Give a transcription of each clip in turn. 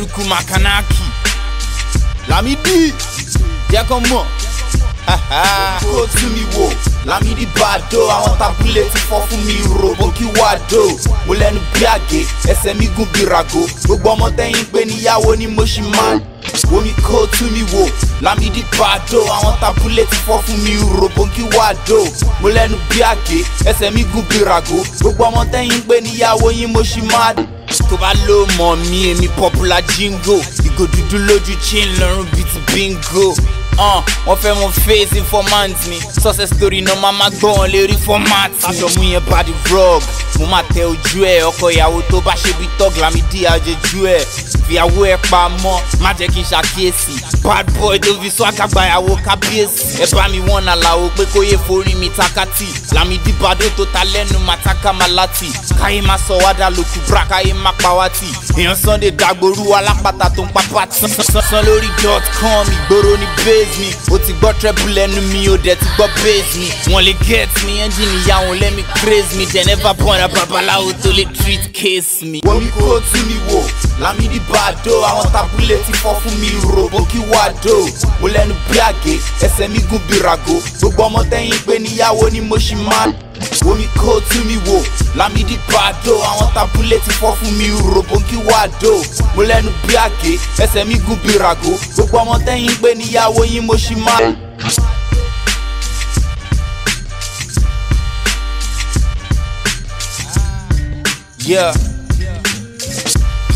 Eruku Makanaki. Lamidi, jẹ́ kàn mọ̀. Kó tú mi wò, Lamidi Bado, àwọn tábúlẹ̀ ti fọ́ fún mi ro, mo kí wá do. Mo lẹ́nu bí àgé, ẹsẹ̀ mi gùn bí rago. Gbogbo ọmọ tẹ́yìn pé níyàwó ni mo ṣì máa ń omi kó tú mi wò Lámìdí Badoo àwọn tábúlẹ̀ ti fọ́ fún mi rògbòǹkì wá dò mo lẹ́nu bí àgé ẹsẹ̀ mi gùn bí ràgó gbogbo ọmọ tẹ́yìn pé níyàwó yín mo ṣì máa tó bá ló mọ̀ mí èmi popular jingo ìgò dúdú lójú chin lọ́rùn bíi ti bingo. Uh, wọ́n fẹ́ mọ face informant mi success story náà máa máa gbọ́ wọn lérí format. aṣọ mú yẹn bad vlog mo máa tẹ ojú ẹ ọkọ ìyàwó tó bá ṣe bí tọ́gì lámì dí àjẹjú ẹ fìyàwó ẹ pa mọ́ má jẹ́ kí n ṣàkíyèsí bad boy tó fi sọ àgàgbà ìyàwó kábíyèsí. ẹ bá mi wọ́n àlàó pé kó yẹ forí mi takati lámì dí bàdó tó ta lẹ́nu màtákà má láti káyé má sọ wádà lókù bra káyé má pa wá tì èèyàn Sunday dàgbòrú alápàtà tó ń pa pàtì. sán lórí dot com ìgboro ni base praise me ó ti gbọ́ treble ẹnu mi ó dẹ̀ ti gbọ́ bass mi wọ́n lè get me engine ìyá wọn let me craze me they never born a babaláwo tó lè treat case me. wọ́n mi kó tún mi wò Lámídì Bàdó àwọn tábúlẹ̀ ti fọ́ fún mi robo kí wàá dò ó lẹ́nu bí àgé ẹsẹ̀ mi gùn bí ràgó gbogbo ọmọ tẹ́yìn pé níyàwó ni mo ṣì máa omi kó tú mi wò lámìdí pàdó àwọn tabulé ti fọ́ fún mi rògbòǹkì wà mo lẹ́nu bí àgé ẹsẹ̀ mi gùn bí ràgó gbogbo ọmọ tẹ́yìn pé níyàwó yín mo ṣì máa. Yeah.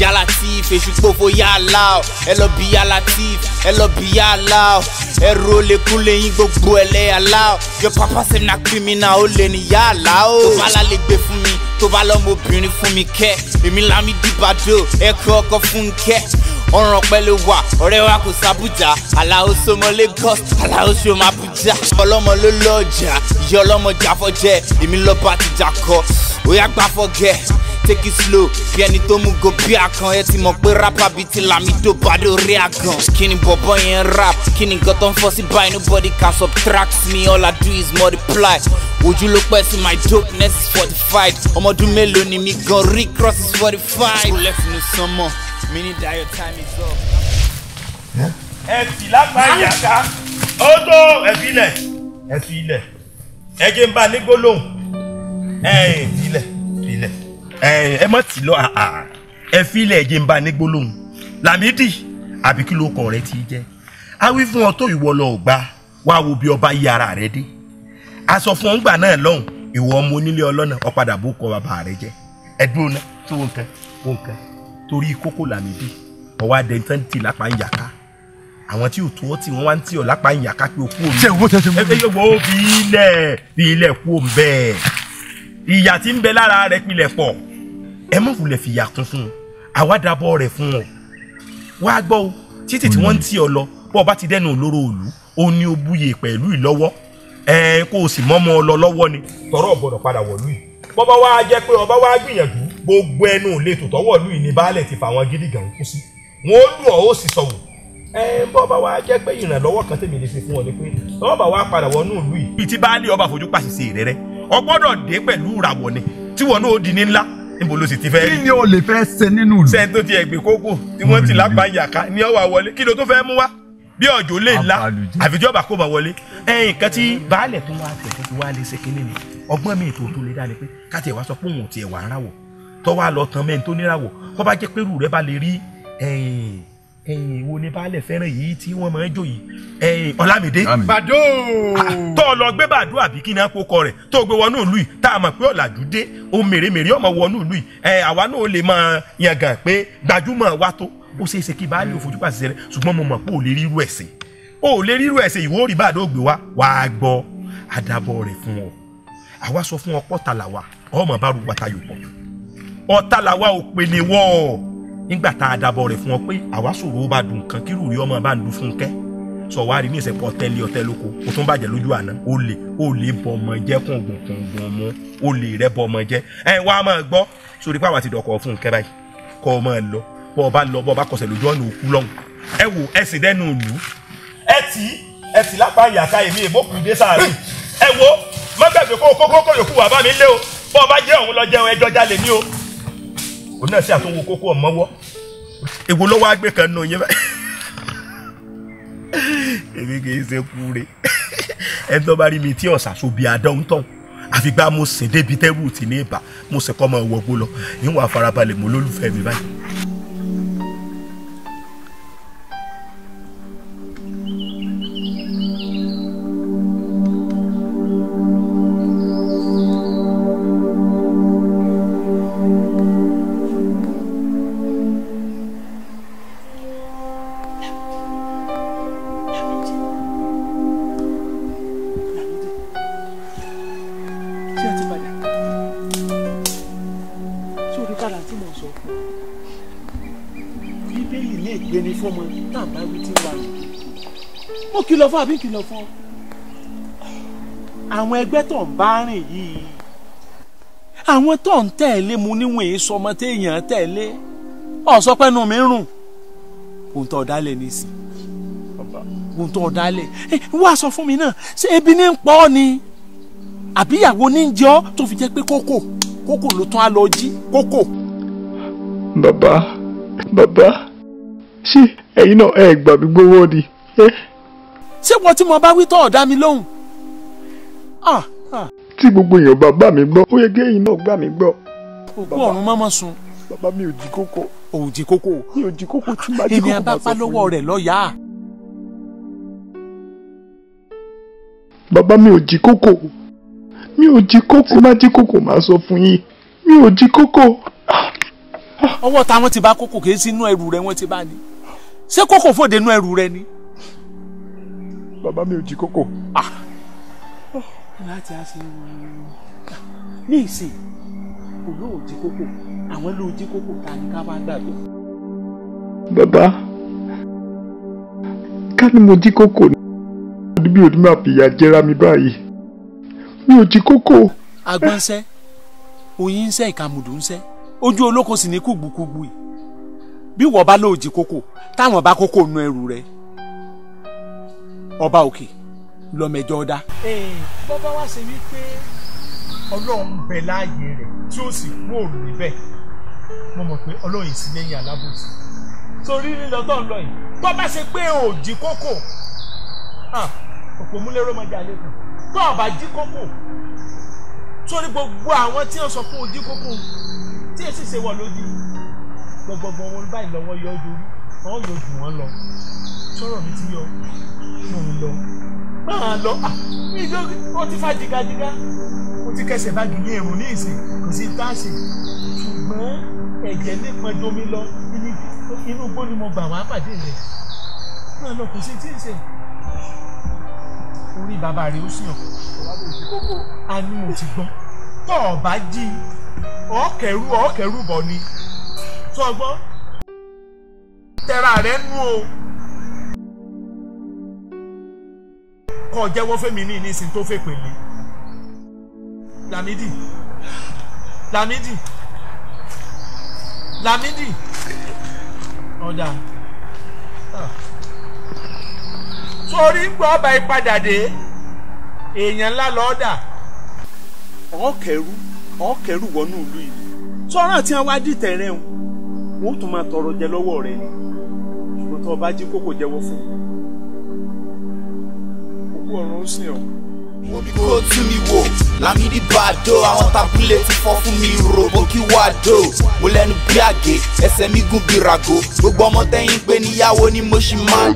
Ya Latif èṣù gbòfo ya Allah ẹ lọ bí Ya Latif ẹ lọ bí ya Allah ẹ ro lẹkùn lẹ́yìn gbogbo ẹlẹ́ Allah your papa say na criminal ó lè ní ya Allah o. tó bá lálẹ́ gbé fún mi tó bá lọ́mọ obìnrin fún mi kẹ́ èmi lámì dìbàdò ẹ kọ́ ọkọ fún kẹ́ ọ̀ràn pẹ̀lú wa ọ̀rẹ́ wa kò sábùjá aláwo sọmọ Lagos aláwo sọmọ Abuja. ọlọ́mọ ló lọ ọjà ìyá ọlọ́mọ jáfọ́jẹ́ èmi lọ́ba àtijọ́ kọ ó yá take it slow bí ẹni tó mú go bí àkàn ẹ ti mọ̀ pé rapper bíi ti Lamido bàdó rí àgàn kí ni bọ̀bọ̀ yẹn rap kí ni nǹkan tó ń fọ́ sí báyìí nobody can subtract me all I do is multiply ojú ló pẹ́ sí my dopeness is fortified ọmọdún mélòó ni mi gan rí cross is fortified. kò lẹ́fìnú sánmọ̀ mi ní dayo time is up. ẹ sì lágbàá yàtá ó tó ẹ̀fílẹ̀ ẹ̀fílẹ̀ ẹ̀jẹ̀ ń bá nígbó lóhùn ẹ̀ ẹ̀fílẹ̀ ẹ mọ̀ tí lọ ẹ fi ilẹ̀ ẹ̀jẹ̀ ń bá ní gbólóhùn Lámídì àbí kí ló kọ̀ rẹ ti jẹ́ awí fún ọ tó ìwọ lọ ò gbà wá wo bí ọba yí ara rẹ dé aṣọ fún ọ̀ngbà náà lọ́hùn ìwọ ọmọ onílé ọlọ́nà ọ̀padà bó kọ bàbá rẹ jẹ ẹ̀dùn ọ̀nà tó wọn kan wọn kan torí kókó Lámídì ọwọ́ adẹ́ntàn tì lápá ń yàká àwọn tí ò tó ọ tí wọ́n wá ń tì ọ lápá ń yàká pé o kú omi. ṣé owó tẹ̀sí mú mi. ẹ yọ̀wọ́ fi ilẹ̀ fi ilẹ̀ kú òun bẹ́ẹ̀ ìyà tí ń bẹ lára rẹ̀ pilẹ̀ pọ̀ ẹ má wulẹ̀ fìyà kún fún un àwa dábọ̀ rẹ̀ fún ọ wàá gbọ́ o títí tí wọ́n ń tì ọ lọ bọ́ ọ bá ti dẹ́nu olóró òlu ó ní o búyè pẹ̀lú ìlọ́wọ́ ẹ kó o sì mọ́mọ́ ọ lọ lọ́wọ́ ni tọrọ ọ̀gbọ́dọ̀ padà wọ̀lú yìí bọ́bá wá jẹ́ pé ọba wá gbìyànjú gbogbo ẹnu ò lè tòtọ́ wọ̀lú yìí ni baálẹ̀ ti fà wọn gidi gàn kú sí wọn ó lù ọ́ ó sì sọ̀wọ́ ẹ bọ́bá wá jẹ́ pé ìrànlọ́wọ́ kan tèmi lè ṣe fún ọ ni pé ọba wá padà wọnú ìlú yìí. ibi tí baálé ọba fojú pàṣẹ sí rẹ rẹ ọgbọ́dọ̀ dé pẹ̀lú ìràwọ̀ ni tí wọn náà ó di ní ńlá níbo ló sì ti fẹ́ rí. kí ni o lè fẹ́ ṣe nínú ìlú. sẹ́ni ti ẹ̀gbìn kókò tí wọ́n ti lápá yàká ni ọwà wọlé kí ló tó fẹ́ mú wá bí ọjọ́ lè la àfijọba kó bá wọlé ẹ̀yìn kan tí baálẹ̀ tó wá tẹ̀ tó ti wá lé ṣe kínní ni ọgbọ́n mi ètò tó lè dá lé pé ká tiẹ̀ wá sọ pé òun ò tiẹ̀ wà ń ráwọ̀ tọ́wọ́ àlọ́ tán mẹ́rin tó níràwọ̀ kọ́ bá jẹ́ pé rú rẹ bá lè rí ẹ̀yìn ẹ̀yìn ìwo ni baálẹ̀ fẹ́ràn yìí tí wọ́n máa ń jò yìí ẹ̀yìn ọlámídé bàdó ah, tó lọ gbé bàdó àbí kí ni á kó kọ rẹ̀ tó gbé wọnú ìlú yìí tá a mọ̀ pé ọ̀làjú dé o mèremère ọmọ wọnú ìlú yìí ẹ̀ àwa náà lè máa yangàn pé gbajúmọ̀ wa tó ó ṣeé ṣe kí baálẹ̀ òfojú pàṣẹ rẹ̀ ṣùgbọ́n mo mọ̀ pé ò lè rírú ẹ̀ sí lè rírú ẹ̀ ìwọ rí bàdó gbé wa wàá gbọ́ àdàbọ̀ rẹ̀ fún ọ àwa sọ fún ọ pọ́tàlàwà ọmọ bá ru wàtayò pọ̀ ọ̀tàlàwà òpèlè wọ́ọ̀ nígbà tá a dábọ̀ rẹ̀ fún ọ pé àwa sòro bá dùn kan kírù rí ọmọ bá ń du Fúnkẹ́ sọ wá rí ní ìsẹ̀pọ̀ tẹ́lẹ̀ ọ̀tẹ́ lóko o tún bàjẹ́ lójú àná o lè o lè bọ ọmọ jẹ́ kùngùn kùngùn mu o lè rẹ́ bọ ọmọ jẹ́ ẹ wá máa gbọ́ sórí pàwọn àti ìdọ̀kọ̀ Fúnkẹ́ báyìí kọ́ ọ máa lọ bọ́ ọ bá lọ bọ́ ọ bá kọsẹ̀ lójú ọ̀nà òkú lọ́hùn ẹ wò ẹ sì dẹ́nu ìlú ẹ tì ẹ tì lápá ìyàká èmi èbókùn dé sáàrin ẹ wo mọ́gbàgbé kó kókó kó yòókù wà bá mi lé o bọ́ ọ bá jẹ́ òun lọ jẹun ẹjọ́ jalè ní o òun náà sì àtúnwò kókó ọ̀mọ́wọ́ èwo lọ́wọ́ àgbẹ̀ kan nù yín báyìí èmi kì í ṣe kúre ẹni tó bá rí mi tí ọ̀sà so bí adán tán àfi gbá mo sìn débi tẹ́rù tì ní ìbà mo sì kọ́ ọmọ ìwọ̀gbó lọ níwọ̀n àfarabalẹ̀ mo lólùfẹ́ mi báyìí. kìlọ̀ fún àbí kìlọ̀ fún àwọn ẹgbẹ́ tó ń bá rìn yìí àwọn tó ń tẹ̀lé mu níwọ̀n èso ọmọ téèyàn tẹ̀lé ọ̀sọ́pẹ́nu mi ń rùn ohun tó ọ̀dálẹ̀ nìsín ohun tó ọ̀dálẹ̀ wá sọ fún mi náà ṣé ebi ní ń pọ̀ ni àbíyàwó ní ń jẹ́ ọ́ tó fi jẹ́ pé kókò kókò ló tún á lọ jí kókò. bàbá bàbá ṣé ẹ̀yin náà ẹ gbà mí gbowó ni. Eh? ṣé wọn tí mo bá wí tọ́ ọ̀dá mi lóhùn. Ah, ah. tí gbogbo èèyàn bá bá mi gbọ́ ó yẹ kí èyí náà gbà mí gbọ́. òkú ọ̀run mọ́mọ́ sun. bàbá mi ò jí kókó. ò jí kókó. mi ò jí kókó tí màá jí kókó máa sọ fún mi. èmi abápá lọ́wọ́ rẹ̀ lọ́yà. bàbá mi ò jí kókó mi ò jí kókó má jí kókó máa sọ fún yín mi ò jí kókó. ọwọ́ táwọn ti bá kókó kì í sínú ẹrù rẹ̀ wọ́n ti bá ní ṣé kókó fòde inú ẹrù rẹ̀ ni bàbá mi ò jí kókò. Ah. Oh, láti àṣẹ ah, ní ìsìn kò lóò jí kókò àwọn lóò jí kókò ta ni ká bá gbàgbé. bàbá ká ní mo jí kókò ní bí òní máa fìyà jẹra mi báyìí mi ò jí kókò. agbọ́nsẹ́ oyin ń sẹ́ ìkàmùdù ń sẹ́ ojú olóko sì ní kùgbùkùgbù yìí bí wọ́n bá lóò jí táwọn bá kókò nu ẹrù rẹ̀ ọba òkè lọ́mẹjọ́ dá. Eh, bọ́bá wá ṣe wípé ọlọ́run bẹ láàyè rẹ̀ tí ó sì kú òòrùn níbẹ̀ mo mọ̀ pé ọlọ́run yìí sí lẹ́yìn alábòsí torí lílọ tó ń lọ yìí tó bá ṣe pé ò jí kókò òpó múlẹ́rọ máa jà lẹ́kọ̀ọ́ tó o bá jí kókò sórí gbogbo àwọn tí wọ́n sọ fún ojú kókò tí èsì ṣe wọ̀ lójú gbogbogbò wọn báyìí lọ́wọ́ yọ ojú ọ́ yóò jù wọ́n lọ sọ̀rọ̀ mi ti yọ mò ń lọ máa lọ mi ló ó ti fa jìgàjìgà ó ti kẹsẹ̀ bá dùn ní èrò ní ìsìn kò sí táàsì ṣùgbọ́n ẹ̀jẹ̀ lè pọn domi lọ inú igbó ni mo gbà wá pàdé rẹ̀ máa lọ kò sí tí ì ṣe orí bàbá rẹ̀ ó sì hàn àánú ò ti gbọ́n tọ́ ọ̀ bá jí ọ̀ọ́kẹ́rú ọ̀ọ́kẹ́rú bọ̀ ni tọ́ ọ gbọ́. tẹra rẹ nú o kọ́ jẹ́wọ́ fẹ́mi ní ìnísìn tó fẹ́ pèlè Lamidi Lamidi Lamidi ọ̀dà ah. sórí gbọ́ ọba ìpadà dé èèyàn ńlá lọ́ọ́ dà. wọnú ìlú yìí sọ́ràn tí wọ́n wá dìtẹ̀ rẹ̀ wọ́n tún máa tọrọ jẹ lọ́wọ́ rẹ̀ tó o bá jí kókò jẹ́wọ́ fún òkú ọ̀run ó sìn ọ́. mo bí kó tú mi wò lámìdí bàdó àwọn tábúlẹ̀ ti fọ́ fún mi rò mo kí wà dó mo lẹ́nu bí àgé ẹsẹ̀ mi gùn bí ràgó gbogbo ọmọ tẹ́yìn pé níyàwó ni mo ṣì máa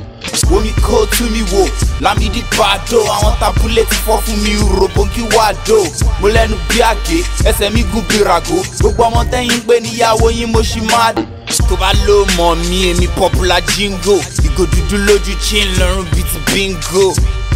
omi kó tú mi wò lámìdí pàdó àwọn tábúlẹ̀ ti fọ́ fún mi rògbòǹkì wà dó mo lẹ́nu bí àgé ẹsẹ̀ mi gùn bí ràgó gbogbo ọmọ tẹ́yìn pé níyàwó yín mo ṣì máa dé tó bá ló mọ̀ mí èmi popular jingo ìgò dúdú lójú chin lọ́rùn bíi ti bingo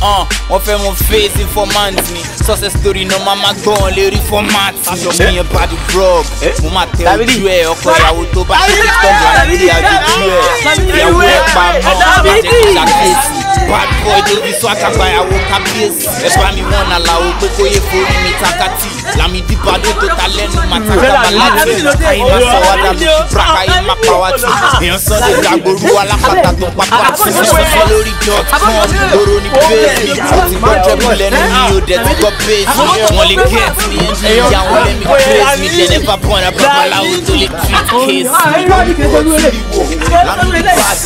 uh, wọ́n fẹ́ mọ face informant mi success story náà máa máa gbọ́ wọn lè rí format mi eh, ọmọ yẹn bá di drug eh, mo máa tẹ ojú ẹ ọkọ ìyàwó tó bá ti tọ́jú àti ìyàwó ẹ ìyàwó ẹ pa mọ́ bàjẹ́ kí ṣàkíyèsí bad boy débi swagger gbàyàwó kábíyèsí ẹ bá mi wọn àlàó pé kó yẹ forí mi takati làmì dìbà dé tó ta lẹ́nu màtàkàbà láti àyìnbá sọ̀wádà lójú braka ìmà pàwátì èèyàn sọ́dẹ̀ dàgbòrú alápàtà tó pápá sísọ lórí jọ́t fún ọdún lóró ní bẹ́ẹ̀ni ó ti gbọ́ jẹ́bi lẹ́nu mi ò dẹ̀ ti gbọ́ bẹ́ẹ̀ni wọ́n lè get mi ìyàwó lẹ́mi praise mi dẹ̀ never born ababaláwo tó lè treat case. làmì dìbà dé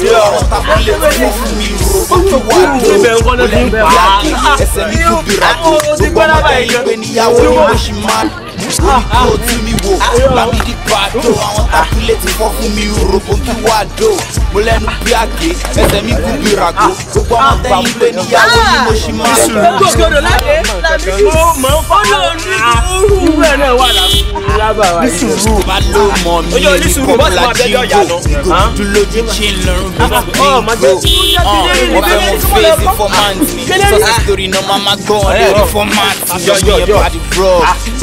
ọ̀rọ̀ tàbí lè fún ibẹ̀ ń kọ́ni fún pa. ẹsẹ̀ mi kò bìrà tó gbọ́dọ̀ bá ìgbẹ́ níyàwó ni wọ́n ṣì máa orí kúrò tí mi wò bámidí pàdó àwọn tábìlẹ̀ ti fọ́ fún mi rògbò kí wà dó mo lẹ́nu bí àgé ẹsẹ̀ mi kú bí ràgó gbogbo àwọn tẹ̀yìn pé níyàwó ni mo ṣì máa sùn. gbogbo láyé mo mọ̀ ń fọ́nà onídùúrù ah, rẹ̀ náà wà lábàá ní sùúrù bá ló mọ̀ mí ní kọ́kọ́lá jíǹgò ìgòdú lójú ṣe ń lọrùn bí wọ́n fi ń gbò wọ́n fẹ́ mo fèsì fọ́máǹtì mi sọ́sì torí náà máa gbọ́ wọn lórí fọ́máǹtì yọ̀ọ́ yẹn bá di bro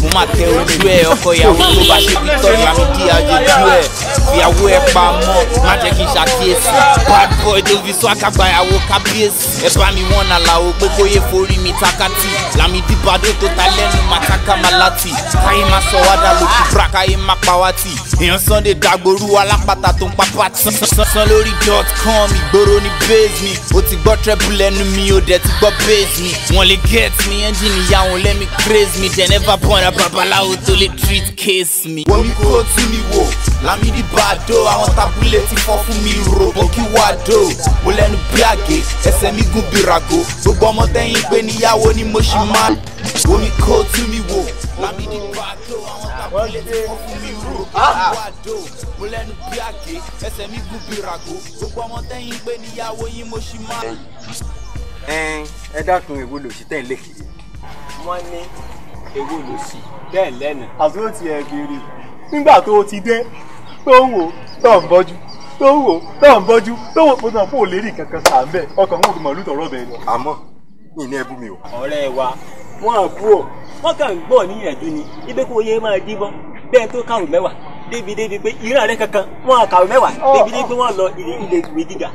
mo máa tẹ orí ojú ẹ ọkọ ìyàwó tó bá ṣe Victoria mi díájé ojú ẹ fìyàwó ẹ pa mọ́ má jẹ́ kí n ṣàkíyèsí bad boy dovi swagger gbàyàwó kábíyèsí ẹ bá mi wọ́n àlàó pé kó yẹ forí mi takati làmì dìbàdó tó ta lẹ́nu màtàkà malati káyé má sọ wá dà lókì bra káyé má pa wá tì èèyàn Sunday dàgbòrú alápàtà tó ń papá tì sàn lórí dot com ìgboro ní base mi ó ti gbọ́ treble ẹnu mi ó dẹ̀ ti gbọ́ base mi wọ́n lè get mi ẹ́ńjìnì ìyá let me craze mi dẹ̀ never born a babaláwo tó lè treat case mi. wọ́n mi kó tún mi wò lámìdí bàdó àwọn tabulé ti fọ́ fún mi ròbó kí wà dó mo lẹ́nu bí àgé ẹsẹ̀ mi gùn bí rago gbogbo ọmọ tẹ́yìn gbé níyàwó ni mo ṣì máa omi kó tú mi wò lámìdí bàdó àwọn tabulé ti fọ́ fún mi ròbó kí ah! wà dó mo lẹ́nu bí àgé ẹsẹ̀ mi gùn bí rago gbogbo ọmọ tẹ́yìn gbé níyàwó yín mo ṣì máa. ẹ dákun èwo lòsí tẹ̀ ń lè kiri. wọ́n ní èwo lòsí bẹ́ẹ̀ lẹ́nu. àtúntò tiẹ̀ kiri nígbà tó o ti dé tó ń wò tó ń bọ́jú tó ń wò tó ń bọ́jú tó ń wò pé náà kò lè rí kankan sà ń bẹ̀ ọkàn wọn kò mọ̀ lùtọ̀ rọ̀ bẹ́ẹ̀ lọ. àmọ́ ní ìní ẹbú mi o. ọ̀rẹ́ wa wọ́n á kú ọ̀ wọ́n kàn ń gbọ́ níyànjú ni ibẹ̀ kò yẹ máa díbọ́n bẹ́ẹ̀ tó káwọ́ mẹ́wàá débi débi pé ìran rẹ kankan wọn kàwé mẹ́wàá débi oh, débi pé oh. wọn lọ ilé ilé ìwé gíga.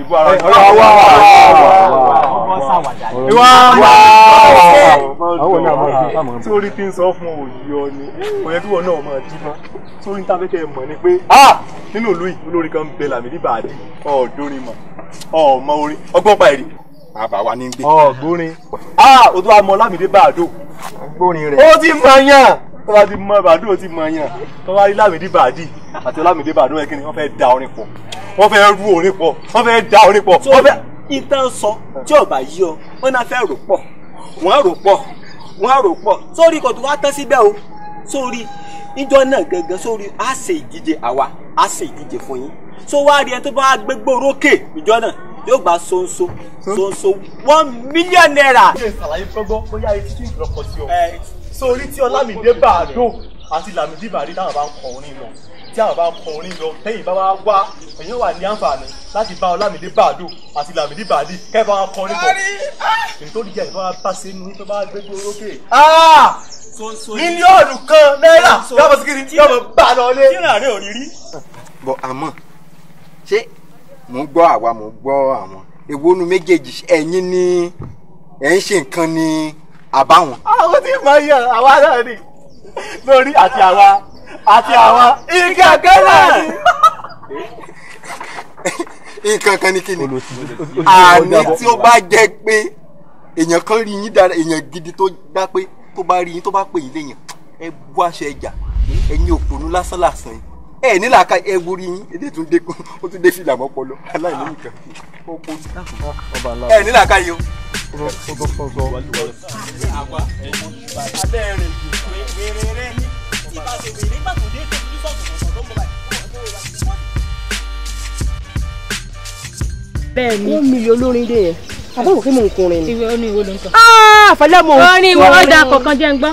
ìwà wà wà wà ìwà wà wà sórí tí n sọ fún òyì ọ ni òyìn bí wọn náà máa dín mọ sórí níta fẹ́ kẹ́ ẹ mọ̀ ni pé ah! Ah! nínú ìlú yìí olórin kan bẹ làmì ní bàdí ọ̀ọ́dúnrin mọ̀ ọ̀ọ́mọ orin ọgbọ́n pa èrè bàbá wa ní gbé. ọ̀gbórin. ó ah! tún wá mọ lámìdé bàdó. ọgbórin rẹ̀. ó ti mọ̀ yàn tó bá ti mọ bàdúrà ti mọ yàn tó bá rí lámìdí bàdí àti lámìdí bàdúrà kí ni wọ́n fẹ́ da orin pọ̀ wọ́n fẹ́ rú orin pọ̀ wọ́n fẹ́ da orin pọ̀ wọ́n fẹ́. ìtàn sọ tí ọba yìí ọ wọn náà fẹ́ rò pọ̀ wọ́n rò pọ̀ wọ́n rò pọ̀ sórí kò tó wá tán síbẹ̀ o sórí ìjọ náà gangan sórí á ṣe ìdíje àwa á ṣe ìdíje fún yín so wá rí ẹ tó bá gbégbó rókè ìjọ náà yóò gba sonso sonso one million naira. ṣé ìsàlàyé fọ́gbọ́n bóyá etí kí n sórí tí ọlámìdé bàdó àti làmìdí bàrí táwọn bá ń kọ orin lọ tí àwọn bá ń kọ orin lọ tẹ́yìn bá wá wá èèyàn wà ní àǹfààní láti bá ọlámìdé bàdó àti làmìdí bàdí kẹ́ẹ̀ bá wọn kọ orin pọ̀ nítorí ah! díẹ̀ ìfọwọ́ bá ṣe nu tó bá gbégbé orókè ah! mílíọ̀nù kan náírà yọ̀bọ̀ sikiri yọ̀bọ̀ bá lọ lé. kí làárẹ̀ ò ní rí. bọ àmọ́ ṣé mò ń gbọ́ àwa mò ń gbọ́ àwọn èwo nu méjèèjì ẹ̀yin ni ẹ ń ṣe nǹkan ni àbáwọn. àwọn tí mo yàn àwa náà ni lórí àti àwa àti àwa nǹkan kan náà ni. nǹkan kan ni kí ni àní tí ó bá jẹ́ pé èèyàn kan rí yín dára èèyàn gidi tó gbá pé tó bá rí yín tó bá pè yín léèyàn ẹ bú àṣẹ ẹjà ẹ̀yin òpònú lásán lásán yìí ẹ ní làákà ẹ wúri yín èdè tún dé ó tún dé fìlà mọ́ pọlọ aláìní nìkan ọkọ ọba ńlá ẹ ní làákà yìí o. bẹ́ẹ̀ni. wọ́n mi olórin dé yẹn àbọ̀wò kí mò ń kunrin ni. ìwé oní ìwé ló ń tọ. àfẹlẹ́ mò ń kunrin. orin ìwé ọjà kọ̀ọ̀kan jẹ́ ń gbọ́.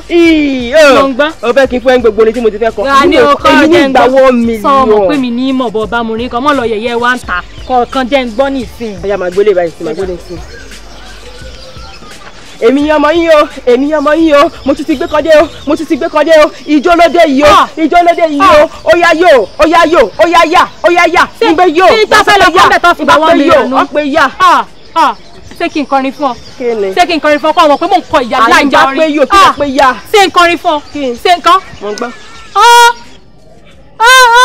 mò oh. ń gbọ́. o fẹ́ kí n fún ẹ gbogbo orin tí mo ti fẹ́ kọ. àní o kọ́ jẹ́ ń gbọ́ sọ ọmọ pé mi ní mọ̀ bọ̀ mo rí kan mọ́ lọ yẹ̀yẹ́ wa ń ta kọ̀ọ̀kan jẹ́ ń gbọ́ nísìn. ọjà máa gbélé báyìí sí máa gbélé sí èmi ni ọmọ yín o èmi ni ọmọ yín o mo tún ti gbé kọdé o mo tún ti gbé kọdé o ijó lóde yìí o ah. ijó lóde yìí o ah. ó yá yó ó yá yó yá yá ó yá yá nígbè yó ó pé yó ó pé yá. Ah, ṣé kí n kọrin fún ọ ṣé kí n kọrin fún ọ kó àwọn pé mò ń kọ ìyá láìjà orin àyìnbá pé yóò kí n ah! pé yá ṣé n kọrin fún ọ ṣé n kọ. mo ń gbọ́. ọ ọ ọ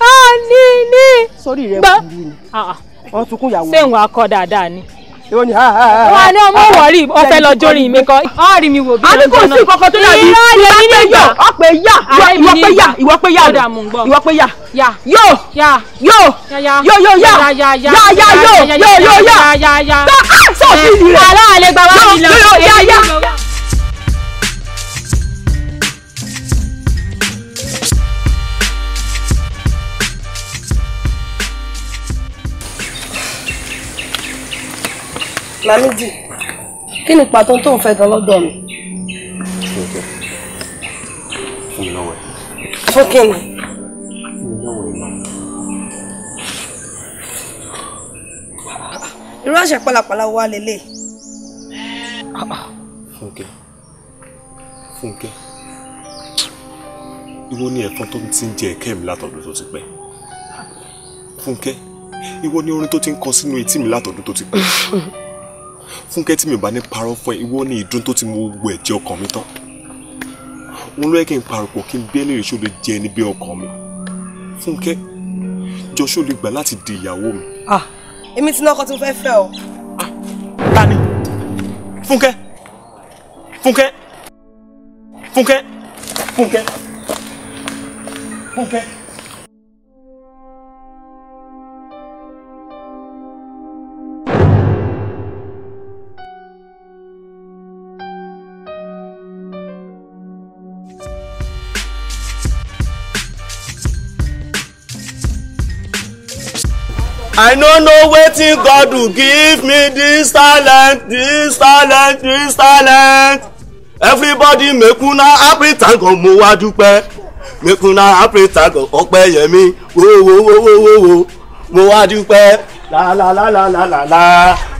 ọ ní ní. sórí rẹ kúrú ni ah, ah. wọn tún ṣé n wàá kọ dáadáa ni ìwọ ni wà ní ọmọ wọ̀rí ọ̀fẹ́ lọ jórin mi kan ọ̀rí mi wò bí ọjọ́ náà àbíkò sí kankan tó dàbí ìwọ pé yà ọ̀pẹ yà ìwọ pé yà ìwọ pé yà ìwọ pé yà yó yó yó yó yó yà yà yó yó yó yà tó sọ̀tì rẹ̀ yó yó yà yà. Lamidi kí ni pàtó tó ń fẹ́ gan lọ́dọ̀ mi. fún mi lọ́wọ́ ẹ̀. fún kí ni. fún mi lọ́wọ́ ẹ̀ náà. irú àṣà pàlàpàlà wa lélẹ̀. fúnkẹ́ fúnkẹ́ ìwọ ni ẹ̀kan tó ti ń jẹ ẹ̀kẹ́ mi látọ̀dún tó ti pẹ́ fúnkẹ́ ìwọ ni orin tó ti ń kọ sínú etí mi látọ̀dún tó ti pẹ́. fúnkẹ́ tí mi ò bá ní parọ́ fún ẹ ìwọ ni ìdún tó ti mú gbogbo ẹ̀jẹ̀ ọkàn mi tán òun ló yẹ kí n parọ́pọ̀ kí n bí ẹlẹ́rìí ṣó lè jẹ ẹni bí ọkàn mi fúnkẹ́ jọ ṣó lè gbà láti di ìyàwó mi. Ah, èmi ti lọ́kọ tí mo fẹ́ fẹ́ o. Ah, ta fúnkẹ́ fúnkẹ́ fúnkẹ́ fúnkẹ́ fúnkẹ́. I no know wetin God do give me this talent, this talent, this talent. Everybody make una happy thank God mo wá dúpẹ́. Make una happy thank God ọpẹ́ yẹ mi. Wowowowowowo mo wá dúpẹ́. Lálálálálálá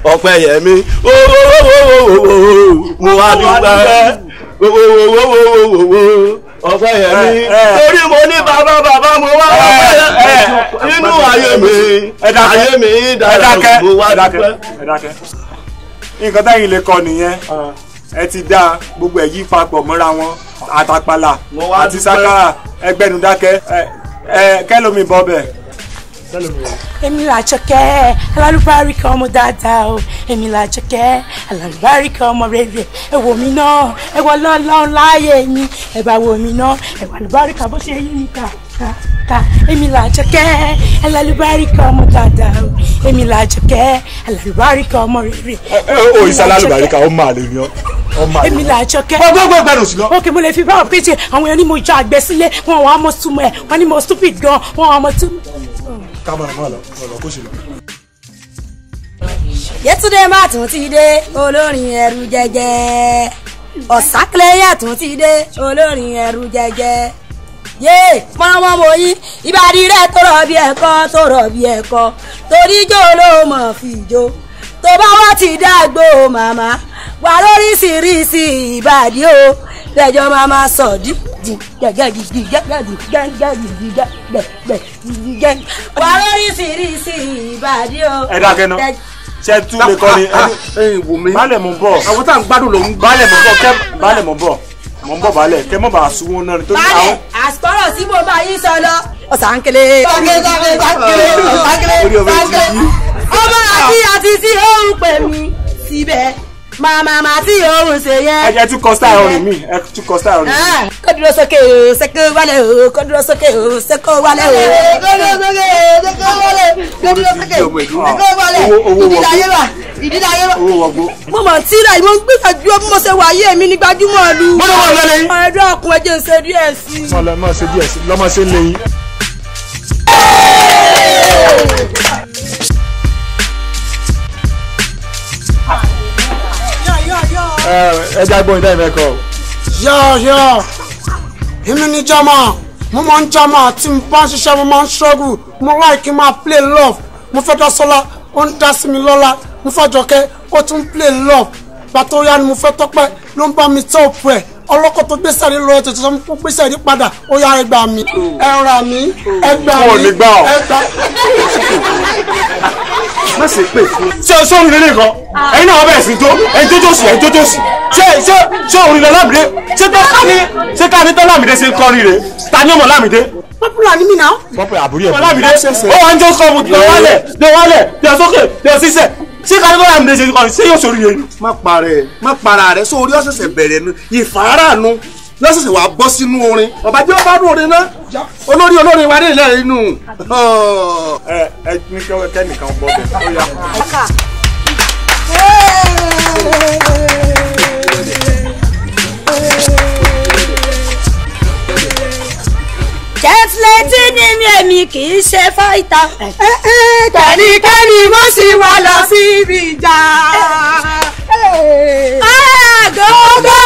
ọpẹ́ yẹ mi. Wowowowowowo mo wá dúpẹ́. Wowowowowowo ọ̀pẹ yẹn mi torí mo ní bàbá bàbá mo wá ọ̀pẹ nínú ayé mi ayé mi dára mo wá dúpẹ́. nǹkan táyìn lè kọ nìyẹn ẹ ti dá gbogbo ẹ yí papọ̀ mọ́ra wọn àtàpàlà àti sákàrà ẹgbẹ́nu dákẹ́ kẹ́lómi bọ́bẹ̀ èmi làjọkẹ́ alálùbáríkà ọmọ dáadáa o èmi làjọkẹ́ alálùbáríkà ọmọ rere ẹ wò mí náà ẹ wọ lọ́lọ́run láàyè mi ẹ bá wò mí náà ẹ wà lùbáríkà bó ṣe yí mi kà kà èmi làjọkẹ́ alálùbáríkà ọmọ dáadáa o èmi làjọkẹ́ alálùbáríkà ọmọ rere. ẹ ò ìsàlálùbáríkà ó máa lè yan èmi là jọkẹ́. gbọ́gbọ́gbọ́ gbẹ̀rù sí lọ. ok mo lè fi báwọn péjì àwọn ni mo jọ àgbẹ̀ sílé wọn àwọn ọmọ súnmọ́ ẹ̀ wọn ni mo stupid gan wọn àwọn ọmọ tó kábọ̀ ẹ̀ mọ́ lọ ọ̀rọ̀ kó sì lọ. yẹtúndé má tún ti dé olórin ẹrú jẹjẹ ọ̀sákìlẹ́yà tún ti dé olórin ẹrú jẹjẹ yé mọ́mọ́ mo yí ìbàdí rẹ̀ tó rọ̀ bí tó rọ̀ bí torí jó ló fìjó tó bá wọ́n ti dágbó màmá wà lóríṣiríṣi ìbàdí o lẹ́jọ́ máa máa sọ dídì wà lóríṣiríṣi ìbàdí o. ẹ dákẹ́ náà ṣe tú lè kọ́ ni ẹyin wò mí balẹ̀ mọ̀ bọ̀ àwọn tá à ń gbádùn ló ń balẹ̀ mọ̀ bọ̀ kẹ́ balẹ̀ mọ̀ bọ̀ mọ̀ ń bọ̀ balẹ̀ kẹ́ mọ̀ bá sunwó náà nítorí àwọn. àsìkọ́rọ̀ sí mo bá yín sọ lọ. ọ̀sán kele. ọ̀sán kele ọ̀sán kele ọ̀sán kele ọmọ àti àti tí ó ń pè mí síbẹ̀ màmá tí òun ṣe yẹn. ẹ tún kọ star orin mi ẹ tún kọ star orin mi. kó dúró sókè o sẹ́kọ̀ wálẹ̀ o kó dúró sókè o sẹ́kọ̀ wálẹ̀ o. kó dúró sókè o sẹ́kọ̀ wálẹ̀ kó dúró sókè o sẹ́kọ̀ wálẹ̀ ìdílé ayé wa ìdílé ayé wa. mo mọ̀ tí ra ìwọ gbìyànjú bí mo ṣe wà ayé mi ní gbajúmọ̀ lu. mo lọ́wọ́ lọ́lẹ́. ọ̀rẹ́dọ́ ọkùnrin jẹ́ ń ṣe díẹ̀ sí i. lọ́mọ ṣe díẹ̀ sí i lọ́mọ ṣe ń lẹ́yìn. ẹja gbọ́n ìdá ìmẹ́kọ. yọ yọ èmi ni jama mo máa ń jama tí mo bá ń ṣiṣẹ́ mo máa ń struggle mo like máa play love mo fẹ́ dásọ́lá ó ń dá sí mi lọ́la mo fẹ́ jọkẹ́ ó tún play love gbàtọ́ ya ni mo fẹ́ tọ́pẹ́ ló ń bá mi tọ́ òpó ẹ̀ ọlọ́kọ̀ tó gbé sáré lọ ẹ̀tọ́ tó sọ gbé sáré padà ó yá ẹ gbà mí ẹ rà mí ẹ gbà mí ẹ gbà. ṣé o lélẹ̀ kan ah. ẹ̀yin náà bẹ̀rẹ̀ sí tó ẹ̀yin tó tó sí ẹ̀yin tó tó sí ṣé ṣé ṣé òun ni lọ́lámìdé ṣé tó ní ṣé ká ní tó lámìdé ṣe kọrin rè ta ni ọmọ lámìdé popular ni mi na. popular àbúrò ẹ̀ bọ́lá mi dé ó wà ń jẹ́ sọ́ọ̀mù tó wálẹ̀ tó wálẹ̀ tó sókè tó sísẹ̀ ṣé kárígọ́lá mi lè ṣe kọ́ni ṣé yóò sórí yẹn. má para ẹ má para rẹ sórí ọ̀sẹ̀sẹ̀ bẹ̀rẹ̀ nu ìfaranu lọ́sẹ̀sẹ̀ wàá bọ́ sínú orin ọba jẹ́ ọba dùn orin náà olórí olórin wa nílẹ̀ inú. ẹ ẹ ní kẹ́nìkan bọ́ bẹ́ẹ̀ ó yà. jẹ́tìlẹ́tì ni mi èmi kì í ṣe fáìtà. kẹ́nikẹ́ni mo sì wá lọ síbi ìjà. àgógó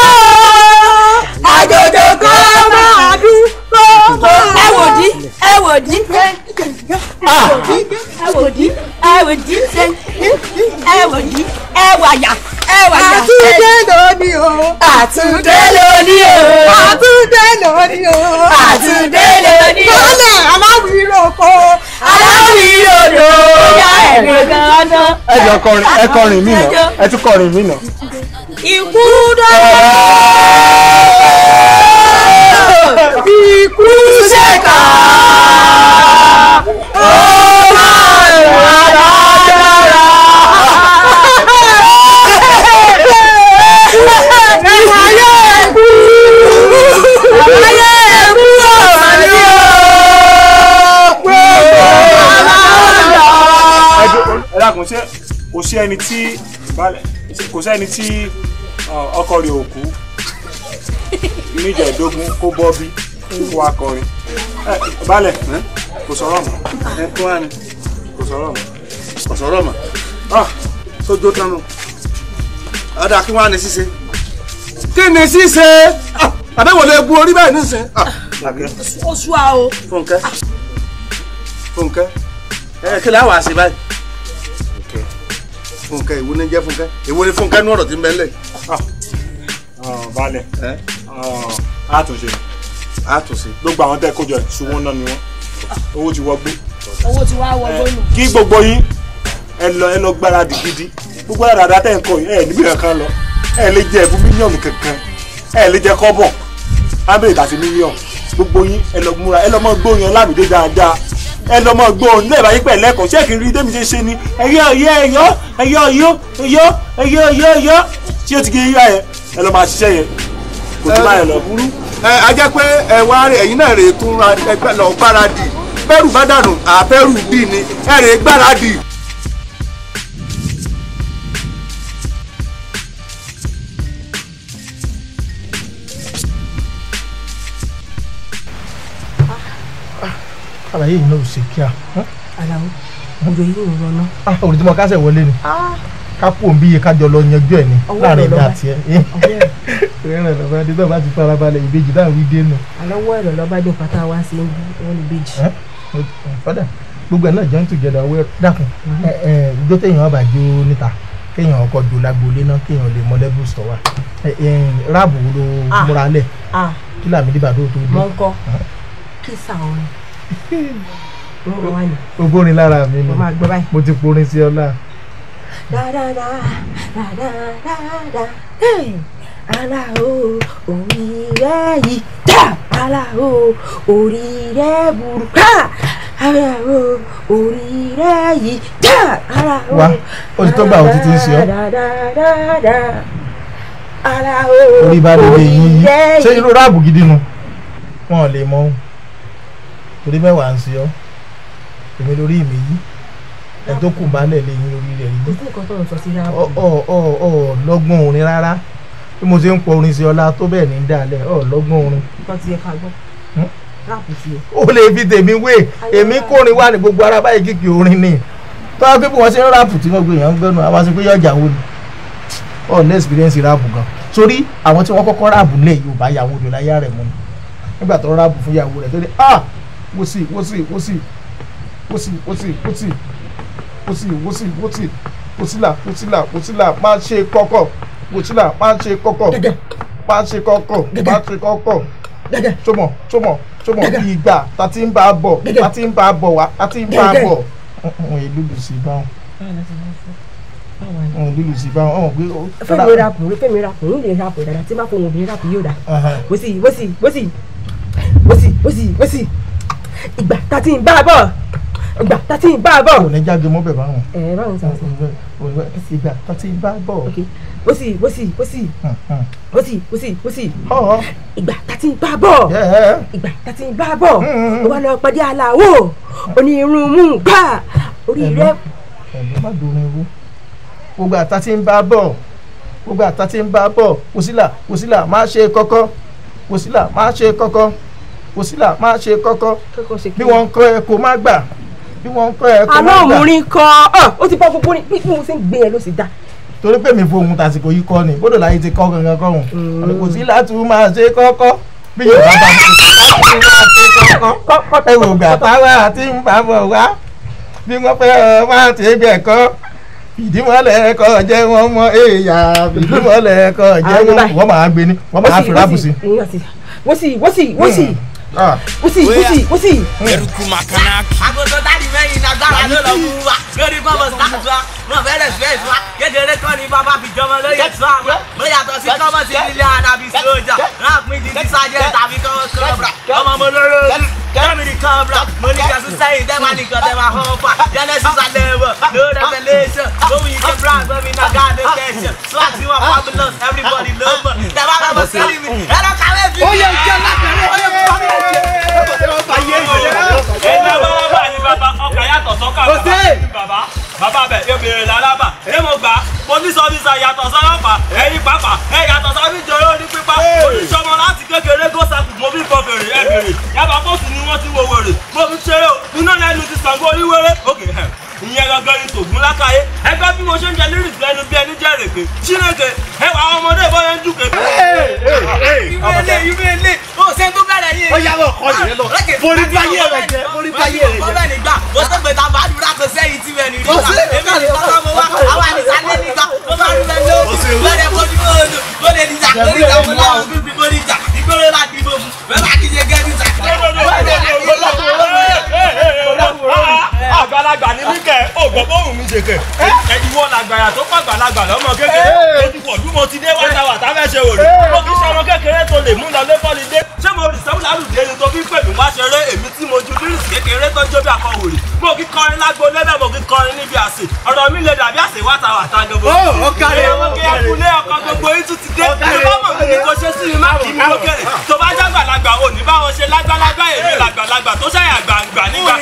àjòjò kọ́ máa dúró. ẹ wò dí ẹ wò dí ah, ẹ wò dí ẹ wò dí ẹ wò dí ẹ wà yà àtúndé lóní o. àtúndé lóní o. àtúndé lóní o. àtúndé ẹ jọ kọrin ẹ kọrin mí nà ẹ tún kọrin mí nà. ìkú dọ́rọ̀. dákun ṣé kò sí ẹni tí kò sẹ́ni tí ọkọ rẹ̀ ò kú níjẹ̀ẹ́dógún kó bọ́ bí kó wá kọrin balẹ̀ kò sọ̀rọ̀ mọ́ ẹ tún wá ní kò sọ̀rọ̀ mọ́ kò sọ̀rọ̀ mọ́ sójó tán nù ọ̀dà kí wọ́n á ní ṣíṣe kí ni ṣíṣe àbẹ̀wò lè orí báyìí nísìnyí. oṣù àá fúnkẹ́ fúnkẹ́ ẹ kí lè wá sí báyìí fúnkẹ́ ìwo ni jẹ́ fúnkẹ́ ìwo ni fúnkẹ́ ní ọ̀rọ̀ tí bẹ lẹ̀. Ah. Ah, balẹ̀ ah, àtúnṣe àtúnṣe gbogbo àwọn tẹ́ kójọ ìṣúwọ́n náà ni wọ́n owó ti wọgbé. owó ti wá wọgbé nù. kí gbogbo yín ẹ lọ gbáradì gidi gbogbo àdàdà tẹ́ ń kọ yìí ẹ níbi kankan lọ ẹ lè jẹ ẹbú mílíọ̀nù kankan ẹ lè jẹ kọ́bọ̀ ábẹ́rẹ́ àti mílíọ̀nù gbogbo yín ẹ lọ múra ẹ lọ mọ gbóyan lámìdé dáadáa ẹ lọ mọ gbọ́ òun lẹ́ẹ̀bá yí pẹ̀ lẹ́kọ̀ọ́ ṣé kì í rí débi ṣe ṣe ni ẹyọ ọyọ ẹyọ ẹyọ ọyọ ẹyọ ẹyọ ọyọ ẹyọ tí o ti gé yíyá yẹn ẹ lọ máa ṣiṣẹ́ yẹn kò tó báyẹn lọ. ẹ a jẹ́ pé ẹ wá ẹ̀yin náà rèé tún ra ẹgbẹ́ lọ gbáradì bẹ́rù bá dànù àbẹ́rù dì ni ẹ rèé gbáradì. àlàyé yìí náà ò ṣe kíá. aláwo òjò yìí ò rọná. òjò tí mo kásẹ̀ wọlé ni kápò ń bí iye kájọ lọ yanjú ẹ ní láàrin ìgbà àti ẹ ìrìnrìn lọba dé tó bá ti farabalẹ̀ ìbejì náà wí dé nù. àlọ́wọ́ ẹ̀rọ lọ́ba jọ pátá wá sí wọn ìbejì. fọ́dà gbogbo ẹ̀ náà jẹun tó jẹ̀dọ̀ ọwọ́ dàkún ìjọ téèyàn ọba jó níta kéèyàn ọkọ̀ jò lágboolé náà kéèyàn lè mọ lẹ́bù sọ wa ráàbù ló múra lẹ̀ kí làmì tó dé. mọ́ńkọ́ kí sàwọn Oh, oh, oh. o bórin lára mi ni mo ti porin sí ọlá. ara o yìí dá ara o burú ara o orí yìí dá ara wa ó ti tọ́gbà ó ti ti ń ṣe ọ́ ara o yìí ṣé irú ráàbù gidi nu wọn ò lè mọ ohun torí mẹ́wàá ń sọ èmi lórí mi yí ẹni tó kù balẹ̀ lẹ́yìn lórí rẹ̀ yí ọ ọ ọ lọ́gbọ́n orin rárá bí mo ṣe ń pọ orin sí ọlá tó bẹ́ẹ̀ ní dalẹ̀ ọ lọ́gbọ́n orin. o hmm? lè fi tèmi wé èmi kórin wà ní gbogbo ara báyìí kìkì orin ni tọ́wọ́ pé bí wọ́n ṣe ń ráàpù tí wọ́n gbé èèyàn ń gbẹ́nu àwọn aṣọ pé yọjà wo ni ọ ní experience ráàpù gan sórí àwọn tí wọ́n kọ́kọ́ ráàpù lé Yorùbá yàwó rẹ̀ láyà rẹ̀ mú nígbà tó ráàpù fún yàwó rẹ̀ tó dé ah wusi wusi wusi wusi wusi wusi wusi wusi wusi wusila wusila wusila máa ṣe kọkọ wusila máa ṣe kọkọ máa ṣe kọkọ máa ṣe kọkọ túmọ̀ túmọ̀ túmọ̀ ìgbà ta ti ń bá a bọ̀ ta ti ń bá a bọ̀ wá ta ti ń bá a bọ̀ ọ̀hún ìlúlù sí báwọn ọ̀hún ìlúlù sí báwọn ọ̀hún gbé. fẹ́mi ó rapò fẹ́mi rapò ń lè rapò dáadáa tí má kó wọn obìnrin rapò yóò dáa wọ́sì wọ́sì wọ́sì wọ́sì wọ́sì wọ́sì ìgbà tá ti ń bá a bọ̀ ìgbà tá ń bá a bọ̀. kò ní jáde mọ́ bẹ̀ báwọn. ẹ ẹ báwọn sọ sí. ìgbà tá ti ń bá a bọ̀. ó sì ó sì ó sì ó sì ó sì ó sì ìgbà tá ti ń bá a bọ̀ ìgbà tá ti ń bá a bọ̀ O wá lọ pàdé aláwọ̀ onírun mú un gbà orí rẹ. ẹ̀mí má dùn ún ewu gbogbo àtà ti ń bá a bọ̀ gbogbo àtà ti ń bá a bọ̀ kòsílà kòsílà má ṣe kọ́kọ́ kòsílà má ṣe kọ́kọ́ kò sílà má ṣe kọ́kọ́ bí wọ́n ń kọ́ ẹ kó má gbà bí wọ́n ń kọ́ ẹ kó má gbà. àná òun rí kọ́ ọ ó ti pọ́ gbogbo ní bí mo ṣe ń gbé ẹ ló sì dá. torí pé mi fohùn tàsìkò yìí kọ́ ni bọ́dọ̀ láyé ti kọ́ gangan kọ́ hùn hmm. kò sílà tún máa ṣe kọ́kọ́ bí yorùbá bá ń ṣe kọ́kọ́ ẹ wò gbà táwa àti ń bá bọ̀ wá bí wọ́n fẹ́ ọ má ti bẹ̀ kọ́ ìdímọ̀lẹ̀ kọ́ jẹ́ wọ́n mọ èèyàn ìdímọ̀lẹ̀ kọ́ jẹ́ wọ́n máa gbé ní wọ́n máa fi rábùsí. wọ́n sì wọ́n sì wọ́n sì. Usi, usi, usi. Eruku makanaki. Agogo tani mẹ́yìn náà gbára ló lọ wú wa. Lórí bọ́ọ̀mù sáàtúwa, mo fẹ́rẹ̀ fẹ́ ìfúwa. Kékeré kọ́ ni bàbá fi jọmọ lóye tó àwọn. Mo yàtọ̀ sí kọ́mọ̀ sí ilé anabi sójà. Ráàpin di ti sájẹ́ tàbí kọ́mọ̀ kọ́bra. Ọmọ mo lóró ojú. Kẹ́mi ni kọ́bra. Mo ní kẹ́sù sẹ́yìn dẹ́gbà ní kan tẹ́wà hàn fà. Genesis àlẹ́wọ̀ no revelation. Lóhùn yìí kẹ́ brand gbọ́mí náà gáàdé kẹ́sì. Swag yàtọ̀ sọ́yọ́fà ẹ̀yìn pàpà ẹ̀ yàtọ̀ sábìjọyọ̀ ní pípa oníṣọ́mọ láti kékeré gòsàkù mo fi kọ fèrè ẹ̀ fèrè yàtọ̀ fóòsù ni wọ́n ti wo wèrè mo fi ṣeré o nínú lẹ́nu ti Ṣàngó oníwèrè òkè ẹ̀ ìyẹn gangan ni tògún lákàyé ẹgbẹ́ bí mo ṣe ń jẹ lyrics lẹ́nu bí ẹni jẹ́ rèké ṣínàkè ẹ wà àwọn ọmọdé ìbọn ń dùn kékeré. ìwé o ṣe tó bẹ̀rẹ̀ yé. ó yàgò ọkọ yìí lọ forí báyé rẹ jẹ forí báyé rẹ jẹ. wọ́n ti gbẹ̀ta bá dùn lákòóṣe yìí tí wẹ́n ní rí. ọ̀sẹ̀ lórí ìjàmbá láwọn ọdún bíbó ní ìjà ìgbéró náà dìbò fún bẹ́ẹ̀ bá kí n ṣe gẹ́gẹ́ ìjà. àgbàlagbà ni mí kẹ ògbọ́pọ̀ òun mi ṣe kẹ ìwọ làgbàyà tó kọ àgbàlagbà lọ́mọ kékeré ojúkọ̀ ọdún mo ti dé wáta wà tá fẹ́ ṣe òrè mo kí sọmọ kékeré tó lè mú lọ lẹ́fọ́lì dé ṣé mo rì sẹ́wọ́n lálùdé ni tó fi pè mí wá ṣeré èmi tí mo ju lírìsì kékeré tó jó bí akọ̀wòrì mo kí kọrin lágbo lẹ́bẹ̀ mo kí kọrin níbi àsè ọ̀rọ̀ mi lè dàbí àsè wáta wà tá gbogbo. ó ó kárí ó kárí tó bá jágbàlagbà ò ní báwọn ṣe lágbàlagbà èmi làgbàlagbà tó ṣàyà gbàǹgbà nígbà.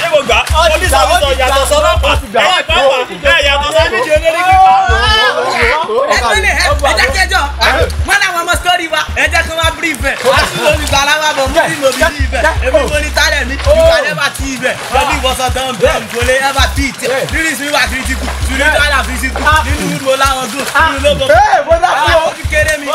ṣé mo gbà polisi àwọn sọ yàtọ̀ sọ́lọ́pàá ibẹ̀ àti lórí mú ìlò mi ibẹ̀ èmi mo ní tálẹ̀ mi ìwà lẹ́bà ti ibẹ̀ lọ́dún ìwọ̀sán bẹ́ẹ̀ ìgbòlé ẹ̀bà tí ì rírì sí wà fìrìtì kù sùúrù tó àlà fìrìtì kù nínú mo láwọn gùn nínú lóko àwọn kékeré mi.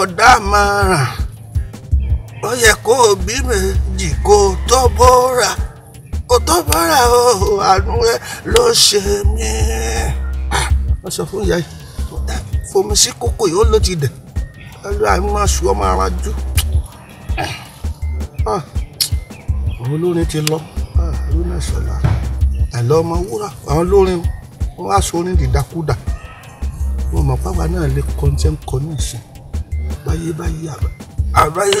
ọ̀dà máa ràn ó yẹ kó o bí méjì kó o tó bóra kó tó bóra o àánú ẹ ló ṣe mí. Ah, wọ́n sọ fún ìyá yìí fomi sí kókó yìí ó ló ti dẹ̀ ẹlú àìmọ́ aṣọ ọmọ ara jú. Ah, ah, àwọn olórin ti lọ lónà ìṣọ̀lá àlọ́ ọmọ wúrà àwọn olórin wọn aṣọ orin dìdakúdà wọn mọ̀ pàápàá náà lè kọ́ ní tẹ́ ń kọ́ ní ìsìn àbáyé báyé àbáyé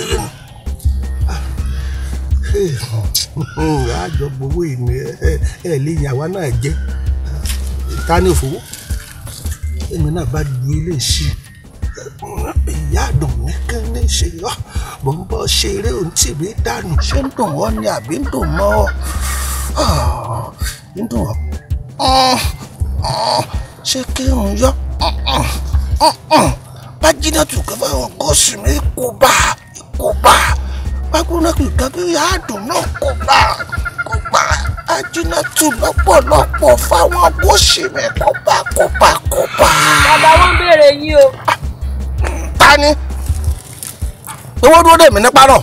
àjọ gbowó ìní ẹ lè yàn àwa náà jẹ ta ni òfowó èmi náà bá ju eléyìí ìyá àdùn ní kí ní ṣe yọ mò ń bọ ṣeré òun tì mí dànù ṣé ń dùn ọ́ ni àbí ń dùn mọ́ ọ́ ń dùn ọ́ ṣé kí n yọ bájínàtù kẹfà wọn kó sinmi kó bá kó bá bákúnákì kẹfì àádùn náà kó bá kó bá bájínàtù lọ́pọ̀lọpọ̀ fáwọn kó sinmi kó bá kó bá kó bá. bàbá wọn béèrè yín o. ta ni owó dúró dè mí nípa náà.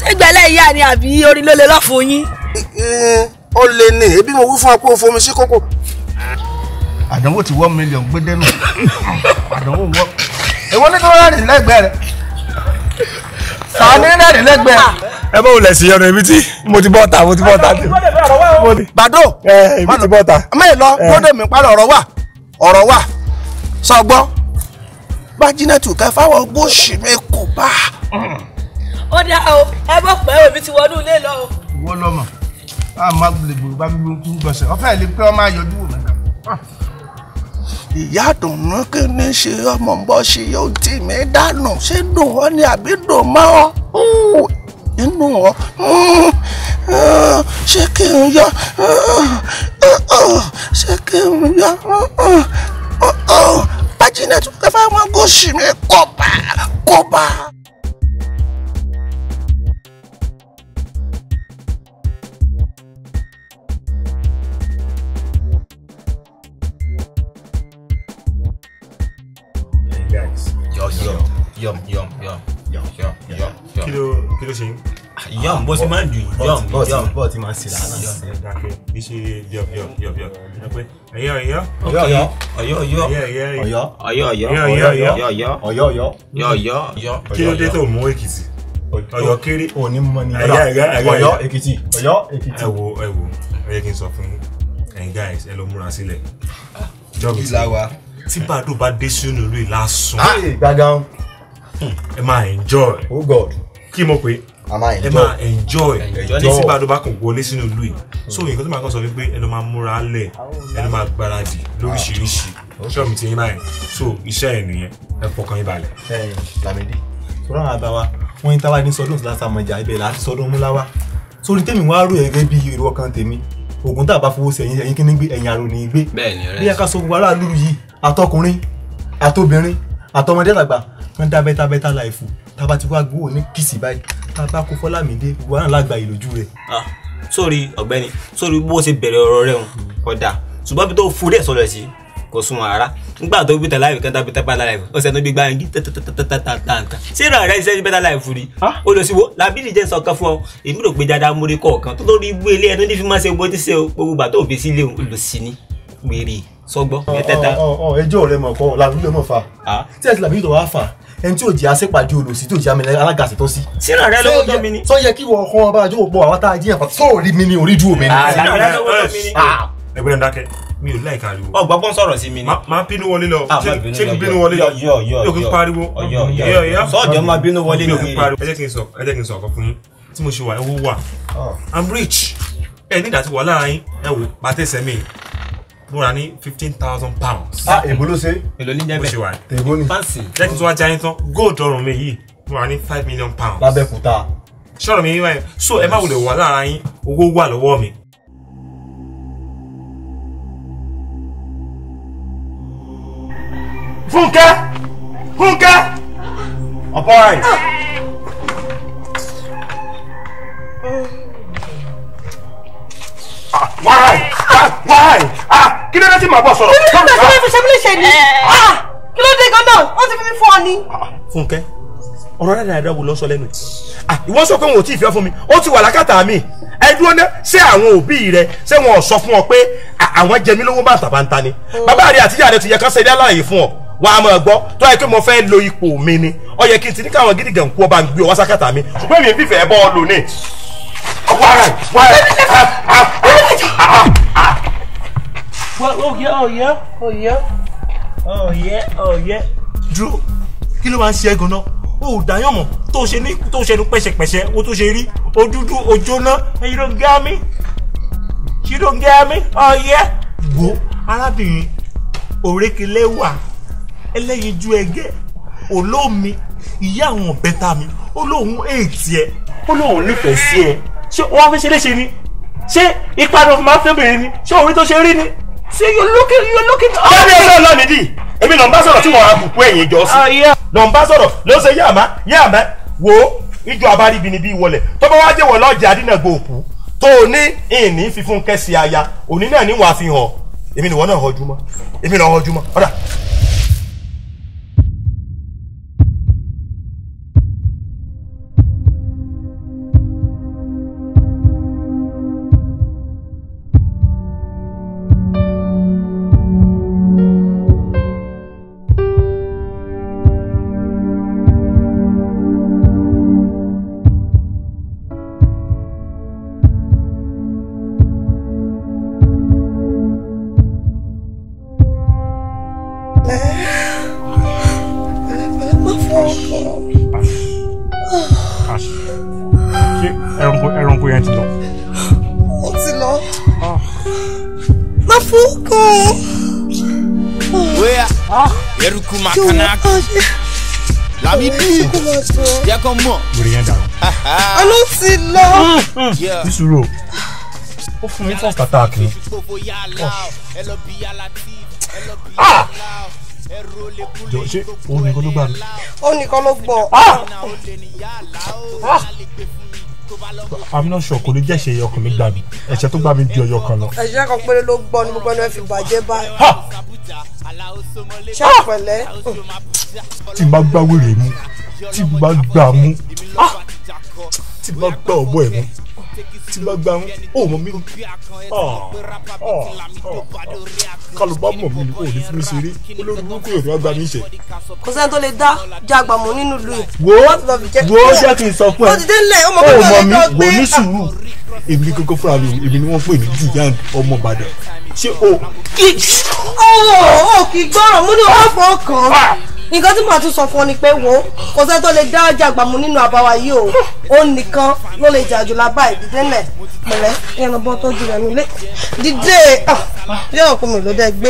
ṣégbẹ́lẹ̀ ìyá ni àbí orin ló lè lọ́ fún yín. ó lè ní ebi mo wí fún ọ pé o fomi sí kókó àdánwò ti wọ́ mílíọ̀n gbé dẹ́nu àdánwò wọ́ èwo ní kí wọ́n rìn lẹ́gbẹ̀ẹ́ rẹ̀ sàánì rìn lẹ́gbẹ̀ẹ́ rẹ̀. ẹ bá wulẹ̀ sí ọ̀nà ibi tí mo ti bọ́ ta mo ti bọ́ ta. bàdó ibi ti bọ́ ta. mẹ́ẹ̀ lọ gbọ́dọ̀ mi parọ́ ọ̀rọ̀ wà ọ̀rọ̀ wà sọgbọ́n bájínẹ́tù kẹfàwọ̀ gbóṣì mi kò bá. ó dá o ẹ bọ́ pẹ́ omi ti wọnú ilé lọ o. wọ́n lọ́mọ̀ a máa gbèrò bá mi gbọ́sẹ̀ ọ̀fẹ́ ìlú pé ọ máa yọjú wò mẹ́ta ìyá àdùnnú kí ní ṣe ọmọ ń bọ́ ṣe yóò tì mí dànù ṣé dùn ọ́ ni àbí dùn mọ́ ọ́ inú ọ ṣé kí n yọ ṣé kí n yọ bájínà tó kẹfà wọn gòṣì mi kọba kọba. kí ló kí ló ṣe ń. Ah, yọm bó ṣe máa ń dùn yọm yọm bọ́ọ̀ tí máa ń ṣe làálàá. dàkẹ́ kì í ṣe yọ yọ yọ yọ ẹ pé ẹyọ ẹyọ. ọyọ ọyọ ọyọ ọyọ ọyọ ọyọ ọyọ ọyọ ọyọ ọyọ ọyọ ọyọ ọyọ ọyọ. kí ló dé tó mú èkìtì ọyọ kéré òní mọ ni ọyọ èkìtì ọyọ èkìtì. ẹ wo ẹ wo ẹ yẹ kí n sọ fún yín ẹ̀yin guys ẹ lọ múra sílẹ̀ ah, jọ́bi tí bàdó bá dé sínú ìlú ìlà sùn. Ah, gbàgán ẹ máa enjoy. oh god. kí mo pe ẹ máa enjoy ní sí gbàdúrà kò wọlé sínú ìlú yìí so nǹkan tó máa kàn sọ wípé ẹ lọ máa múra lẹ̀ ẹ lọ máa gbáradì lóríṣiríṣi ah, ṣọ́ọ̀mù ti yín báyìí so iṣẹ́ ẹ̀ nìyẹn ẹ fọkàn yín balẹ̀. ẹ làmìdí sọ̀rọ̀ àwọn àgbà wa wọ́n ní táwa ní sọdún láti àmọ̀jà ibẹ̀ láti sọdún múláwá sórí tèmi wọ́n á rò ẹ̀gẹ́ bí irú ọkàn tèmi ògùn tá a bá fowó sí ẹ̀yìn ẹ̀yìn kíní gbé ẹ̀yìn àrò ní gbé bí a ká sọ gbogbo aráàlú yìí àtọkùnrin àtobìnrin àtọmọdé àtàgbà wọ́n dá bẹ́tà bẹ́tà láìfù tá a bá ti wá gbowó ní kìsì báyìí tá a bá kó fọ́lámìdé gbogbo àwọn àgbà ìlójú rẹ̀. Ah, sórí ọ̀gbẹ́ni sórí bó ṣe bẹ̀rẹ̀ ọ̀rọ̀ rẹ̀ ọ̀dà ṣùgbọ́n bí tó fúri ẹ̀ sọ̀rọ̀ sí kò sún wọn rárá nígbà tó gbé tàlàyé kan tábí tábà láyé ó sẹ́nu bí gbáyé tàtàtàtàtàtà síra rẹ̀ ṣe bẹ́tà láyé fún mi ó ah. lọ sí wo làbílì jẹ́ sọ̀kan fún ọ èmi rò pé dáadáa múrí kọ̀ọ̀kan tó lórí ibú ilé ẹni fífi máa ṣe gbó tí ṣe gbogbo bàtà òbí sí ilé òun lò sí ni wèrè sọgbọ́ mẹ́tẹ́ta. ẹjọ́ rẹ mọ̀ kọ́ làbílì mọ̀ fa tí ẹ̀ ẹni tí òjì àṣepàdé olùsí tí òjì amílẹ̀ alága àṣetọ́ sí. sínú rẹ lówó tọ́ mi ni. sọ yẹ kí wọ́n kọ́ wọn bá jókòó pọ̀ àwọn tá a jiyàn pàtó sóòrí mi ni orí ju omi ni. Ah, sínú rẹ lówó tọ́ mi ni. Ah. ẹgbẹ́ náà mi ò láì káriwo. ọgbà bọ́n sọ̀rọ̀ sí mi ni. máa bínú wọlé lọ ah, ṣé kí bínú wọlé lọ yóò kí pariwo. sọ́ọ̀jọ́ máa bínú wọlé ni. ẹ jẹ́ kí n sọ ẹ jẹ́ kí n sọ ọ̀kan fún yín tí mo I'm rich ẹ nígbà tí wọ́n lára yín ẹ wò pàtẹ́sẹ̀ mo rà ní fifteen thousand pounds. a ah, èbó ló ṣe. èlò ní jẹ́bẹ̀ oṣù wa ni. èbó ni. fancy. jẹ́ kí n tún wá jayín tán gold ọrùn mi yìí mo rà ní five million pounds. lábẹ́kúta. ṣọ́ọ̀rọ̀ mi yíwáyé so ẹ má wulẹ̀ wà lára yín owó wà lọ́wọ́ mi. fúnkẹ́ fúnkẹ́ ọ̀pọ̀ rẹ̀. Why? Ah, why? why? Ah! kí ló dé tí màá bọ̀ sọ̀rọ̀. kí ló dé tí màá fi ah! ṣe mí léṣe ni kí ló dé gan-an ó ti fi mí fún ọ ni. Ah! Fúnkẹ́ ọ̀rọ̀ rẹ̀ náírà wò ló sọ lẹ́nu ah! ìwọ sọ pé wọn ò tí ì fẹ́ fún mi ó ti wà lákàtà mi ẹ dúró ná ṣé àwọn òbí rẹ ṣé wọn ò sọ fún ọ pé àwọn jẹ mí lówó bàǹtàbàǹtà ni hmm. bàbá rẹ àtìyá rẹ ti yẹ kán ṣe ilé aláàyè fún ọ wà á mọ̀ gbọ́ tó yẹ pé mo fẹ́ lo ipò mi ni ó yẹ kí n ti ní káwọn gidi gàn kú ọba ń gbé ọ sákàtà mi ṣùgbọ́n èmi fífẹ́ bọ́ ọ lò ní. wàrà wàrà Well, oh yeah, oh yeah, oh yeah, oh yeah, oh yeah. Dúró, kí ló máa ń ṣe ẹ̀gàn náà? O ò dáyàn mọ̀ tó ṣe ní tó ṣe ní pẹ̀ṣẹ̀pẹ̀ṣẹ̀ o tó ṣe rí o dúdú o jóná and you don't get me you don't get me oh yeah. Wo arábìnrin òrékelẹ́wà ẹlẹ́yinjú ẹgẹ́ olómi ìyá àwọn ọ̀bẹ ta mi olóhùn èètì ẹ olóhùn nífẹ̀ẹ́ sí ẹ ṣé wọ́n fi ṣe léṣe ni ṣé ipa ni wọ́n fi máa fẹ́ bèrè ni ṣé orí tó ṣe rí ni. See you looking you looking. Ọ̀rẹ́ ẹ̀ náà lọ́nìí dì. Èmi náà sọ̀rọ̀ tí wọ́n á bùkún ẹ̀yìn ìjọ sí. Náà ah, sọ̀rọ̀ ló ṣe yàmá yàmá wo ìjọ abáríbi ni bí wọlé. Tọ́ba wá jẹ́ wọ̀ lọ́ọ̀jẹ̀ adínàgbò òkú. Tó o ní ìní fífún kẹ́sì aya. Òní náà níwọ̀n àfihàn. Èmi nìwọ náà họjú mọ́. Èmi náà họjú mọ́. Ọ̀dà sùúrù ó fún mi first attack ni. Ah! jọ ṣé òun nìkan ló gbà mí. ó nìkan ló gbọ́. Ah! Ah! I'm not sure kò ní jẹ́ ẹ̀ṣẹ̀ ẹyọkàn mi gbà mí ẹ̀ṣẹ̀ tó gbà mí ju ẹyọkàn lọ. ẹ̀ṣẹ̀ kan péré ló gbọ́ ni gbogbo ẹni ẹ fi bàjẹ́ báyìí. ṣé àpẹ̀lẹ́. tí n bá gbá wèrè mu tí n bá gbà mu tí n bá gbá ọ̀bọ ẹ̀ mu tí bá gba wọn ó mọ mi kálùbá mọ̀ mi ah, ah, ah. ò ní fi mi ṣeré olórí burúkú yóò fi gba mi ṣe. kò sẹ́ni tó lè dá jágbà mọ́ nínú ìlú yìí. wo wo ṣé kí n sọ fún ẹ ó mọ mi wo ní sùúrù èmi kókó fúnra mi èmi ni wọ́n pè ní jìyàn ọmọ Ìbàdàn ṣé o. kì í ó kì mú ní wọ́n fọ́ nǹkan tí màá tún sọ fún ọ ni pé wo kò sẹ́ tó lè dá ọjà gbàmú nínú àbáwá yìí o ó nìkan ló lè jà jù lábá ìdílé pẹ̀lẹ́ ìyẹn bọ́ tọ́jú rẹ̀ nílé dídé bí ọkùn mi ló dẹ́ gbé.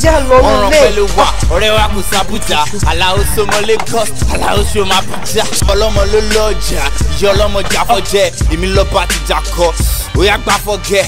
jẹ́ lọ nílé. ọ̀rẹ́ wa kò sábùtà aláwo sọmọ Lagos aláwo sọmọ Abuja ọlọ́mọ ló lọ́ọ̀jà ìyá ọlọ́mọ jáfọ́jẹ́ èmi lọ́ba ti jà kọ́ ó gbà fọ́gẹ́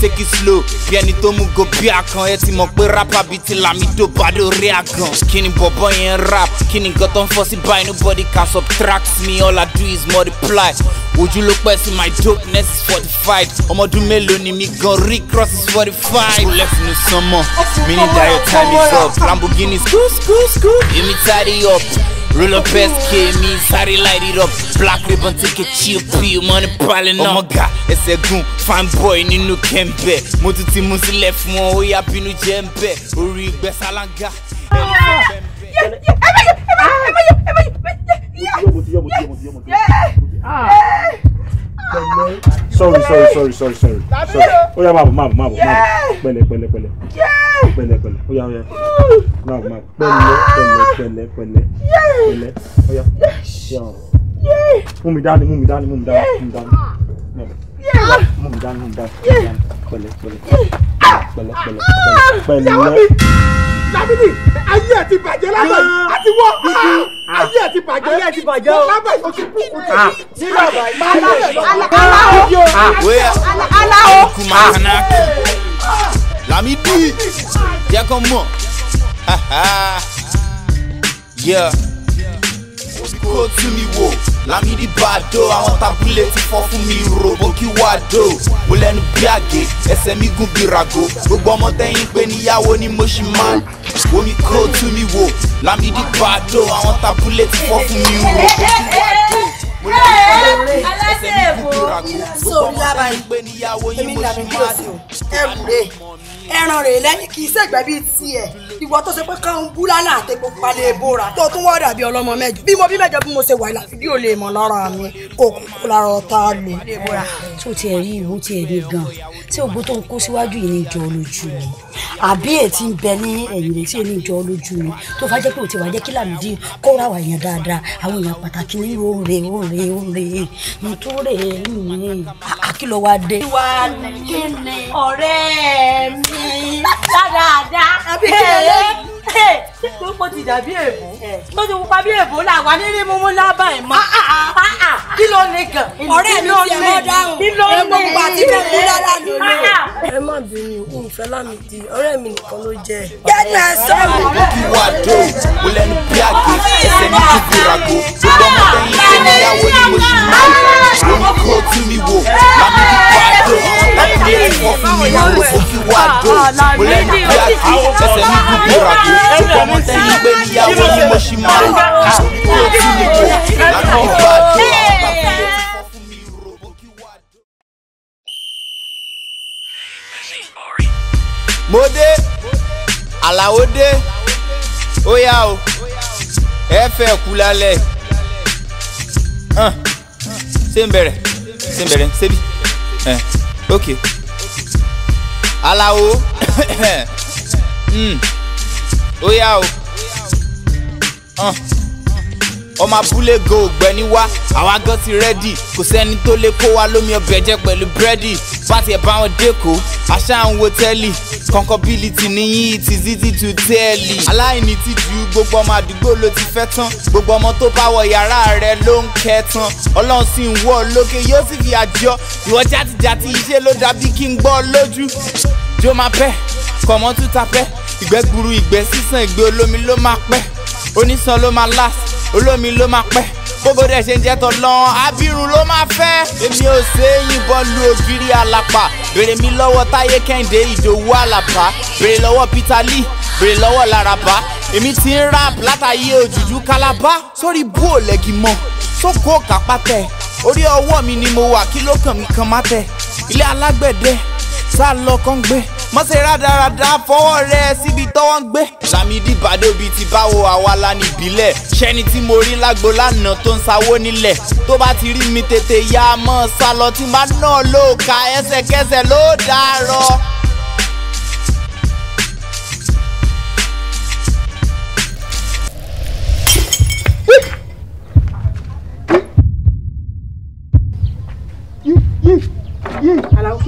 take it slow bí ẹni tó mú go bí akàn ẹ ti mọ̀ pé rapper bíi ti Lamido bá lórí àgàn. kí ni bọ̀bọ̀ yẹn rap kí ni nǹkan tó ń fọ́ sí báyìí nobody can subtract me all I do is multiply. ojú ló pẹ́ sí my dopeness is fortified. ọmọdún mélòó ni mi gan rí is fortified. kò lẹ́sìn ní sánmọ̀ mi ní your time is up Lamborghini school school school me tidy up. Real up ass kid, me how they light it up. Black ribbon, take a chill pill, money piling up. Oh my god, it's a ẹsẹ̀gùn, fine boy nínú kẹ́ńbẹ́. Mo tún ti mú sílẹ̀ fún ọ, ó yà bínú jẹ́ ń bẹ̀. Orí ìgbẹ́ sálángà. Ẹ má yọ, ẹ má yọ, ẹ má yọ, ẹ má yọ. Mo ti yọ, mo ti yọ, mo ti yọ, mo ti yọ sorry sorry sorry sorry sorry Oh yeah, yá máa bọ̀ máa bọ̀ máa bọ̀ pẹ̀lẹ́ pẹ̀lẹ́ pẹ̀lẹ́ Oh yeah, yeah. yá ó yá máa bọ̀ máa pẹ̀lẹ́ pẹ̀lẹ́ pẹ̀lẹ́ pẹ̀lẹ́ Yes. yá ó yá mú mi dání mú mi dání mú mi mú mi dání mú mi dání pẹ̀lẹ́ pẹ̀lẹ́ pẹ̀lẹ́ pẹ̀lẹ́ pẹ̀lẹ́. ìyàwó mi dábìlì ayé ẹ ti bàjẹ́ lábẹ́ àti wọ́ ayé ẹ ti bàjẹ́ ayé ẹ ti bàjẹ́ o lábẹ́ yóò ti kú kùtù. nígbà báyìí aláwo aláwo. Lamidi jẹ́ kó mọ̀. Yeah kó tú mi wò Lámìdí Bàdó àwọn tábúlẹ̀ ti fọ́ fún mi rò mo kí wà dò mo lẹ́nu bí àgé ẹsẹ̀ mi gùn bí ràgó gbogbo ọmọ tẹ́yìn pé níyàwó ni mo ṣì máa omi kó tú mi wò Lámìdí Bàdó àwọn tábúlẹ̀ ti fọ́ fún mi rò mo kí wà dò mo lẹ́nu bí àgé ẹsẹ̀ mi gùn bí ràgó gbogbo ọmọ tẹ́yìn pé níyàwó ni mo ṣì máa ẹ̀rù rè ẹran rẹ̀ lẹ́yìn kì í ṣègbẹ́ bíi tiẹ̀ ìwọ tó ṣe pé káwọn búlálà àtẹ̀kọ palẹ̀ ìbora tó tún wọ́n dàbí ọlọ́mọ mẹ́jọ bí mo bí mẹ́jọ bí mo ṣe wà ìlà fìdí ò lè mọ̀ lára mi kò kó lára ọ̀tá lò. tó tiẹ̀ rí ìwú tiẹ̀ rí gan tí ògbó tó ń kó síwájú yìí ní jọ lójú mi àbí ètí ń bẹ ní ẹ̀yìn rẹ̀ tí èyí ní jọ lójú mi tó fà jẹ́ pé òtí wà jẹ́ kí làmìdí kó ra wà dáadáa àwọn èèyàn pàtàkì ní òòrè òòrè òòrè mo tó rè mi àkìlọ̀ wa dé. ìwà kí ni ọ̀rẹ́ mi dáadáa ẹ̀ẹ́ mo ti dàbí èbó mo ti pupa bí èbó là wà nílé mímú lábà ẹ̀ mọ́ ah, ah, ah. kí ló ní gan ọ̀rẹ́ mi ti ẹ̀mọ́ dáhùn kí ló ní gan ẹ̀mọ́ ti fẹ́ kú dáadáa lónìí. ẹ má bínú òǹfẹ́ lámìdí ọ̀rẹ́ mi nìkan ló jẹ́. kẹ́nà sọ́ọ̀rọ̀ rẹ̀ kí wà dó o lẹ́nu bí àgé ẹsẹ̀ ní kíkúra kó ṣùgbọ́n mo lè yí ìyàwó ni mo ṣì máa ń lò ó kó tún mi wò lámìdí wà dó lámìdí wọ́n fi mi wò ó fi wà dó tó mo lẹ́nu bí àti ẹsẹ̀ ní gbogbo ràdó ṣùgbọ́n mo ti ní pé níyàwó ni mo ṣì máa ń kà kó o tún lè bò láti ìgbà tó àbáfẹ́. mo dé àlàó dé ó yá o ẹ fẹ́ kú lálẹ́ ṣé ń bẹ̀rẹ̀ ṣé ń bẹ̀rẹ̀ ṣé bí ok aláwo hmm. ó o ọmọ abúlé go ògbẹ́ni wá àwa gan ti rẹ́dì kò sẹ́ni tó lè kó wa lómi ọbẹ̀ jẹ pẹ̀lú búrẹ́dì bá tiẹ̀ bá wọn dẹ́kọ̀ọ́ àṣà ń wo tẹ́lì kọ́ńkọ́bílítì níyìn it is easy to tell aláìní ti ju gbogbo ọmọ àdúgbò ló ti fẹ́ tán gbogbo ọmọ tó bá wọ yàrá rẹ ló ń kẹ́ tán ọlọ́run sì ń wọ́ lókè yóò sì fi àjọ ìwọ játijàti iṣẹ́ ló dàbí kí n gbọ́ lójú jó máa pẹ́ kọ̀mọ́ tún ta pẹ́ ìgbẹ́ gburu ìgbẹ́ sísan ìgbẹ́ olómi ló máa pẹ́ onísan ló máa last olómi ló máa pẹ́ gbogbo dẹ̀ ṣe ń jẹ́ tọ̀lọ́n abirùn ló máa fẹ́. èmi ò ṣe é yìnbọn lu ògiri àlàpà bèrè mi lọ́wọ́ táyé kẹ́hìndé ìdòwú àlàpà bèrè lọ́wọ́ peter lee bèrè lọ́wọ́ laraba èmi ti ń rap látàyè òjùjú kálábá sórí bú òlẹ́gì mọ́ sóko kápá tẹ̀ orí ọwọ́ mi ni mo wà kí ló kàn mí kan má tẹ̀ ilé alágbẹ̀dẹ sá lọ kán gbé má ṣe rádaràda fọwọ́ rẹ síbi tọ́wọ́ ń gbé. Sàmídì Bàdóbi ti báwo àwa la níbílẹ̀ ṣẹ́ni tí mo rí lágbo lánàá tó ń sawó nílẹ̀ tó bá ti rí mi tètè ya mọ́ sálọ tí má náà ló ka ẹsẹ̀kẹsẹ̀ ló dàárọ̀.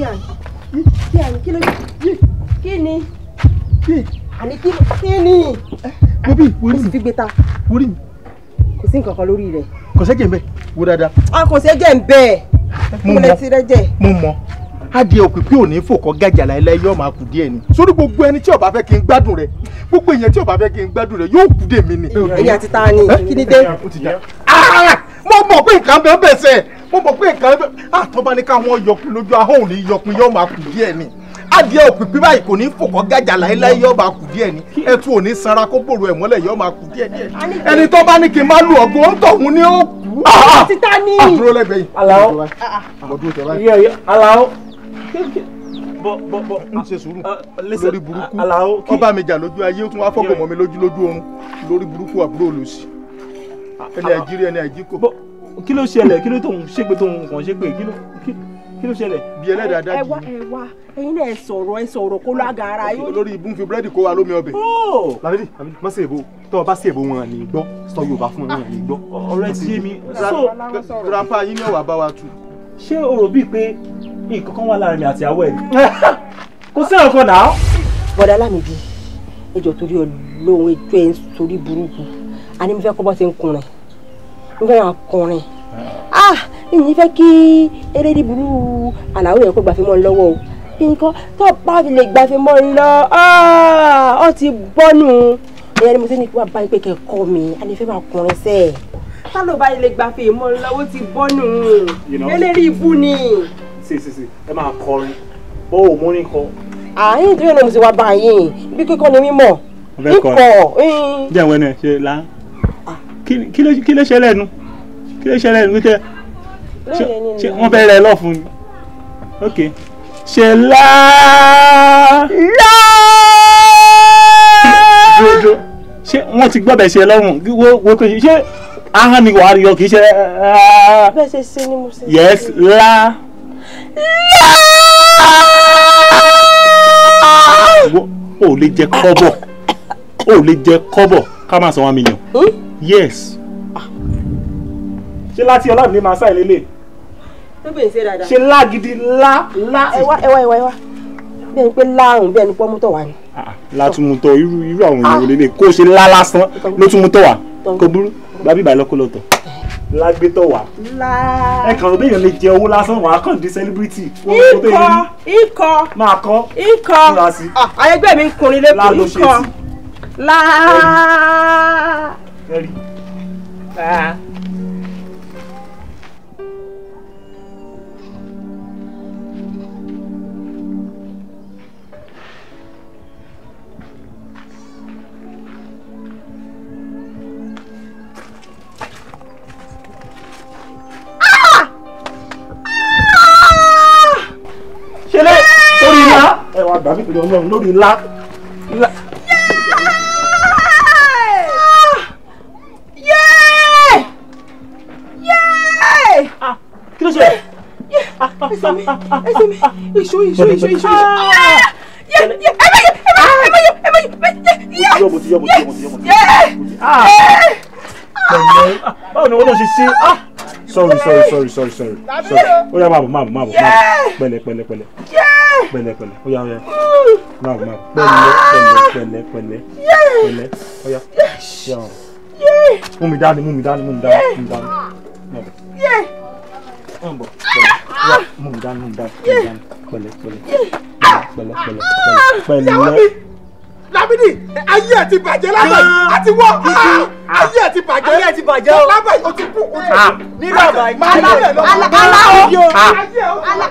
Yeah kí àní kí ló kí ni àní kí ni mo bí wòrí mi wòrí mi kò sí nǹkan kan lórí rẹ̀. kò sẹ́jẹ̀ ń bẹ̀ wo dáadáa. a kò sẹ́jẹ̀ ń bẹ̀ mo mọ mo mọ adìẹ òpìpì ò ní fòkọ gàjà láéláé yóò máa kù díẹ̀ ni sórí gbogbo ẹni tí ó bá fẹ́ kí n gbádùn rẹ̀ gbogbo èèyàn tí ó bá fẹ́ kí n gbádùn rẹ̀ yóò kù dé mi ni. èyí àti ta ni kí ni dé. Ah! mo mọ̀ pé nǹkan bẹ́ẹ̀ bẹ̀ sẹ́ẹ̀ mo mọ̀ pé nǹkan àtọ́ba ah, ní káwọn yọkun lójú ahóhùn ní yọkun yóò máa kù díẹ̀ ni adìẹ òpìpí báyìí kò ní fòkọ́ gàjà láéláé yóò máa kù díẹ̀ ni ẹtù ò ní sanra kó bòrò ẹ̀ mọ́lẹ̀ yóò máa kù díẹ̀ díẹ̀ ẹni tó bá ní kí n má lu ọ̀gbọ́n ń tọ̀hún ni ó kú. Ah, ah. títà ní. àdúró lẹ́gbẹ̀ẹ́ yìí. Alao Alao bọ bọ bọ n ṣe sùúrù lórí burúkú ọba mi jà lójú ayé ó tún wá fọkàn mọ́ mi lójú lójú oorun lórí burúkú àbúrò olùsí ẹni àjírí ẹni àjíkò kí ló ṣẹlẹ̀ kí ló tó ń ṣépè tó ń kàn ṣépè kí ló kí ló ṣẹlẹ̀. bí ẹlẹ́dàá dájú. ẹ wá ẹ wá ẹyin náà ẹ sọ̀rọ̀ ẹ sọ̀rọ̀ kó lága ara yín. olórí ibú fi búrẹ́dì kó wa lómi ọbẹ̀. làbídì làbídì má ṣe èbó tọ́ ọ bá ṣe èbó wọn ní gbọ́ sọ yorùbá fún wọn ní gbọ́. Ah, ọ̀rọ̀ ti yé mi. so grandpa yín ni ọ̀wà bá wa tu. ṣé o rò bíi pé nǹkan kan wà láàrin mi àti àwọ̀ ẹ̀ ni. kò sí ọ̀kan náà. bọ̀dá lámìbí ẹjọ́ torí ọlọ́run ẹjọ́ ẹ̀ ń sorí burúkú a ní mo fẹ́ kọ́ bọ́ ṣe ń kunrin mo fẹ́ máa kọrin ah ìyìn fẹ́ kí erédi burú àlàó yẹn kó gbàfẹ́ mọ́ lọ́wọ́ o nǹkan tó bá fi lè gbàfẹ́ mọ́ lọ ọ ah, ti bọ́nu ìyẹn ni mo ti ní kí wàá bá yín pé kẹ́kọ̀ọ́ mi a lè fẹ́ máa kọrin sẹ́ẹ̀ tálọ̀ bá ilé gbàfẹ́ mọ́ lọ́wọ́ ti bọ́nù eléri ibú ni. sí sí sí ẹ máa kọrin bó o mú ní kọ. àyìn tí yóò lọ mo ti wá bá yín bí kíkọ́ ni mímọ̀ ikọ̀. Eh. jẹ́ ìwé náà ṣe láá kí ló ṣẹlẹ̀ nu kí ló ṣẹlẹ̀ nu wíkẹ́ ṣé wọ́n fẹ́ rẹ lọ́ọ̀ fún mi ok ṣe láá láá ṣé wọ́n ti gbọ́dọ̀ ṣe lọ́rùn wo kò ṣe ahọ́n ni wàá rí kì í ṣe. Ah. yes láá láá. o ò lè jẹ kọ́bọ̀ o ò lè jẹ kọ́bọ̀ ká máa sọ wọn mi yàn yes. Ah. ṣé láti ọlọ́run ní màá sáì lélẹ̀. ṣé lágidi lá lá. ẹ wá ẹ wá ẹ wá ẹ wá bẹ́ẹ̀ ni pé láàrùn bẹ́ẹ̀ ni pọ́nmútọ̀ wà ni. látúmútọ̀ irú irú àwọn ah. èèyàn lélẹ̀ kó o ṣe lá lásán ló túmútọ̀ wà kò burú bàbí ìbàlẹ̀ kó lọ tọ̀ lágbétọ̀ wá. ẹ kàn lóde èèyàn lè jẹ owó lásán wàá kàn di celebrity. ikọ ikọ máa kọ ikọ ah, ayẹgbẹ́ mi ń kunrin lẹ́kọ̀ọ́ ikọ láà. đi, à đi lé lórí ńlá ẹ wá gbàgbé pẹ̀lú ọlọ́run lórí ńlá ńlá. kí ló ṣe ẹ. ẹsẹ mi ẹsẹ mi ìṣó ìṣó ìṣó ìṣó. ẹ bẹ yẹ ẹ bẹ yẹ ẹ bẹ yẹ ẹ bẹ yẹ. mo ti yọ mo ti yọ mo ti yọ mo ti yọ mo ti yọ. báwo ni wọn náà ṣe ṣe sorry sorry sorry sorry sorry sorry ó yá máa bọ̀ máa bọ̀ máa bọ̀ pẹ̀lẹ́ pẹ̀lẹ́ pẹ̀lẹ́ pẹ̀lẹ́ pẹ̀lẹ́ ó yá ó yá máa bọ̀ máa bọ̀ pẹ̀lẹ́ pẹ̀lẹ́ pẹ̀lẹ́ pẹ̀lẹ́ ó yá ó yá mú mi dání mú mi dání mú mi dání mú mi dání ń bọ̀ wá mú un dání mú un dání mú un dání pẹ̀lẹ́ pẹ̀lẹ́ pẹ̀lẹ́ pẹ̀lẹ́ pẹ̀lẹ́ pẹ̀lẹ́. Lámídì ayé ẹ ti bàjẹ́ lábàáyé ah. àti wọ́ ah. Ah. ayé ẹ ti bàjẹ́ ayé ẹ ti bàjẹ́ o lábàáyé o ti kú o ti kú nígbà ní ẹ lọ aláwo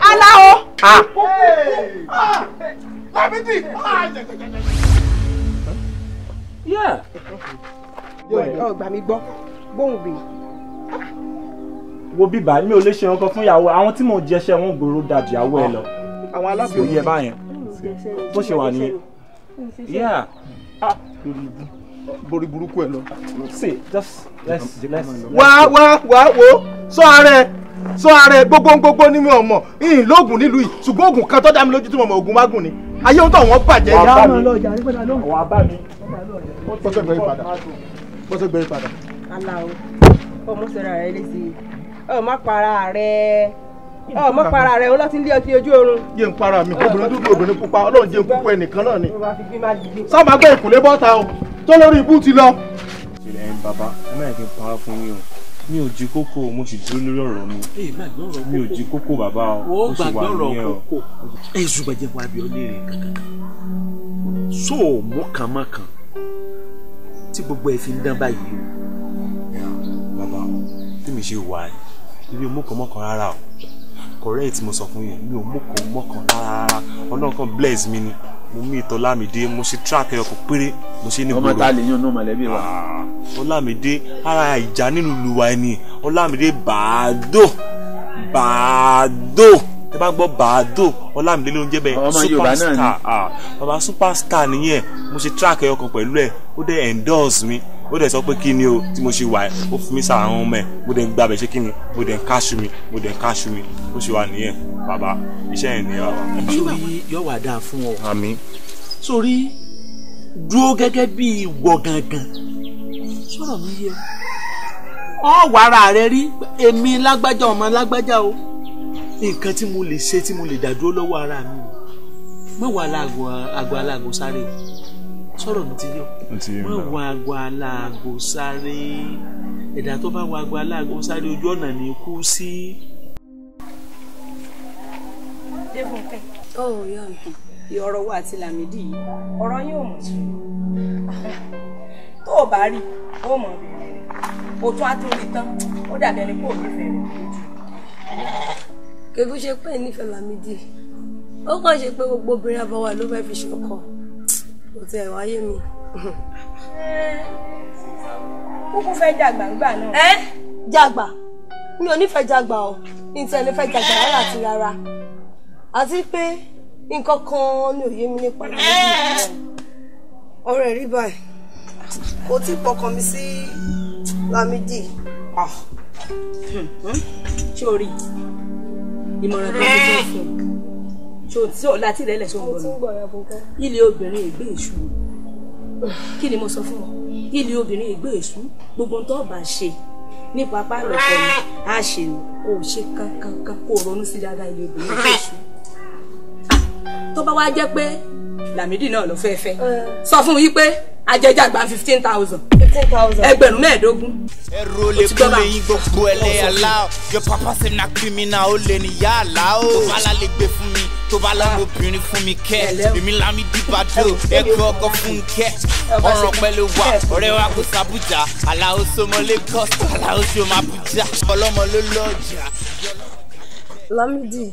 aláwo. Lámídì. Ọ̀ gbà mí gbọ́ gbóhùn bèè wo bíbá mi ò lè ṣe nǹkan fún ìyàwó àwọn tí mò ń jẹṣẹ wọn gbòòrò dàjú ìyàwó ẹ lọ àwọn alábòóyè yẹ báyẹn bó ṣe wà nìyẹn yà á ah. borí burúkú ẹ lọ. see just let's let's. wá wá wá wo sọ ààrẹ sọ ààrẹ gbogbo gbogbo ní mi ò mọ ìhìn lóògùn nílùú yìí ṣùgbọ́n oògùn kan tó dá mi lójú tí mo mọ oògùn mágùn ni ayé ohun tó wọ́n bàjẹ́ yìí. wàá bá mi wàá bá mi. bọ́sẹ̀ gbẹ̀yìn padà bọ́sẹ̀ gbẹ̀yìn padà. aláwo ọmọ sọ̀rọ̀ rẹ̀ lè ṣe ọmọ para rẹ ọmọ para rẹ ọlọ́tí ń lé ọtí ojú oorun. jẹ́ ń para mi obìnrin dúdú obìnrin pupa ọlọ́run jẹ́ ń kúkú ẹnìkan náà ni. sábà gbé ìkùnlé bọ́ta o tó lórí ibú ti lọ. ìṣẹ̀lẹ̀ ń bàbá ẹ má yẹ kí n mi ò jí kókó mo sì dúró lórí ọ̀rọ̀ mi mi ò jí kókó bàbá o ó sì wà níyẹn ẹ ṣùgbọ́n jẹ́ wàá bí ọ léèrè kankan so mọ́kànmọ́kàn tí gbogbo ẹ̀ fi ń dán báyìí o. bàbá tí mi ṣe wà yìí ibi ò mú kan mọ́kàn rárá o correct mo sọ fún yín mi ò mú mọ́kàn rárá rárá ọlọ́run kan bless mi ni mo mú ìtọ́ lámìdé mo ṣe track ẹyọkọ̀ péré mo ṣe ní gbòòrò ọmọ tá lè yún un mọ̀lẹ́bí wa. Ah, ọlámìdé ara ìjà nínú luwa ẹni ọlámìdé bàádò bàádò tẹ bá gbọ́ bàádò ọlámìdé ló bẹ́ẹ̀ superstar ah, baba superstar nìyẹn mo ṣe track ẹyọkọ̀ pẹ̀lú ẹ̀ ó dẹ̀ endorse mi ó dẹ̀ sọ pé kí ni o tí mo ṣe wà ó fún mi sáà ọmọ ẹ̀ mo dẹ̀ gbàbẹ̀ ṣé kí ni mo dẹ̀ káṣu mi mo dẹ̀ káṣu mi ó ṣe wà nìyẹn bàbá iṣẹ́ yẹn nìyẹn bàbá. ìṣúra yóò wà dáa fún ọ. àmín. sórí dúró gẹ́gẹ́ bí ìwọ gangan sọ̀rọ̀ mi yẹ ọ wàrà rẹ rí èmi lágbájá ọmọ lágbájá o nǹkan tí mo lè ṣe tí mo lè dàdúró lọ́wọ́ ara mi mọ̀ wà láàgọ̀ àgọ̀ aláàgọ̀ sọ̀rọ̀ mi ti yọ má wọ aago aláago sáré ẹ̀dá tó bá wọ aago aláago sáré ojú ọ̀nà ni kú sí. débùnkẹ́. ó yọ ìyá ọ̀rọ̀ wa àti làmídì yìí ọ̀rọ̀ yín ò mọ̀ sí tó o bá rí o mọ̀ rí o tún á tún rí tán ó dàbí ẹni pé ò nífẹ̀ẹ́ rẹ̀ lójú. kébù ṣe pé nífẹ̀ẹ́ làmídì ó kàn ṣe pé gbogbo obìnrin abọ́wà ló fẹ́ fi ṣọkọ kò tẹ̀ wáyé mi. kúkú fẹ́ jàgbà ńgbà náà. ẹ jàgbà mi ò nífẹ̀ẹ́ jàgbà o ní tí ẹni fẹ́ jàgbà rárá àti rárá àti pé nǹkan kan ni òye mi nípa rẹ̀. ọ̀rẹ́ rí báyìí kò tí ì pọkàn mi sí lamidi? Ah. Hmm. ṣé o rí ìmọ̀ràn tó ń bọ̀ fún un tí ò láti ilẹ̀ ẹlẹ́sọ̀ ń gbọ́ mi ilé obìnrin ìgbé èṣù kí ni mo sọ fún ọ ilé obìnrin ìgbé èṣù gbogbo tó bá ṣe nípa pálọ̀ pọ̀ ni a ṣe ni kò ṣe kankankan kò ronú sí dáadáa ilé obìnrin ìgbé èṣù tó bá wá jẹ́ pé Lámídì náà ló fẹ́ fẹ́ eh. sọ fún yí pé ajẹjà gba fifteen thousand ẹgbẹ̀rún mẹ́ẹ̀ẹ́dógún. ẹrù olè kúlẹ̀ yín gbogbo ẹlẹ́yà láò your papa say na criminal ó lè níyà àlá o. bàbá la lè gbé fún mi tó bá lábòbìnrin ah. fún mi kẹ́ èmi lámì dìbàdò ẹ̀kọ́ ọkọ̀ fún mi kẹ́ ọ̀ràn pẹ̀lú wa ọ̀rẹ́ wa kò sàbújá aláwo sọmọ Lagos aláwo sọmọ Abuja ọlọ́mọ ló lọ́ọ̀jà. Lámìdí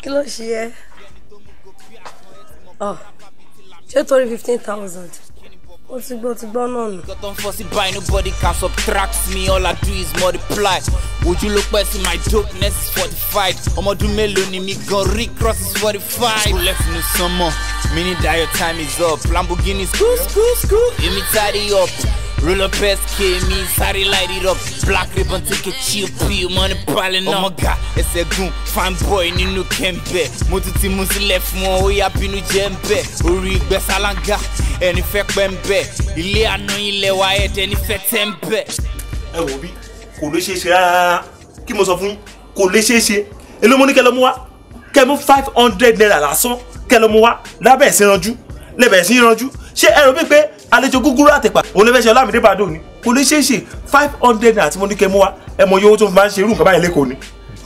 kí ló ṣe yẹ ah. ṣé torí fifteen thousand ó ti gbọ́ ti gbọ́ náà nù. got on force by nobody can subtract me all I do is multiply ojú ló pẹ́ sí my dopeness is fortified ọmọdún mélòó ni mi gan rí cross is fortified. school left no summer mi ní dayo time is up Lamborghini school school school èmi tidy up. Real up ass kid means how light it up. Black ribbon, take a chill pill, money piling up. Oh my god, it's a ẹsẹ̀gùn fine boy nínú kẹ́ńbẹ́. Mo tún ti mú sílẹ̀ fún ọ, ó yá bínú jẹ́ ń bẹ̀. Orí ìgbẹ́sàlángà ẹni fẹ́ pẹ́ ń bẹ̀. Ilé àná ilẹ̀ wa ẹ̀dẹ̀ ní fẹ́ tẹ́ ń bẹ̀. Ẹ wò bí kò lè ṣeé ṣe rárá kí mo sọ fún yín kò lè ṣeé ṣe èló mo ní kẹ́ lọ mú wá kẹ́ mú five hundred naira lásán kẹ́ lọ mú wá lábẹ́ ẹ̀sìn ranjú lẹ́bẹ̀ẹ́sìn ranjú ṣé ẹ rò bí àlejò gúgúrú àtẹ̀pà òun lè fẹ́ ṣe ọlámídé bàdó ni kò lè ṣeé ṣe five hundred naira tí mo ní kẹ́ mú wa ẹ mọ iye owó tó fi máa ń ṣe irú nǹkan báyìí lẹ́kọ̀ọ́ ni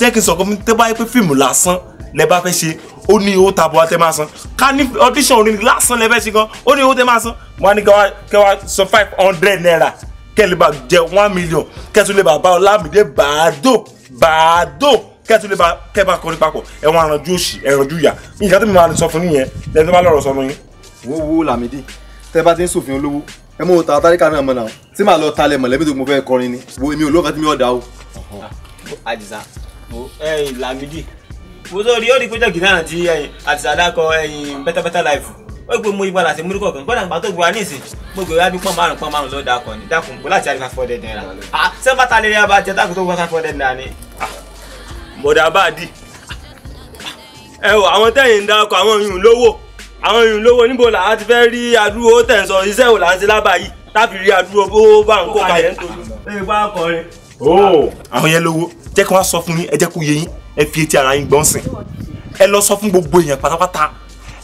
jẹ́ kí n sọ̀kọ́ mi tẹ́ báyìí pé fíìmù lásán lẹ bá fẹ́ ṣe ó ní owó tabo àtẹ máa san ká ní audition orin lásán lẹ fẹ́ ṣe gan ó ní owó tẹ máa san wọn á ní kẹ́ wá sọ five hundred naira kẹ́ lè bá jẹ one million kẹ́ tún lè bá bá ọlámídé bàdó bàdó kẹ́tù lè ba kẹ́ bá kọrin papọ̀ ẹ̀wọ̀n àrànjú òṣì ẹ̀rànjú ìyà nǹkan tó mi máa sọ fún yín yẹn lẹ́nu tó bá lọ́rọ̀ sọ fún yín. wo wo Lamidi tẹ́ bá ti ń sòfin olówó ẹ mú ta táríkà náà mọ̀ náà tí màá lọ talẹ̀ mọ̀lẹ́bí tó mo fẹ́ kọrin ni wo èmi ò lóǹkà tí mi ọ̀dà o. àdìsá ẹyin Lámídì mo tó rí ó rí pẹ́jọ́ gíga náà ti àdìsá dákọ ẹyin Better Better Life ó gbé mo ibà láti múrí kọ̀ọ̀kan gbọ́dọ̀ nípa tó gbé wa níìsín mo gbé wa bí pọ́n márùn pọ́n márùn ló dákọ̀ ní dákun bó láti àrífà fọ́ọ̀dẹ̀ náírà sẹ́ńpà ta lè rí abá jẹ dákun tó gbé wa fọ́ọ̀dẹ̀ náírà ni. mọ̀dà bá a dì ẹ wò àwọn tẹ́yìn ń dákọ̀ àwọn yìí ń lówó àwọn èèyàn lówó níbo làá ti fẹ́ rí adúró tẹ̀sán iṣẹ́ ò là ń ṣe lábàáyí táfi rí adúró bó bá ń kó kalẹ̀ nítorí. ẹ bá kọrin. àwọn yẹn lówó jẹ́ kí wọ́n sọ fún yín ẹ jẹ́ kó yé yín ẹ fi etí ara yín gbọ́n sìn ẹ lọ sọ fún gbogbo èèyàn pátápátá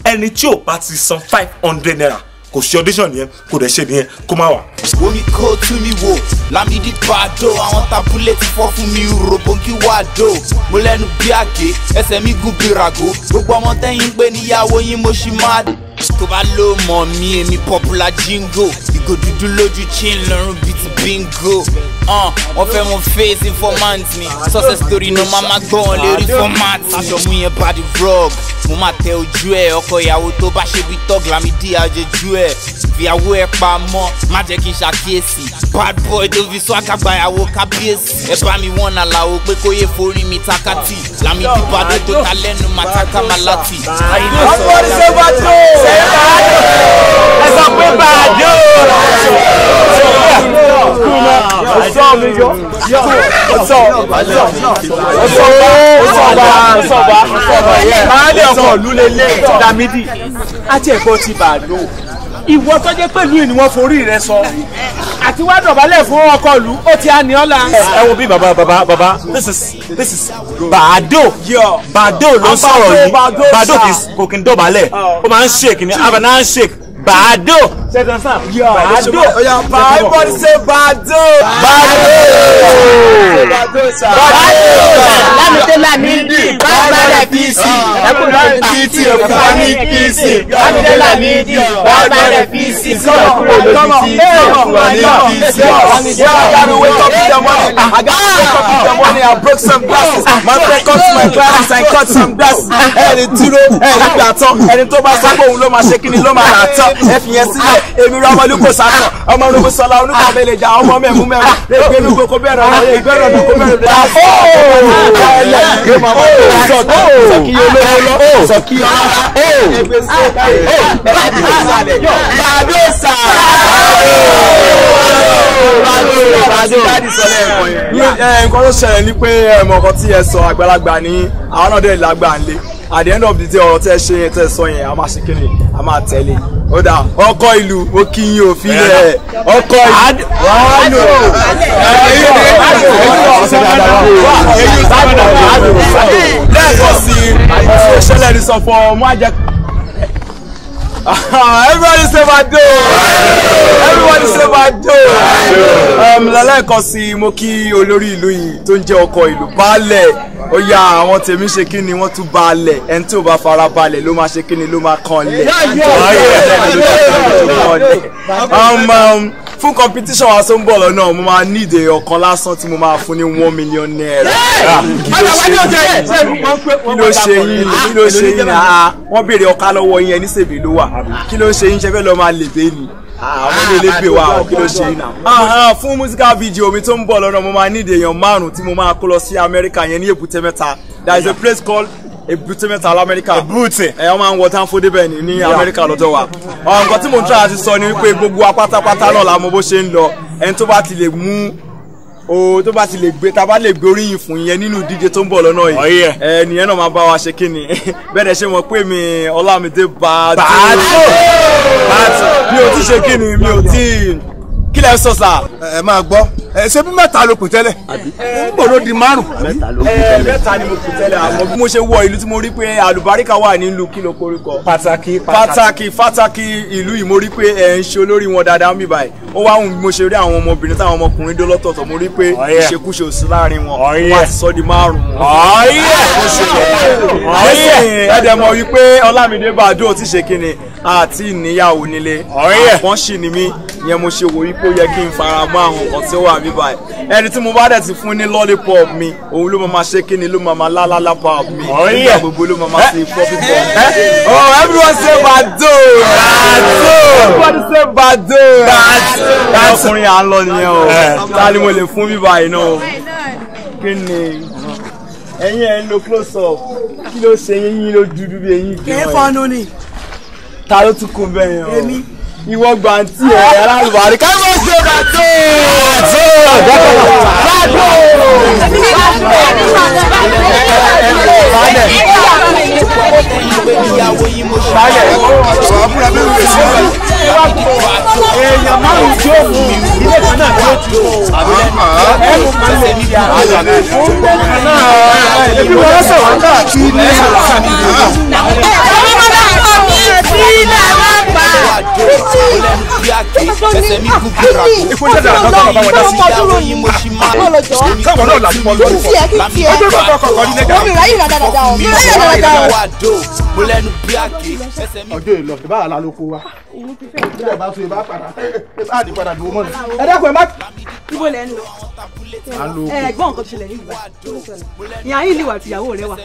ẹni tí ò bá ti san five hundred naira kò ṣe audition yẹn kò dẹ̀ ṣe nìyẹn kó má wà. omi kò tún mi wò lámìdí pàdó àwọn tábúlẹ̀ ti fọ́ fún mi rògbòǹkì wà dó mo lẹ́nu bí àgé ẹsẹ̀ mi gùn bí ràgó gbogbo ọmọ tẹ́yìn pé níyàwó yín mo ṣì máa dé tó bá ló mọ̀ mí èmi popular jingo ìgò dúdú lójú chin lọ́rùn bíi ti bingo ah, wọ́n fẹ́ wọn face informant ni success story náà máa ma gbọ́ wọn lérí format àjọmú yẹn bá di vlog mo máa tẹ ojú ẹ ọkọ ìyàwó tó bá ṣe bí tọ́gìlámídìí àjẹjú ẹ fìyàwó ẹ pamọ́ má jẹ́ kí n ṣàkíyèsí bad boy tó fi sọ àkàgbàyàwó kábíyèsí ẹ bá mi wọ́n àlàó pé kó yẹ forí mi takati làmì bíbá tó tó ta lẹ́nu màtàkà màláti. ọgbọ́n ṣe wá tó ẹ sọ pé bàdé o ọsọ mi yọ ọsọ ọsọ ọsọ ọba ọsọ ọba ọba yẹ máa ń lè ọkọ lulẹ̀ lẹ́yìn tí Dámídì àti ẹ̀kọ́ ti bàdó ìwọ tó jẹ́ pẹ̀lú ẹ̀ ni wọ́n forí rẹ sọ àti wá dọ̀bálẹ̀ fún ọkọ ìlú ó ti àní ọ̀la. ẹ wo bí baba baba baba this is this is bàdó bàdó ló ń sọ̀rọ̀ yìí bàdó kò kí n dọ̀bálẹ̀ oh. ó máa ń shake ni abana ń shake Bàdó. Ṣẹ́tàn sàn. Bàdó. Bàbá ṣe Bàdó. Bàdó. Bàdó sà. Bàdó. Lámìdélà ní bàbá PC. Ẹkùnrin títí ẹ̀fọ́ ní PC. Lámìdélà ní bàbá PC. Sọ̀rọ̀ kúrò lórí ti ẹ̀fọ́ ní PC. Yàrá wake up in the morning. I got wake up in the morning. I broke some glasses. My friend cut my glasses. I cut some glasses. Ẹni dúró, ẹni gbàtọ́, ẹni tó bá sọ pé òun ló máa ṣe kí ló máa rà tán ẹ fi yẹn sílẹ̀ èmi rẹ ọmọ olùkọ́ sànà ọmọ olùkọ́ sọlá olùkọ́ mẹlẹjà ọmọ mẹmú mẹmú ẹgbẹ́ mi gbogbo bẹ̀rẹ̀ ọmọ ẹgbẹ́ rẹ gbogbo bẹ̀rẹ̀ rẹ. sọkí olówó lọ sọkí ọlọ́pàá ẹgbẹ́ sọkí ẹgbẹ́ sọkí bàbá òsà nǹkan tó ṣẹlẹ̀ ni pé ẹ̀mọ̀kan eh, tí ẹ sọ àgbàlagbà ni àwọn náà dẹ̀ lágbà ń lé at the end of the day ọ̀rọ̀ tẹ́ ṣe tẹ́ sọ yẹn a máa ṣe kí ni a máa tẹ̀lé ó dà ọkọ ìlú ó kí yín òfin rẹ ọkọ ìlú wàá lò lẹ́ẹ̀kan sí i ṣẹlẹ̀ ní sọ fún ọmọ ajẹ́. Ah, everybody say Badoo everybody say Badoo um, lẹ́lẹ́kan sí mo kí olórí ìlú yìí tó ń jẹ́ ọkọ ìlú baálẹ̀ ó yá àwọn tèmi ṣe kí ni wọ́n tún baálẹ̀ ẹni tí ò bá fara balẹ̀ ló máa ṣe kí ni ló máa kan lẹ̀ fún competition wa tó ń bọ̀ lọ́nà mo máa need ọ̀kan lásán tí mo máa fún ní one million naira. Ah, kí ló ah, ṣe yín kí ló ṣe yín kí ló ṣe yín náà wọ́n béèrè ọ̀ka lọ́wọ́ yín ẹni ṣèbí ló wà kí ló ṣe yín ṣe fẹ́ lọ́ọ́ máa lè dé ni ah, àwọn ilé gbé wa ọ kí ló ṣe iná. fún musical video mi tó ń bọ̀ lọ́nà mo máa need èèyàn márùn-ún tí mo máa kó lọ sí Amẹ́ríkà yẹn ní Èbúté Mẹ́ta there is a place called èbúté mẹ́ta lamẹ́ríkà èbúté ẹ ọmọ àwọn wọtán fúdé bẹ́ẹ̀ ni ní amẹ́ríkà lọ́tọ̀ wa nǹkan tí mo ń tọ́ra ti sọ ni wípé gbogbo apátápátá náà la mọ̀ bó ṣe ń lọ ẹni tó bá ti lè mú o tó bá ti lè gbé ta bá lè gbé oríyìn fún yẹn nínú ìdíje tó ń bọ̀ lọ́nà yìí oh, ẹ nìyẹn náà máa bá wa ṣe kí ni bẹ́ẹ̀ ṣe mọ̀ pé mi Ọlámídé bàtò bàtò mi ò ti ṣe kí ni mi ò ti kílẹ̀ sọ sà. ẹ máa gbọ́ ẹ ṣe bí mẹ́ta ló kù tẹ́lẹ̀ n bò ló di márùn. mẹ́ta ni mo kù tẹ́lẹ̀ àmọ́ bí mo ṣe wọ ìlú tí mo rí pé àlùbáríkà wà nílùú kí ló koríko. pàtàkì pàtàkì pàtàkì ìlú yìí mo rí pé ẹ ń ṣe olórí wọn dáadáa ń báyìí ó wá hùn mo ṣe rí àwọn ọmọbìnrin táwọn ọmọkùnrin dó lọ́tọ̀ọ̀tọ̀ mo rí pé oh, ìṣekúṣe òsì láàrin wọn oh, wọn ti sọ di márùn. ọ̀yẹ́ ẹ̀dẹ̀ mọ̀ wípé oh, ni mí yẹn yẹ kí n fara mọ́ àwọn nǹkan tí ó wà bíbá ẹ̀ ẹni tí mo bá dẹ̀ ti fún ní lollipop mi òun ló máa ṣe kí ni ló máa lálálá pa mi nígbà gbogbo ló máa ṣe fọ́fí pọ̀. Eh, eh, eh. oh everyone say bado bado everybody say bado bado ọkùnrin à ń lọ nìyẹn o ta ni mo lè fún bíbá yìí náà kí ni ẹ̀yin ẹ ń lo close up kí ló ṣe yín yín ló dúdú bí eyín kí wọn. kí ẹ fọnú ni. ta ló tún kún bẹ́ẹ̀ yẹn o. èmi ìwọ gbàǹtì ẹ alábàárì ká mọ̀ ṣe bàtò. bàtò èèyàn márùn tí ó wù ilé kan náà tí ó ti wù ẹnu kan lè ní ìyá rẹ ẹbí wọn lọsọ wọn káàkiri ní ìlú àkàndínlẹ. ọmọ bàbá mi ti náà wá ẹsẹ̀ mi kú gbéra kú. èkó jẹ́ dára lọ́kọ́ bàbá wọn dá ọjọ́ bá kọ̀ kọ́ ló kó wa. ìbílẹ̀ bá so ìbá padà ìbá àdì padà dùn mọ́ ẹ dákun ẹ má. ibo lẹ ń lọ. ẹ̀gbọ́n nǹkan tó ṣẹlẹ̀ nílùú wa ìyá yìí lè wà tìyàwó rẹ wà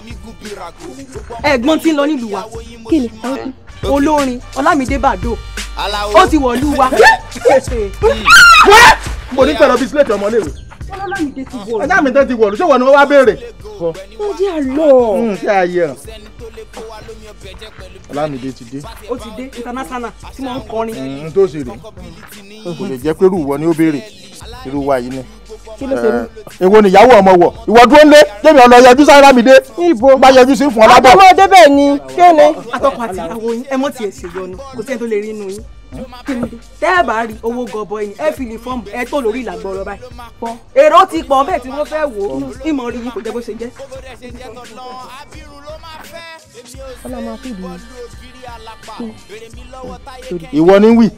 ẹ̀gbọ́n tí ń lọ nílùú wa kí ni olórin ọlámídé bàdó ó ti wọ̀lú wa. Hmm. wẹ́ mo ní pẹ̀lú bíi sílẹ̀tì ọmọléèwé. ọlámídé ti wọ̀lú. ọlámídé ti wọ̀lú ṣé wọ́n ni wọ́n wá béèrè. ó jẹ́ àlọ́. Hmm, ṣé ayé ọ̀ ọlámídé ti dé. ó ti dé international tí wọ́n ń kọrin. Hmm, n tó ṣe rè é kò lè jẹ́ pé irú wọn ni ó béèrè irú wa yìí náà kí ló eh, ṣe mí. ọmọ wọ ìwọ dúró ńlé jẹmi ọlọ yẹjú sáyẹlá mi dé. ibo bá yẹjú sí fún ọ lábọ. àtọmọ débẹ ni kéne. atọkọ àti ìyàwó yín ẹ mọ tiẹ ṣèyọnu kò sẹ́ni tó lè rí inú yín hm? tẹ́ rí owó gọbọ yìí ẹ fi lè fọ́ọ̀mù ẹ tó lórí ìlàgbọ́rọ̀ báyìí pọ̀ èrò ti pọ̀ bẹ́ẹ̀ tí wọ́n fẹ́ wò ó ìmọ̀ rí yín kò jẹ́ bó ṣe jẹ́ ọlá máa fi ìdùnnú. ìwọ ni wí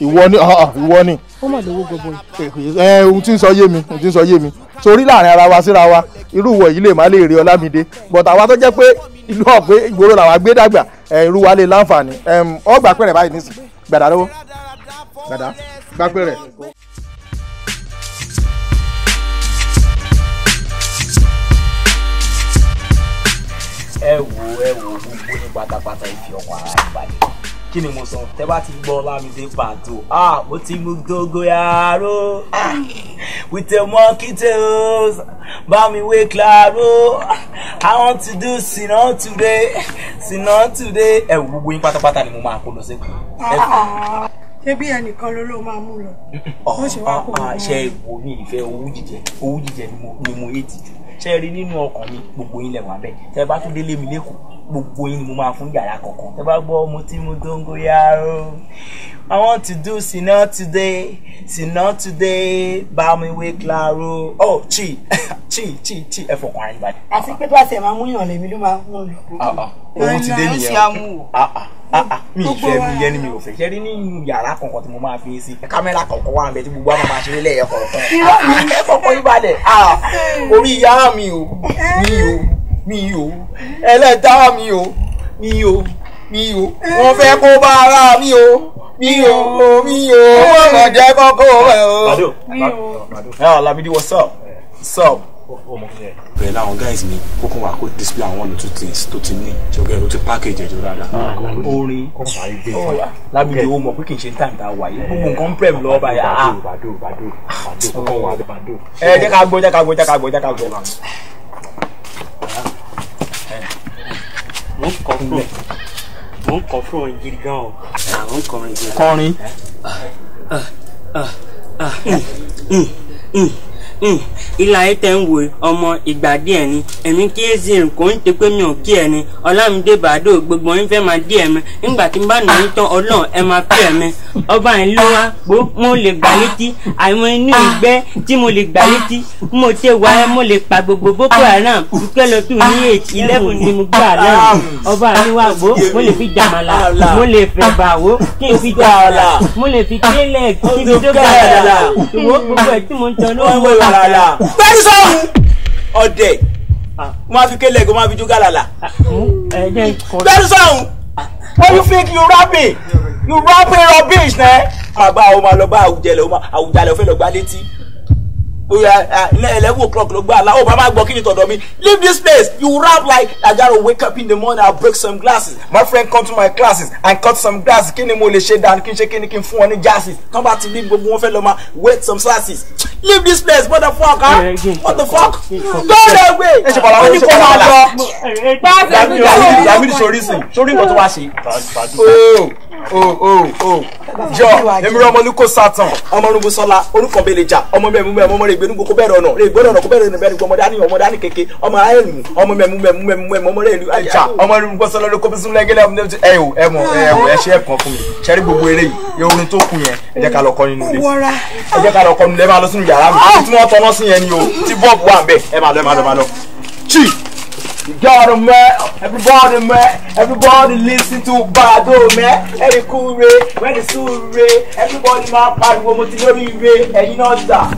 ìwọ ni ah, ah, ìwọ ni. ó mà lówó gbogbo yìí. ẹ ohun tí ń sọ yé mi ohun tí ń sọ yé mi torí láàrin ara wa síra wa irú ìwọ yìí lè má lè rí ọlámídé but àwa tó jẹ́ pé ìlú ọ̀gbẹ́ ìgboro làwa gbé dàgbà eh, irú wa lè láǹfààní ọgbà pẹ̀rẹ̀ báyìí nísìnyí gbàdá lọ́wọ́ gbàdá gbàpẹ̀rẹ̀. ẹ wo ẹ wo gbogbo ní pátápátá ìfi ọkọ ara ìbàdàn kí ni mo sọ tẹ bá ti gbọ́ Ọlámídé pàtó ah mo ti mú dógóyàró with a monkey tails bá mi wé claro i want to do sinna today sinna today ẹ wo gbogbo yín pátápátá ni mo máa kó lọ sí ṣebí ẹnìkan ló ló máa mú lọ ó ṣe wá kó lọ. ṣe ìwò mi ìfẹ́ owó jíjẹ owó jíjẹ ni mo yé ti jù ṣe rí nínú ọkàn mi gbogbo yín lẹ wà tẹ bá tún délé mi lẹ́kọ̀ọ́ gbogbo yín ni mo máa fún yàrá kọ̀ọ̀kan tẹ bá gbọ́ mo ti mu dóngóyárò I want to do sinna today sinna today bá mi claro oh chi chi chi chi ẹ fọkàn ayé balẹ̀. àti pé tó àṣẹ máa múyàn lèmi ló máa ń mú un. Ah, ah. ohun ti dé nìyẹn o. Ah, ah, mi ìfẹ́ mi yẹn ni mi ò fẹ́ ṣẹ́rí nínú yàrá kankan tí mo máa fi sí kámẹ́rà kankan wà níbẹ̀ tí gbogbo àwọn máa ṣeré lẹ́yìn ọkọ̀ọ̀kan ẹ̀fọ́kọ̀ ìbàdàn orí yàrá mi o mi o mi o ẹlẹ́dá mi o mi o mi o wọ́n fẹ́ kó bá ara mi o mi o mi o wọ́n mọ̀ jẹ́ kọ́kọ́ rẹ̀ o. Lado Lado Lamidi what's up? What's up? bẹ̀rẹ̀ láwọn guys mi kó kàn kó display àwọn one or two things tó ti ní jọgẹ́ o ti package ẹ̀jọ̀ dáadáa. Ah, orin lábìlẹ̀ o mọ̀ pé kì í ṣe time tá a wà yìí gbogbo nǹkan prem lọ́ọ́ báyìí. Ah, ah, ẹ jẹ́ ká gbọ́ jẹ́ ká gbọ́ jẹ́ ká gbọ́ jẹ́ ká gbọ́. mo ń kọ́ fún mo ń kọ́ fún gidi gan o. àwọn kọrin. kọrin. Eh. Mm, mm, mm. Hmm, ilà yìí tẹ̀ ń wò ọmọ ìgbà díẹ̀ ni èmi kí ẹ sì kò ń tẹ́ pé mi ò kí ẹ ni ọlámídé bàdó gbogbo yín fẹ́ máa dí ẹ mi nígbà tí n bá nà ń tán ọlọ́run ẹ máa pẹ́ ẹ mi ọba yẹn ló wá gbó mo lè gbà létí àmọ́ inú ìgbẹ́ tí mo lè gbà létí mo tẹ wá ẹ mo lè pa gbogbo boko haram dúpẹ́ lọ tún ní èjì eleven ni mo gbà náà ọba mi wá gbó mo lè fi jàmàlà mo lè fẹ́ bàwó kí n fi jàmàlà mo lè fi tẹ́lẹ̀ kí n fi tó galala bẹ́ẹ̀ sọ̀rọ̀ ọ̀dẹ̀ wọ́n ah. á fi kélé ẹ̀gọ́ wọ́n fi jó galala bẹ́ẹ̀ sọ̀rọ̀ wọ́n yóò fake you rapping you rapping rubbish náà. Eh? màá bá àwọn ọmọ àlọ́ bá àwùjalẹ̀ ọmọ àwùjalẹ̀ ọ̀fẹ́ lọ́gbà létí eleven o'clock ló gbọ́ àlá ó bàbá gbọ́ kí ni tọ̀dọ̀ mi leave this place you rap like ajaro wake up in the morning and break some glasses my friend come to my classes and cut some glasses kí ni mo lè ṣe dànù kí n ṣe kí ni kí n fún wọn ní glasses tán bá ti rí gbogbo wọn fẹ́ lọ ma wait some glasses leave this place what the fuck ah what the fuck go there way wọ́n ní kó máa lọ. Dàmídì sori sìn sori nǹkan tó wá ṣe. Oh oh oh, oh. jọ èmi rẹ ọmọ olùkọ́ sátán ọmọ orúkọ sọlá orúkọ bẹlẹ jà ọmọ mẹ́mú mẹ́mú mọ́rẹ́ gbẹnu kó bẹ̀rẹ̀ ọ̀nà lè gbọ́dọ̀ ọ̀nà kó bẹ̀rẹ̀ ọ̀nà gbọmọ dání ọmọ dání keke ọmọ ayélu ọmọ mẹmú mẹmú mẹmú mẹmú ọmọ rẹ ìlú ajá ọmọ rẹ gbọ́ sọlọ́dọ̀ kó bísí lẹ́gẹ́lẹ́ ọmọ ẹ o ẹ mọ ẹ o ẹ ṣe ẹ̀kan fún mi ṣẹ́rí gbogbo eré yìí orin tó kù yẹn ẹ jẹ́ ká lọ kọ́ nínú ilé ẹ jẹ́ ká lọ kọ́ nínú ilé ẹ máa lọ sínú yàrá mi ah! tí wọ́n tọ́nà sí yẹn ni o tí bọ́ọ̀bù wà ń bẹ̀ ẹ máa lọ ẹ máa lọ ẹ máa lọ. chief You got him, man. Everybody, man. Everybody listen to Bado, man. Every cool ray, when the sure ray. Everybody, my party, one more thing, every ray, and you know that.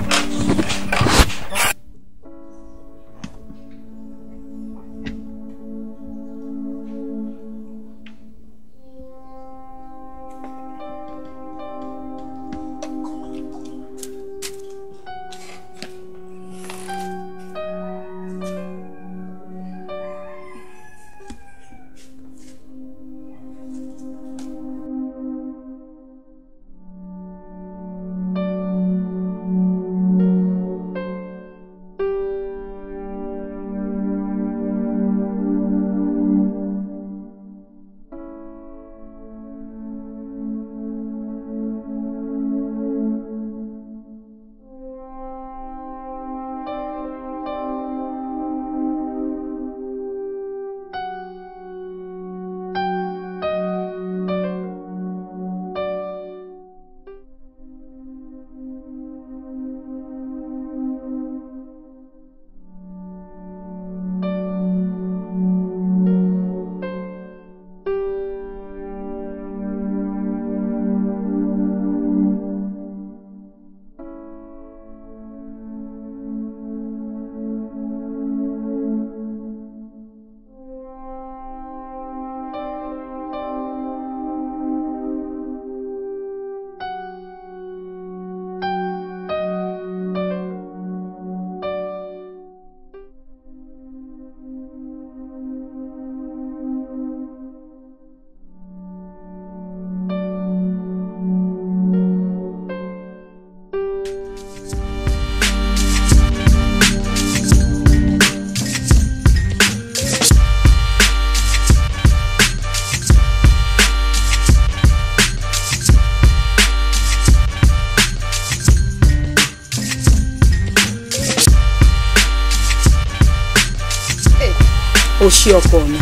ṣe ọkọ mi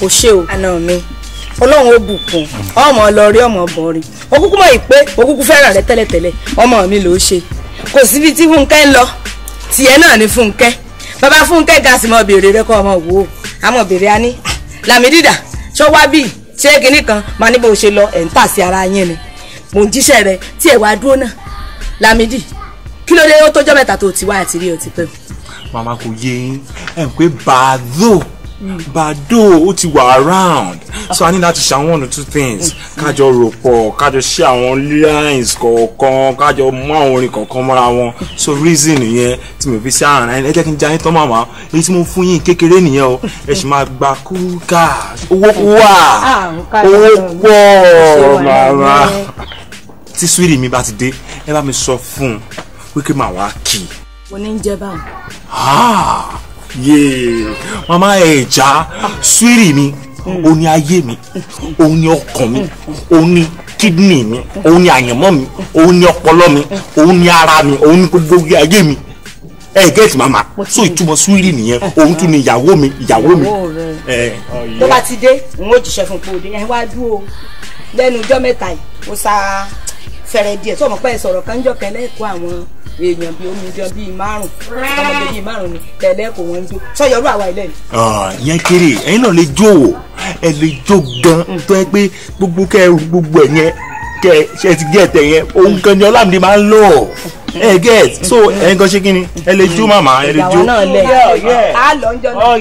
o ṣe o àna mi ọlọ́run ó bùkún ọmọ ọlọ́rí ọmọ bọ̀rí o kúkú mọ̀ ìpè o kúkú fẹ́ràn rẹ tẹ́lẹ̀tẹ́lẹ̀ ọmọ mi ló ṣe kò síbi tí fúnkẹ́ ń lọ tiẹ̀ náà ni fúnkẹ́ bàbá fúnkẹ́ ga sì mọ bèrè rẹ kọ́ ọmọ wò ó àmọ́ bèrè ani ah, làmì dídà ṣọwá bíi ṣé kinní kan máa ní bó ṣe lọ ẹ̀ ń tà sí ara yín ni mò ń jíṣẹ́ rẹ tí ẹ̀ wá dúró náà Lámídì kí ló dé ó tó jọ́ mẹ́ta tó ti wá àti rí o ti pẹ́ o. màmá kò yé yín ń pé bàádó bàdó ó ti wà around so a ní to ṣe àwọn one or two things kájọ rò pọ̀ kájọ ṣe àwọn lines kọ̀ọ̀kan kájọ mú àwọn orin kọ̀ọ̀kan mọ́ra wọn so reason yẹn tí mo fi ṣe àrùn ẹ jẹ́ kí n jẹ́ ayé tán màmá èyí tí mo fún yín kékeré nìyẹn o ẹ sì máa gba kúkà owó wà owó pọ̀ màmá tí sweetie mi bá ti dé ẹ bá mi sọ fún un wípé màá wá kì mo ní jẹ báwọn yéé mama ẹja swiri mi òun ni ayé mi oni ni ọkàn mi òun ni kídìnì mi oni ni àyànmọ́ mi oni ni ọpọlọ mi òun ni ara mi òun gbogbo ayé mi ẹ gẹ́tì mama so ìtumọ̀ swiri nìyẹn òun tún ni ìyàwó mi ìyàwó mi. tó bá ti dé n ó jíṣẹ́ fún un pé òde yẹn wá dúró lẹ́nu ọjọ́ mẹ́ta yìí ó sá fẹ̀rẹ̀ díẹ̀ sọ̀mọ́ pẹ́ sọ̀rọ̀ kánjọ́ kẹlẹ́kọ̀ọ́ àwọn èèyàn bíi omi jọ bíi márùn ọmọdé bíi márùn ni kẹlẹ́kọ̀ọ́ wọn jó sọ̀yọ̀rọ̀ àwa ilẹ̀ yẹn kéré ẹ̀yin náà lè jó o ẹ lè jó gan mm. tó yẹ pé gbogbo kẹ gbogbo ẹ yẹn kẹ ṣe ti gẹ tẹ yẹn òun kan ni ọlámìdí máa ń lọ ẹ gẹ so ẹ gan ṣe kíni ẹ lè jó màmá ẹ lè jó. ìyàwó ń jọ náà oh,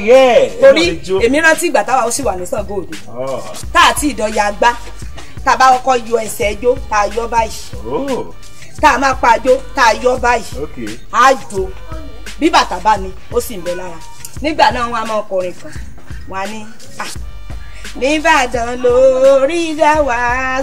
torí èmi rántí ìgbà táwa ó sì wà ní Ṣàngó Òde oh. tá àti ìdọ̀yà gbá tá a bá kọ́kọ́ yọ ẹsẹ̀ ẹjọ́ tá a yọ báyìí oh. tá a máa pa àjò tá a yọ báyìí á jò bí bàtà bá ní ó sì ń bẹ lára nígbà náà wọn a máa kọrin kan wọn ní ah, nìbàdàn lórí dá wá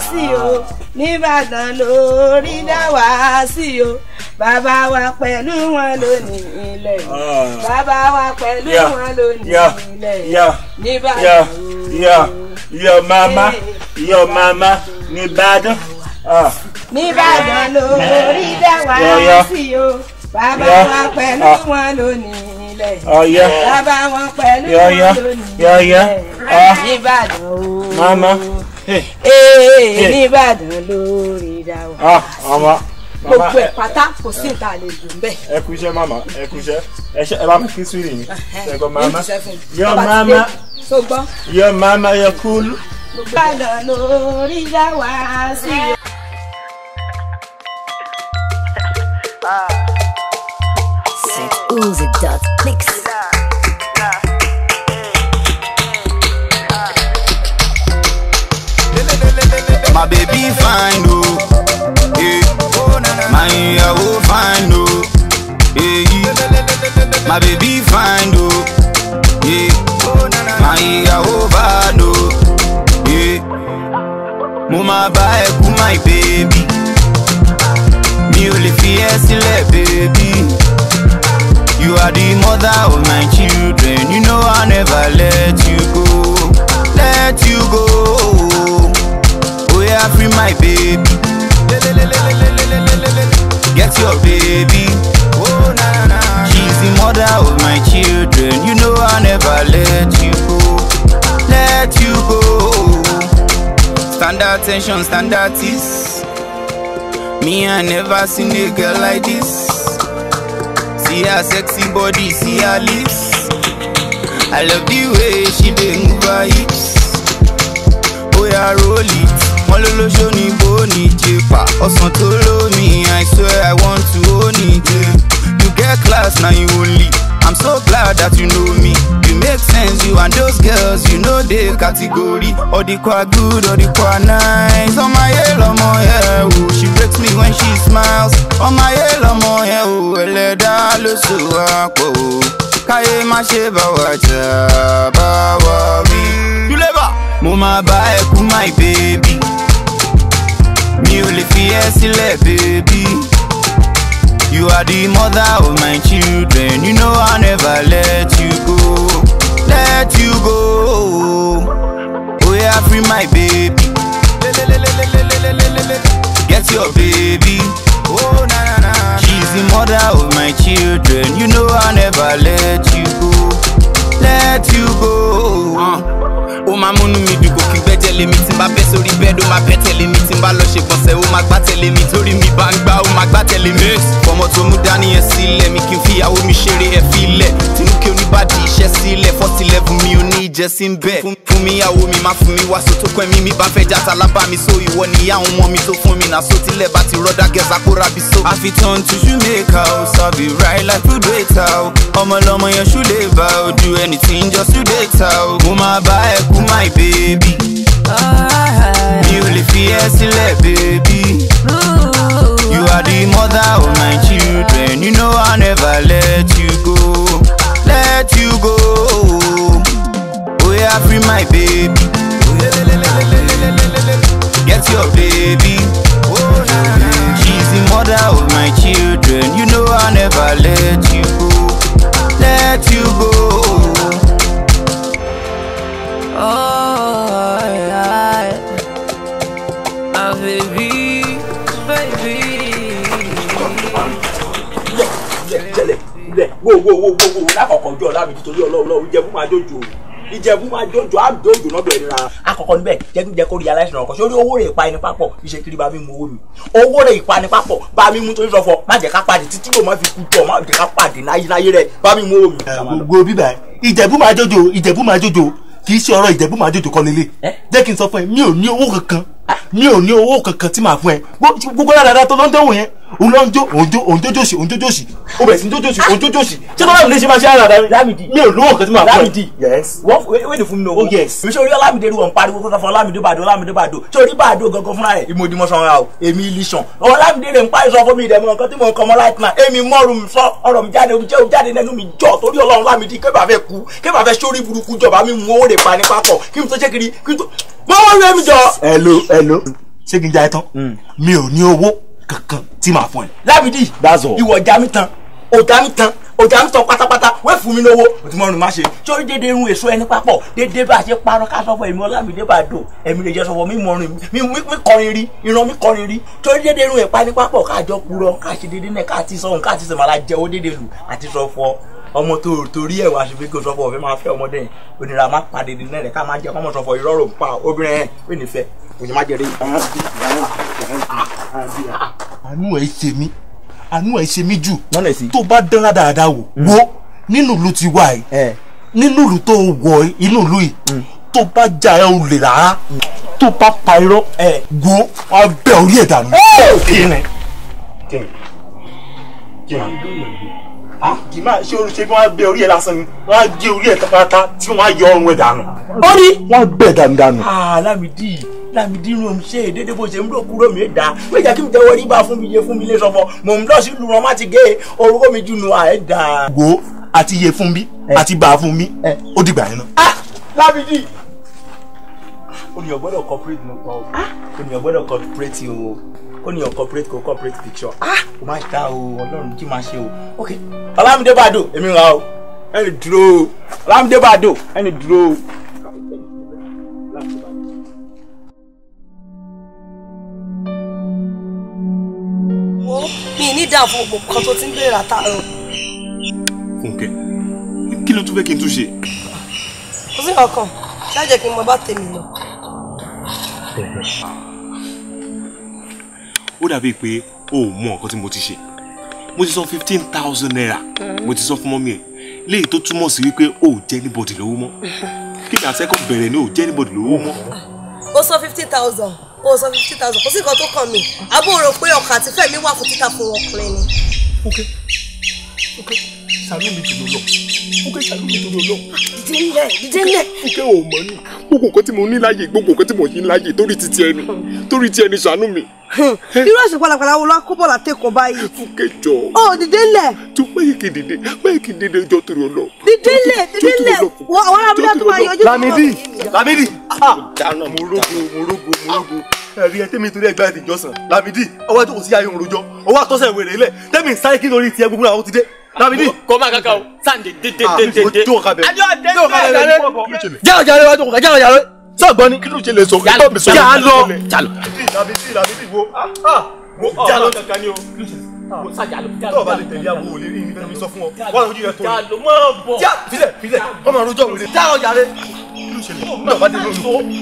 sí o ah. nìbàdàn lórí dá wá sí o bàbá wa pẹ̀lú wọn lónìí ilẹ̀ ah. bàbá wa pẹ̀lú wọn lónìí ilẹ̀ nìbàdàn lórí your mama your mama Mi nìbàdàn ló rí dáwà sí o bàbá wa pẹ̀lú ah. wọn lónìí lẹ̀ bàbá wọn pẹ̀lú wọn lónìí lẹ̀ Mi ah. o. mama. ee eh, eh. nìbàdàn ló rí dáwà sí ah, o. Pourquoi e pas pátá kò maman, Elle mama ẹ C'est comme maman. Yo, mama your mama cool. C'est My baby fine, oh. my yahoo fine o èyí my baby fine o yeah. my yahoo bad o yeah. mo máa bá ẹ kú my baby mi ò lè fi ẹ sílẹ̀ baby. You are the mother of my children. You know I never let you go. Let you go. Oh yeah, free my baby. that's your baby. Oh, nah, nah, nah. She's the mother of my children. You know I never let you go. Let you go. Standard tension, standard is. Me, I never seen a girl like this. See her sexy body, see her lips. I love the way she dey move her hips. Oh yeah, roll it. wọ́n ló lóṣó ní bóòní jèpà ọ̀sán tó lómi i swear i want to own it you get class na you only i'm so glad that you know me you make sense you and those girls you know dey category odikwa good odikwa nice ọmọye lọmọ ẹ o she breaks me when she smiles ọmọye lọmọ ẹ o ẹlẹ́dàá ló so wá pọ̀ o káyé má ṣe bá wa jà bá wa wí. mo máa bá ẹ kú my baby. mi ò lè fi ẹ́ You are the mother of my children, you know I never let you go, let you go. Oh yeah, free my baby. Get your baby. Oh na na na. She's the mother of my children, you know I never let you go. let you go. Ah. ó máa múnú mi dùn kò kí gbẹ́ tẹ̀lé mi tí n bá bẹ́ sórí bẹ́ẹ̀dì ó máa bẹ́ tẹ̀lé mi tí n bá lọ ṣe gbọ̀nsẹ̀ ó máa gbá tẹ̀lé mi torí mi bá ń gbá ó máa gbá tẹ̀lé mi. fọmọ tó mú dání yẹn sílẹ̀ mi kì í fìyàwó mi ṣeré ẹ̀ fílẹ̀ tí òkè oníbàdí iṣẹ́ sílẹ̀ forty eleven mi ò ní ìjẹsí ń bẹ̀. fún mi ìyàwó mi máa fún mi wá so tó kọ́ ẹ̀mí mi bá fẹ́ já tálábà mi so ìwọ ni ìyá àwọn ọmọ mi tó fún mi náà so tilẹ̀ bá ti rọ́dá gẹ̀ẹ́sà kó rabi so. àfitàn tuntun mẹ́ka ó sábì ráì láì fúdú èta ó ọmọ lọmọ yẹn ṣúlẹ̀ bá ó do anything just do data ó mo máa bá ẹ̀kú máa ì ọ̀gá mi torí ọlọ́run lọ́wọ́ ìjẹ̀bú máa jòjò ìjẹ̀bú máa jòjò àdó òjò náà bẹ̀rẹ̀ ra. àkọ́kọ́ níbẹ̀ jẹ́kújẹ́ kó rí aláìsàn ọkọ̀ sórí owó rẹ̀ ìpa ẹni papọ̀ iṣẹ́ kiri bá mi mú owó mi owó rẹ̀ ìpa ẹni papọ̀ bá mi mú torí sọfọ má jẹ́ ká pàdé títí yóò má fi kú tọ̀ má jẹ́ ká pàdé náyé rẹ̀ bá mi mú owó mi. gbogbo bíbá ìjẹ̀bú máa jòjò ìjẹ̀bú máa jòjò kì í ṣe ọ̀rọ̀ ìjẹ̀bú máa jòjò kọ́ lélẹ̀ jẹ́ kí n sọ fún ẹ mi ò ní owó kankan mi ò ní owó kankan tí màá fún ẹ gbogbo dáadáa tó lọ́ńdọ̀ wọ̀nyẹn òun ló ń jó jòsì òǹjó jòsì ó bẹ̀rẹ̀ sí ń jòsì òǹjó jòsì ṣé tó bá ṣe máa ṣe ara rẹ mi ò lówó kan tí màá fún ẹ lámìdí wọ́n wéde fún mi owó oh, yẹs mi orí ọlámìdé ru pariwo kankan fún ọlámìdé bàdó ọlámìdé bàdó ṣé orí bàdó gangan fúnra rẹ ìmọ̀dìmọ̀ sọ̀rọ̀ ra o hello ṣé kí n ja ẹ tán mm. mi ò ní owó kankan tí màá fún ẹ. lábìdí ìwọ ọjà mi tán ọjà mi tán ọjà mi tán pátápátá wẹ́ẹ̀ fún mi lówó òtúmọ̀ má ṣe. sórí dédé irun èso ẹni papọ̀ dédé bá a ṣe parọ́ ká sọ́fọ̀ èmi ọlámídé bá a dò èmi lè jẹ́ sọ́fọ̀ mi mọ̀rin mi kọrin rí ìran mi kọrin rí sórí dédé irun ẹ̀pá ní papọ̀ káàjọ kúrọ̀ káàṣe dédé náà káàti sọ̀hún káàti sọ̀mọ́lá jẹ́wọ́ dédé ọmọ tó torí ẹ̀ wá ṣèfé kí o sọ́fọ̀ ọ̀fẹ́ máa fẹ́ ọmọdé yẹn onira má pàdé ní náírà ká má jẹ kọ́mọ sọ́fọ̀ irọ́ rò pa obìnrin yẹn pé nífẹ̀ kò ní má jẹ rí. àánú ẹ̀ ṣe mí àánú ẹ̀ ṣe mí jù tó bá dán rádaràda wò mm. wo nínú ìlú ti wà yìí nínú ìlú tó wọ inú ìlú yìí mm. tó bá já ẹ olè rárá mm. tó bá pa irọ́ wo abẹ́ orí ẹ̀ dànù. kí ni kí ni kí ni. Ah, kì í máa ṣe oríṣi bí wọ́n bẹ orí ẹ̀ lásán ni wọ́n á gé orí ẹ̀ tapata tí wọ́n á yọ ọrùn ẹ̀ dànù. ó rí. wọ́n bẹ̀ dandan. Ah, Lámídì Lámídì inú mi ṣe èdèdè bó ṣe ń lòkú rò mí ẹ̀ dá méjà kí mi jẹ́wọ́ rí bá fún mi yé fún mi lé sọ́mọ mò ń lọ sí lu wọn má ti gé e. orúkọ mi jù nù àẹ́ dá. wo àti yé fún mi àti bá fún mi ó dìgbà yẹn náà. Ah, Lámídì olùyọ̀gbọ́dọ̀ corporate nù pa o olùyọ̀gbọ́dọ̀ corporate o ó ní your corporate co corporate picture ah o máa ṣá o ọlọ́run kí máa ṣe o ok ọlámídé bàdó èmi ra o ẹni dúró o ọlámídé bàdó ẹni dúró o. mi ní dáa fún gbogbo kan tó ti ń bèrè àtàrọ. kùnkẹ́ kí ló tún fẹ́ kí n tún ṣe. kò sí ọkàn ṣáà jẹ́ kí n mọ bá tèmi lọ ó dàbí pé o ò mọ nǹkan tí mo ti ṣe mo ti san fifteen thousand naira mm. mo ti san fún mọ́mí ẹ̀ léyìí tó túmọ̀ sí wípé o ò jẹ́ anybody lówó mọ́ kí ni àṣẹ́kọ̀ bẹ̀rẹ̀ ni o ò jẹ́ anybody lówó mọ́. ó ah, san fifteen thousand ó san fifteen thousand kò sí nǹkan tó kàn mí àbúrò pé ọkàn àti fẹ́mi wà fún títà fún ọkùnrin ni. okay okay ṣàánú mi torí ọlọ fúnkẹ́ ṣàánú mi torí ọlọ. dídé ńlẹ dídé ò mọ̀ ni gbogbo nǹkan tí mo ní láàyè gbogbo nǹkan tí mo yí láàyè torí ti tiẹ̀ ni torí tiẹ̀ ni ṣàánú mi. irú ọ̀sìn pàlàpàlà wo lọ́kọ́ bọ̀lá tẹ́kọ̀ báyìí. fúnkẹ́ jọ. ọ dídé ńlẹ. tó báyìí kì í jọ torí ọlọ. dídé ńlẹ dídé ńlẹ wọ́n àwọn máa yọjú. Lamidi ẹ tẹ́mi torí ẹgbẹ́ àtijọ́ sàn Lamidi ọwọ́ àtòkùn sí ayé òun rojọ́ ọwọ́ àtọ́sẹ̀ wèrè lẹ̀ tẹ́mi sáyé kí lórí tiẹ̀ gbogbo àwọn ti dé Dabidi ko ma kakaw sande de de de de de. Jo ka bẹ. Ajo de de de de. Jawo jalo wa jokunka jawo jalo. Sọ gbọ́ ni. Kí ló ṣe lè sọ? Yálò jalo. Jalo. Dabidi Dabidi wo. Jalo kankan ni o. Tọ́ọ̀ bá lè tẹ̀lé àwọn olè rí ní fẹ́mi sọ fún ọ. Wọ́n ojú yẹn tó. Jalo máa bọ̀. Já filẹ̀ filẹ̀ ọmọ àrùjọ wòlé. Jáwọ̀ yàrá. Kí ló ṣe lè? Tọ́ọ̀ bá lè tẹ̀lé olè.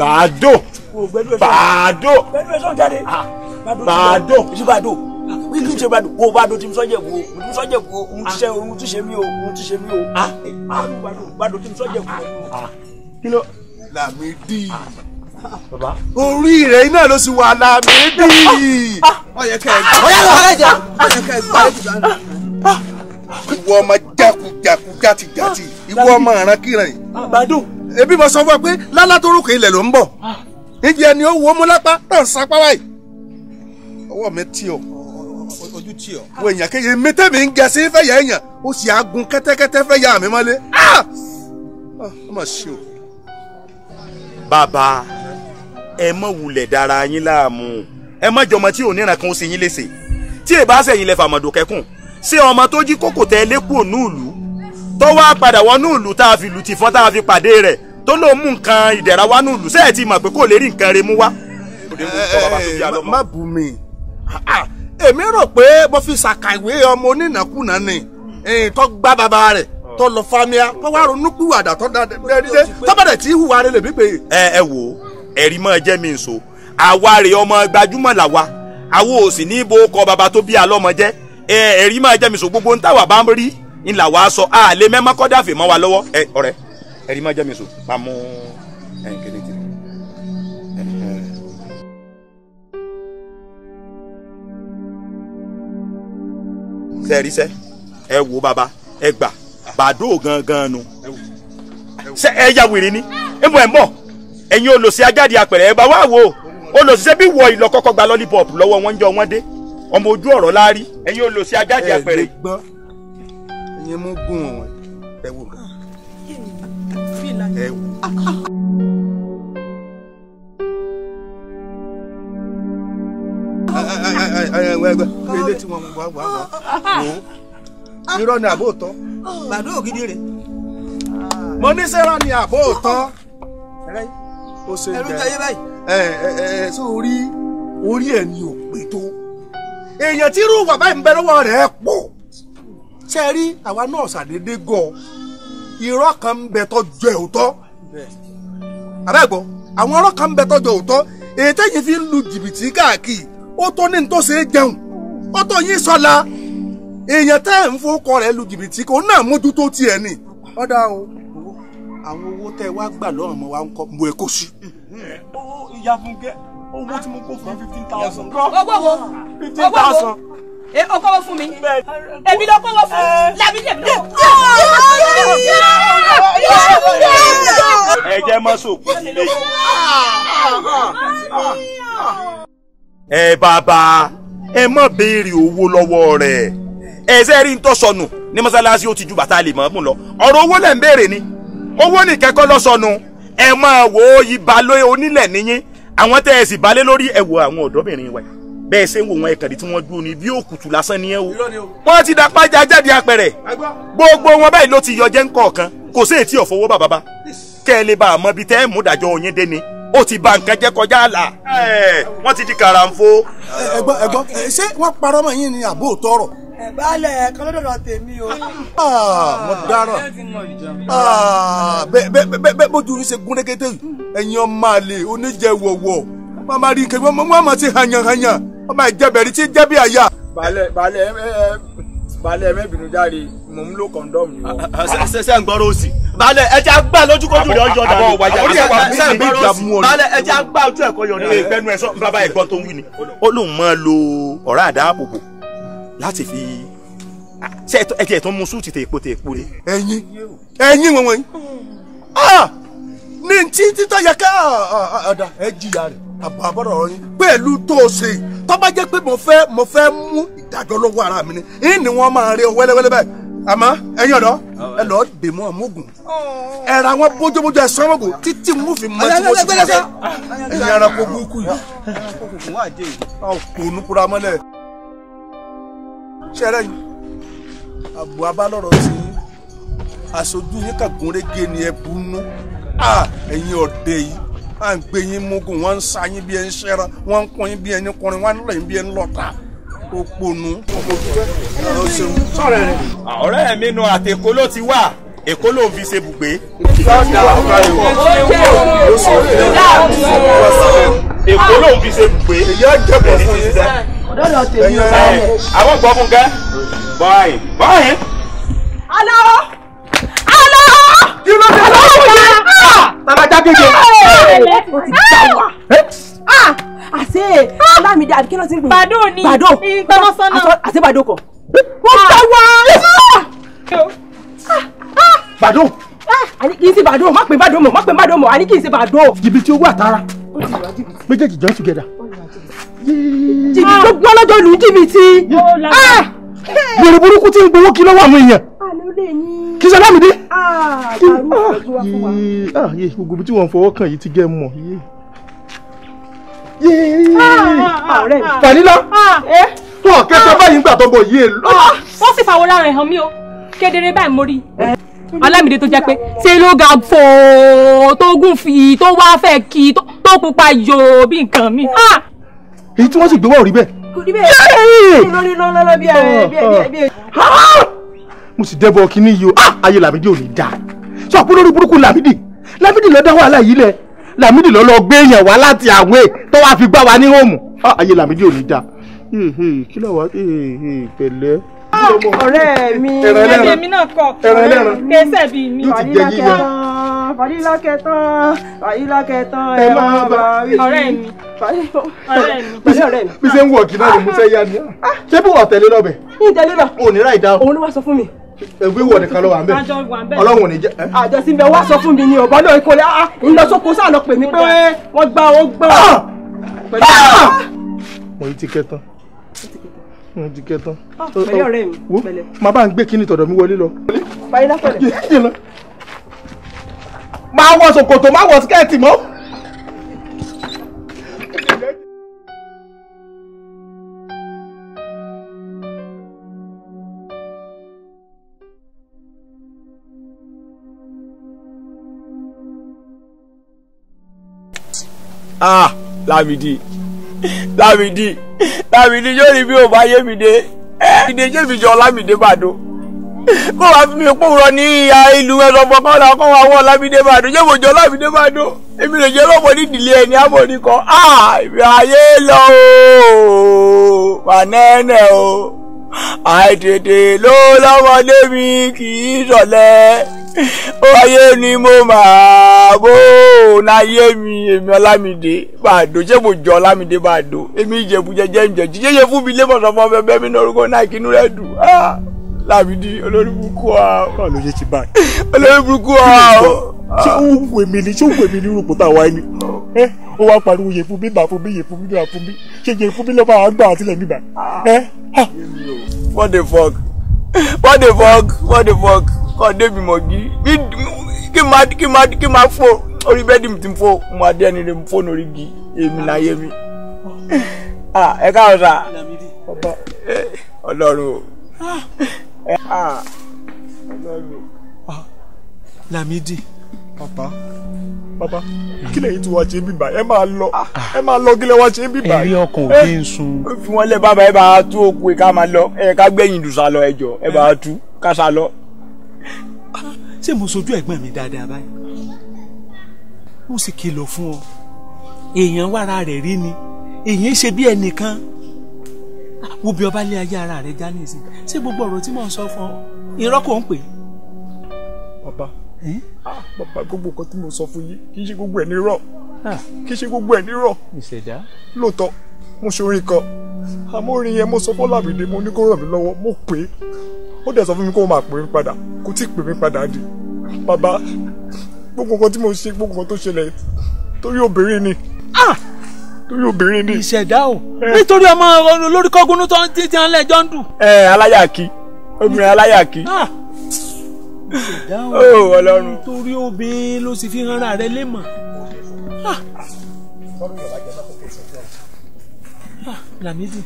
bàádò bàádò bàádò bàádò wíkì ṣe bàdò wo bàdò tí mo sọ jẹ̀bù o mo sọ jẹ̀bù o mo ṣe o mo tún ṣe mí o mo tún ṣe mí o bàdò bàdò tí mo sọ jẹ̀bù o. kí ló. làmì dì orí rẹ̀ iná ló sì wà làmì dì. ọyẹ ah. kẹgbẹ ọyẹ kẹgbẹ ọyẹ ah. kẹgbẹ ìwọ ọmọ jàkújàkú jàtìjàtì ìwọ ọmọ ìran kíran yìí. àbádùn. Ah, ebi mo sọ fún ọ pé lálá tó rúkè ilẹ̀ ló ń bọ̀ ah. níjẹ́ ni ó wo mú lápá náà sapá báyìí. ọwọ́ mi tí o. ojú tí o. wo èèyàn kéye mi tẹ́mi ń gẹ sí fẹ́yà èèyàn ó sì agun kẹ́tẹ́kẹ́tẹ́ fẹ́yà mi mọ́lé. Ah! ó mà ṣe o. bàbá ẹ mọ̀ wulẹ̀ dára yín láàmú ẹ mọ̀ jọmọ tí ò níran kan ó sì yín léṣe tí èèbá sẹ̀yìn lẹ fàmọ̀dò kẹ́kùn ṣé ọmọ tó jí kókò tẹ lẹ́kùn ònúùlù tó wá padà wọnú ìlú tá a fi lù ti tá a fi pàdé rẹ̀ tó ló mú nǹkan ìdẹ̀ra wá nù ṣé ẹ ti mọ̀ pé kò lè rí nǹkan mú wá. ni tó gbá bàbá rẹ tó lọ tó wá ronú tó dá dé tí ẹ ẹ wo ẹ̀rí mọ́ ẹ jẹ́ mi nso àwa rè ọmọ gbajúmọ̀ làwa àwo ò kọ bàbá tó bí alọ́mọ jẹ́ ẹ̀rí máa jẹ́ mi sọ gbogbo ní táwa bá ń rí ń là wá sọ a lè mẹ́mọ́ kọ́ dàfẹ́ mọ́ wa lọ́wọ́ ẹ ọ̀rẹ́ ẹ̀rí máa jẹ́ mi sọ máa mú ẹ̀ kéde tì sẹ́ẹ̀rí sẹ́ ẹ wo bàbá ẹ gbà bàdó gangan nu ṣe ẹ ya wèrè ni ẹ mọ̀ ẹ mọ̀ ẹ̀yin olùsí ajáde àpẹẹrẹ ẹ bá wà wò olùsí ṣe bí wọ ìlọ gba lọ́lípọ̀pù lọ́wọ́ wọn jọ wọn dé ọmọ ojú ọ̀rọ̀ láárí ẹ̀yin ò lò sí ajáde àpẹẹrẹ. ẹ gbọ́ ẹ̀yin mú gùn ọ̀wẹ́ ẹ wò ẹ wò. ilé tí wọn wá wá wá irọ́ ni àbó tọ́. gbàdúrà ògidì rẹ̀. mo ní sẹ́rọ̀ ni àbó tọ́. ó ṣe jẹ́ ẹ ẹ ẹ sọ orí orí ẹ̀ ni ò pé tó. èèyàn tí irú wà báyìí ń bẹ lọ́wọ́ rẹ̀ pọ̀ ṣe rí àwa náà ṣàdédé irọ́ kan ń bẹ tọ́jú ẹ̀ òótọ́ kan ń bẹ tọ́jú òótọ́ fi ń lu jìbìtì káàkiri ó tó ní tó ṣe é jẹun ó tó yín èèyàn tẹ́ ń rẹ̀ lu jìbìtì kò náà mójútó tiẹ̀ ni ọ̀dà o àwọn owó wá gbà lọ́rùn wa ń kọ́ bu Oh, owó tí mo kó oh, oh, oh, owó wo oh, thousand. ẹ o kọ́wọ́ fún mi èmi ló kọ́wọ́ fún lábí lèmi lọ. ẹ jẹ́ má sòkò sílé yìí. ẹ bàbá ẹ má béèrè owó lọ́wọ́ rẹ̀ ẹ ṣe rí n tó sọnù ní mọ́sálásí ó ti ju bàtà lè mọ́ mú lọ ọ̀rọ̀ owó lẹ̀ ń béèrè ni owó nìkẹ́kọ̀ọ́ lọ sọnù ẹ máa wò ó yí balóye onílẹ̀ níyìn àwọn tẹ́ ẹ sì balẹ̀ lórí ẹ̀wọ̀ àwọn ọ̀dọ́bìnrin wa bẹ́ẹ̀ ṣe ń wò wọn ẹ̀kàdé tí wọ́n dúró ni bí òkùtù lásán ni ẹ o wọ́n ti dapá jájáde apẹ̀rẹ̀ gbogbo wọn báyìí ló ti yọ jẹ́ ńkọ̀ọ̀kan kò sí ètí ọ̀fọwọ́ bàbá bá kẹ́ ẹ lè bá a mọ ibi tẹ́ ẹ mú dàjọ́ yín dé ni ó ti ba nǹkan jẹ́ kọjá àlà wọ́n ti di kàràǹfo. ẹ̀gbọ́n ẹ̀gbọ́n ṣé wọ́n parọ́ mọ́ yín ni àbóòtọ́rọ̀ ẹ̀bálẹ̀ kan lọ́dọ̀ tèmi o. Ah, mo dáràn bẹ́ẹ̀ bójú ń ṣe gúnrégédé ẹ̀yin ọmọ àlè oníjẹ wọ̀wọ̀ màmá rí kẹ́mi wọ́n máa ṣe hanyanhanyan wọ́n máa jẹ́bẹ̀rí tí jẹ́bí àyà. balẹ̀ balẹ̀ ẹ balẹ̀ mẹ́bìnú mò ń lo kọ́ndọ́ọ̀mù ni wọ́n. Ah, ah, ṣẹṣẹ ń gbọ́rọ̀ òsì balẹ̀ ẹja gbà lójúkojú rẹ̀ ọjọ́ dàrú orí ẹ̀ wà ní ìgbà ìdààmú ọ̀nà balẹ̀ ẹja gbà ojú ẹ̀kọ́ ni. ó lóun máa lo ọ̀rá láti fi ṣe ẹ ti ẹ̀ tún mú súùtì tèèpo tèèpo rẹ. ẹyin ẹyin wọn wọ̀nyí ah! ní tí títọ́ yẹ ká ah, ah, ọ̀dà ẹ jìyà rẹ̀ àbọ̀ àbọ̀rọ̀ ọ̀rọ̀ yín pẹ̀lú tó o ṣe tó bá jẹ́ pé mo fẹ́ mo fẹ́ mú ìdájọ́ lọ́wọ́ ara mi ni yín ni wọ́n máa rí ọ wẹ́lẹ́wẹ́lẹ́ báyìí àmọ́ ẹ̀yin ọ̀dọ́ ẹ lọ́ọ́ dè mọ́ ọmọgùn oh. ẹ ra wọn bójóbójó ẹ̀sán ọmọgùn títí mú fi mọ́ tí mo sì fún ẹ ẹ̀yin ara kò burúkú yìí ọkùnrin kura mọ́lẹ̀ ṣẹ́rẹ́ yìí àbò abálọ̀rọ̀ sí yín aṣojú yín kàgúnrégé ni ẹ bunú ẹ̀yin ọ̀dẹ yìí à ń gbé yín mugun wọ́n ń sa yín bí ẹ ń ṣẹ́ra wọ́n ń kún yín bí ẹ ń kọrin wọ́n ń lọ yín bí ẹ ń lọ́ta òpònú ọ̀rẹ́ mi nu àtẹ̀kó ló ti wà èkó ló fi ṣe bùgbé. èkó ló fi ṣe bùgbé. èyí á jẹ́ pọ̀ fún yín lọ́dọ̀ tèmi ò bá yẹ. àwọn gbọ́ fún kẹ́ bọ́ọ̀yìn bọ́ọ̀yìn. aláwọ̀ aláwọ̀. kí ló dé lọ́wọ́ fún mi. bàbá jákèjì. ó ti já wa. àṣé Ọlámídé ló ti ń bàdó ni bàdó ìgbàmọ́sánná. àṣé bàdó kọ. wọ́n gbà wá. bàdó. àní kì í ṣe bàdó má pè bàdó mọ̀ má pè bàdó mọ̀ àní kì í ṣe bàdó. jìbìtì owó àtara méjèèjì join together jìbìtì gbọ́ lọ́jọ́ ìlú jìbìtì ah! wèrè burúkú tí ń gbowó kí lọ́wọ́ àwọn èèyàn kí sọ lámìdí. yé gbogbo ibi tí wọ́n fọwọ́ kàn yìí ti gẹ́ mọ̀ yé. fànílá eh? tó kẹsàn báyìí ń gbà tó bọ̀ yé lọ. ó sì fàwọ́ lára ẹ̀hàn mi o kedere báyìí mo rí alámìdé tó jẹ́ pé ṣé ló ga fòó tó gùn fi tó wá fẹ́ kí tó pupa yòó bí nǹkan mi. Ah! èyí tí wọ́n sì gbé wá ò rí bẹ́ẹ̀. kò rí bẹ́ẹ̀ lórí lọ́lọ́lọ́ bí ẹ bí ẹ. Ah, ah. mo sì dẹ́bọ̀ kínní yìí o ah, ayé làmídì ò ní dáa sọ pé lórí burúkú làmídì làmídì ló dá wàhálà yìí lẹ̀ làmídì ló lọ gbé èèyàn wá láti àwẹ̀ tó wàá fi gbá wa ní hóòmù ayé làmídì ò ní dáa kí ló wá pẹ̀lẹ́ ọ̀rẹ́ mi ẹ̀mí náà kọ̀ kẹsẹ̀ bíi mi wà nílẹ̀ kẹ́kọ̀ọ́ tán fàdílákẹ́ tán fàdílákẹ́ tán ẹ máa bá wí. ọ̀rẹ́ mi ọ̀rẹ́ mi. bí ṣe ń wọ̀ kí náà ló mú sẹ́yà ni ah, ah. ṣé bí wọ́n tẹ̀lé lọ́bẹ̀. ń tẹ̀lé lọ. o ní ra ìdá. òun ló wá sọ fún mi. ẹgbẹ́ ìwọ nìkan ló wà ńbẹ̀. ọlọ́run ò ní jẹ́. àjọsí bẹ wá sọ fún mi ni ò bọ́dọ̀ ìkọlẹ̀ ń lọ sóko sáà lọ pè mí pé ah. wọ́n gbá ó gbá. mo ti kẹ́ tán mo ti kẹ́ tán. pẹ̀lú ọ̀rẹ́ mi. wo màá bá ń gbé kíní tọ̀dọ̀ mi wọlé lọ. báyìí lápẹ̀lẹ̀ máa wọ ṣòkòtò máa wọ skẹ́ẹ̀tì mọ́. ah Lámìdí Lámìdí Lámìdí yóò rí bí o bá yé mi dé ìdè jẹ́bi jọ Lámìdé bàdó kó wàá fi mi pòwúrọ̀ ní ìhà ìlú ẹ̀sọ́ fọkàn náà kó wàá wọ̀ lábídé bàdó yóò mọ̀ jọ lábídé bàdó èmi lè jẹ́ lọ́pọ̀ ní ìdílé ẹni àmọ̀rí kan ah, àìrí ayé lọ ooo o àìtètè ló lọ́mọdé mi kì í sọ̀lẹ́ ayé ni mo máa bó náyé mi èmi ọlámìdé bàdó ṣé mo jọ ọlámìdé bàdó èmi ìjẹ̀bù jẹjẹ ìjẹ̀jì jẹ́jẹ́ fún mi lébọ̀sọ̀ fún bẹ́ẹ̀ mi lórúkọ náà kínú rẹ̀ dùn. Ah láàbìdí olórí burúkú wa o. ló ṣe ti báyìí. olórí burúkú wa o. ṣé ó wù èmi ni ṣé ó wù èmi ní irú òkúta wa ni. ẹ ó wá pariwo yẹ fún mi bà fún mi yẹ fún mi bà fún mi ṣé yẹ fún mi lọ́ba àwọn àgbà àtìlẹ̀ mi bà. what the fuck what the fuck what the fuck kọ́ débi mọ̀ gí kí máa kí máa kí máa fò orí bẹ́ẹ̀dì mi ti fò mo adé ẹni rẹ̀ fò lórí gi èmi náà yé mi. Ah, ẹ káàárọ̀ sà ọlọ́run Ah, Lámídì. Papa. Papa. Kí lẹ́yìn tí wọ́n ṣe ń bíbà? Ẹ máa lọ. Ah. Ẹ máa lọ kí lẹ́ wọ́n ṣe ń bíbà. Ẹ̀rí ọkàn ò kí ń sun. Ó fi wọ́n lẹ̀ bàbá ẹ bá a tú òkú ẹ ká máa lọ. Ẹ ká gbẹ̀yìn dùsà lọ ẹjọ́. Ẹ bá a tú ká sá lọ. Ah, ṣé mo sojú ẹ̀gbọ́n mi dáadáa báyìí? Mo sì kìlọ̀ fún ọ. Èèyàn wára rẹ̀ rí ni. Èèyàn ṣe bí ẹnìkan wo bí ọba lé ayé ara rẹ já ní ìsìn ṣé gbogbo ọ̀rọ̀ tí mò ń sọ fún ọ irọ́ kò ń pè. bàbá ah, bàbá gbogbo nǹkan tí mo sọ fún yín kì í ṣe gbogbo ẹ̀ ní rọ̀ ah. kì í ṣe gbogbo ẹ̀ ní rọ̀. ìṣẹ̀dá. lóòótọ́ mo ṣe orin kan àmọ́ orin yẹn mo sọ fún Ọlámídé mo ní kó ràn mí lọ́wọ́ mo pè é ó dẹ̀ sọ fún mi kó máa pè mí padà kó tí ì pè mí padà di bàbá gbogbo nǹkan tí mo ṣe gbogbo nǹkan tó ṣẹlẹ̀ torí obìnrin ni. Ah! torí obìnrin ni. ìṣẹ̀dá o nítorí ọmọ olórí kọ́gúnú tó ń tí tí ń lẹ́jọ́ ń dùn. ẹ aláyàkí obìnrin aláyàkí. Ah! ìṣẹ̀dá o ọlọ́run nítorí obìnrin ló sì fi hànra rẹ lémọ̀. Ah! Lamidi.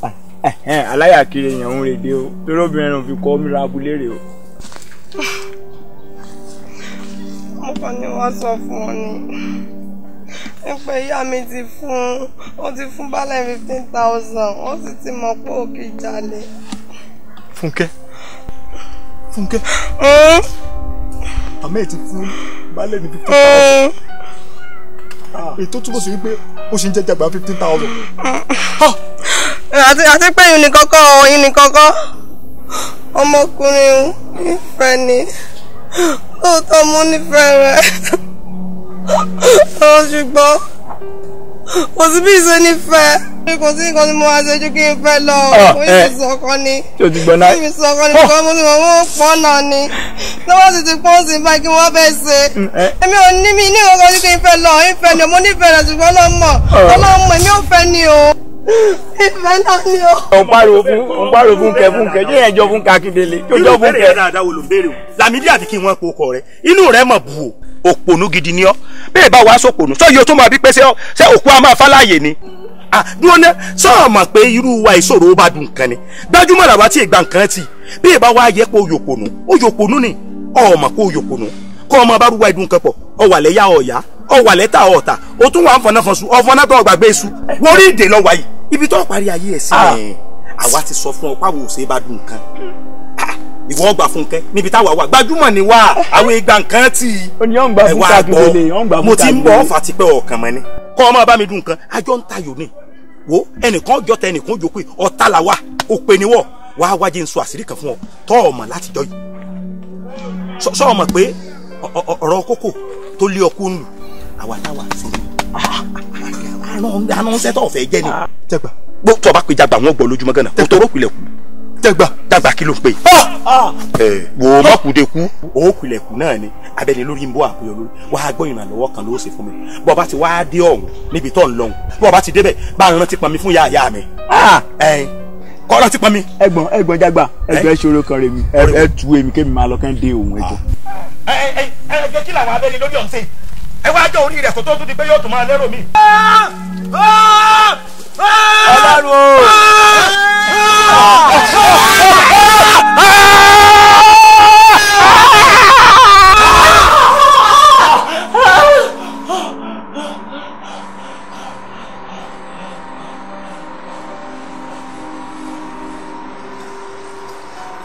Ah, eh, eh, aláyàkí èèyàn ń rèdè o torí obìnrin rẹ̀ fi kọ́ mi ra abúlé rè o. mo kàn ní wọ́n sọ fún wọn ni nípa ìyá mi ti fún ó ti fún balẹ̀ fifteen thousand ó sì ti mọ̀ pé ó kì í jalè. Fúnkẹ́ Fúnkẹ́ hmm? àmọ́ èyí ti fún balẹ̀ ní fifteen hmm? thousand èyí túbọ̀ sí wípé ó ṣe ń jẹ́jàgbá fifteen thousand. àti pé yìí ni kọ́kọ́ yìí ni kọ́kọ́ ọmọkùnrin ìfẹ́ ni lóòótọ́ mo nífẹ̀ẹ́ rẹ̀ ọ ṣùgbọ́n kò sí bí ìṣe nífẹ̀ẹ́ pé kò sí nǹkan tí mo wá ṣojú kí n fẹ́ lọ ah, eh. oríṣiríṣi ọkọ ni oríṣiríṣi ọkọ ni kò mo ti mọ̀ mọ́ pọ́n náà ni lọ́wọ́ sì ti pọ́n sí báyìí kí wọ́n fẹ́ ṣe mm, eh. èmi ò ní mi ní nǹkan tí kò ń fẹ́ lọ ń fẹ́ ni mo nífẹ̀ẹ́ rẹ̀ ṣùgbọ́n ọlọ́mọ oh. ọlọ́mọ èmi ò fẹ́ ni o ìfẹ́ náà ni ó. ò ń pariwo fún ń pariwo fúnkẹ fúnkẹ yíyan ẹjọ fúnkẹ akíndélé tó jọ fúnkẹ. olùbẹ̀rẹ̀ dáadáa wo ló ń béèrè o Lámídì àti kí wọ́n po ọkọ rẹ inú rẹ mọ̀ bù o òpònú gidi ni ọ́ bẹ́ẹ̀ bá wàá sọ̀pònú sọ yìí o tún máa bí pé ṣé òkú a máa fáláyè ni dúró ná sọ́ọ̀ mọ̀ pé irú wa ìṣòro bá dùn nǹkan ni gbajúmọ̀ làwa tí ìgbà nǹkan ti bí ìbá wa yẹ pé oyòkònú ni ọmọ pé oyòkònú kọ́ ọmọ bá rúwa ìdùn kan pọ̀ ọwà lẹ́yà ọ̀yá ọwà lẹ́ta ọ̀tà ó tún wà ń fọnáfọ́nsu ọ̀fọ́nátọ̀ ọgbàgbé isu wọ́n rí ìdè lọ́wọ́ yìí ibi tó parí ayé ẹ̀ sí ah. àwa ti sọ fún ọ pàwọ̀ òsè bá dùn nǹkan ìwọ gbà fún kẹ níbi táwa wà gbajúmọ̀ ni wá àwọn ìgbà nǹkan tí ẹwà àgbọ̀ mo ti ń bọ̀ ọ̀fà tipẹ́ ọ̀kan mọ́ ni kọ́ ọ máa bá mi dùn nǹkan àjọ ń tayò ni wo ẹnìkan jọ tẹ ẹnìkan jókòó ọ̀tá làwa òpè ni wọ̀ wá wájé ń sọ àṣírí kan fún ọ tọ́ ọmọ láti jọ yìí sọ ọmọ pé ọ̀rọ̀ kókò tó lé ọkú àwa táwa sórí anọ́nsẹ́ tó fẹ́ jẹ́ ni. tẹgbà. bó tó o bá pe jagba wọn gbọ́ lójúmọ́ gánà o tọrọ kulẹ̀ kú. tẹgbà. jagba kí ló ń pè. ẹ wò ó má kú de kú. o kulẹ̀ kú náà ni abẹ́ni lórí ń bọ́ àpéyọ lórí wà á gbọ́ ìrànlọ́wọ́ kan ló ṣe fún mi bọ́ ọba ti wá dé ọ̀hún níbi tó ń lọ́hùn bọ́ ọba ti débẹ̀ bá ń rántí pọnmi fún yá àyá mi. kọ́ rántí pọnmi. ẹ̀gbọ́n ẹ̀gbọ́n jagba ẹgbẹ ṣòro kan rèmi ẹ tu èmi kémi máa lọ kán dé òun ẹjọ. Ah. ẹ ẹ ẹ ẹ kí làwọn abẹ́ni lórí ọ̀hún ṣe ẹ wá jọ orí rẹ̀ kó tó di pé yóò tún máa lérò mi. o.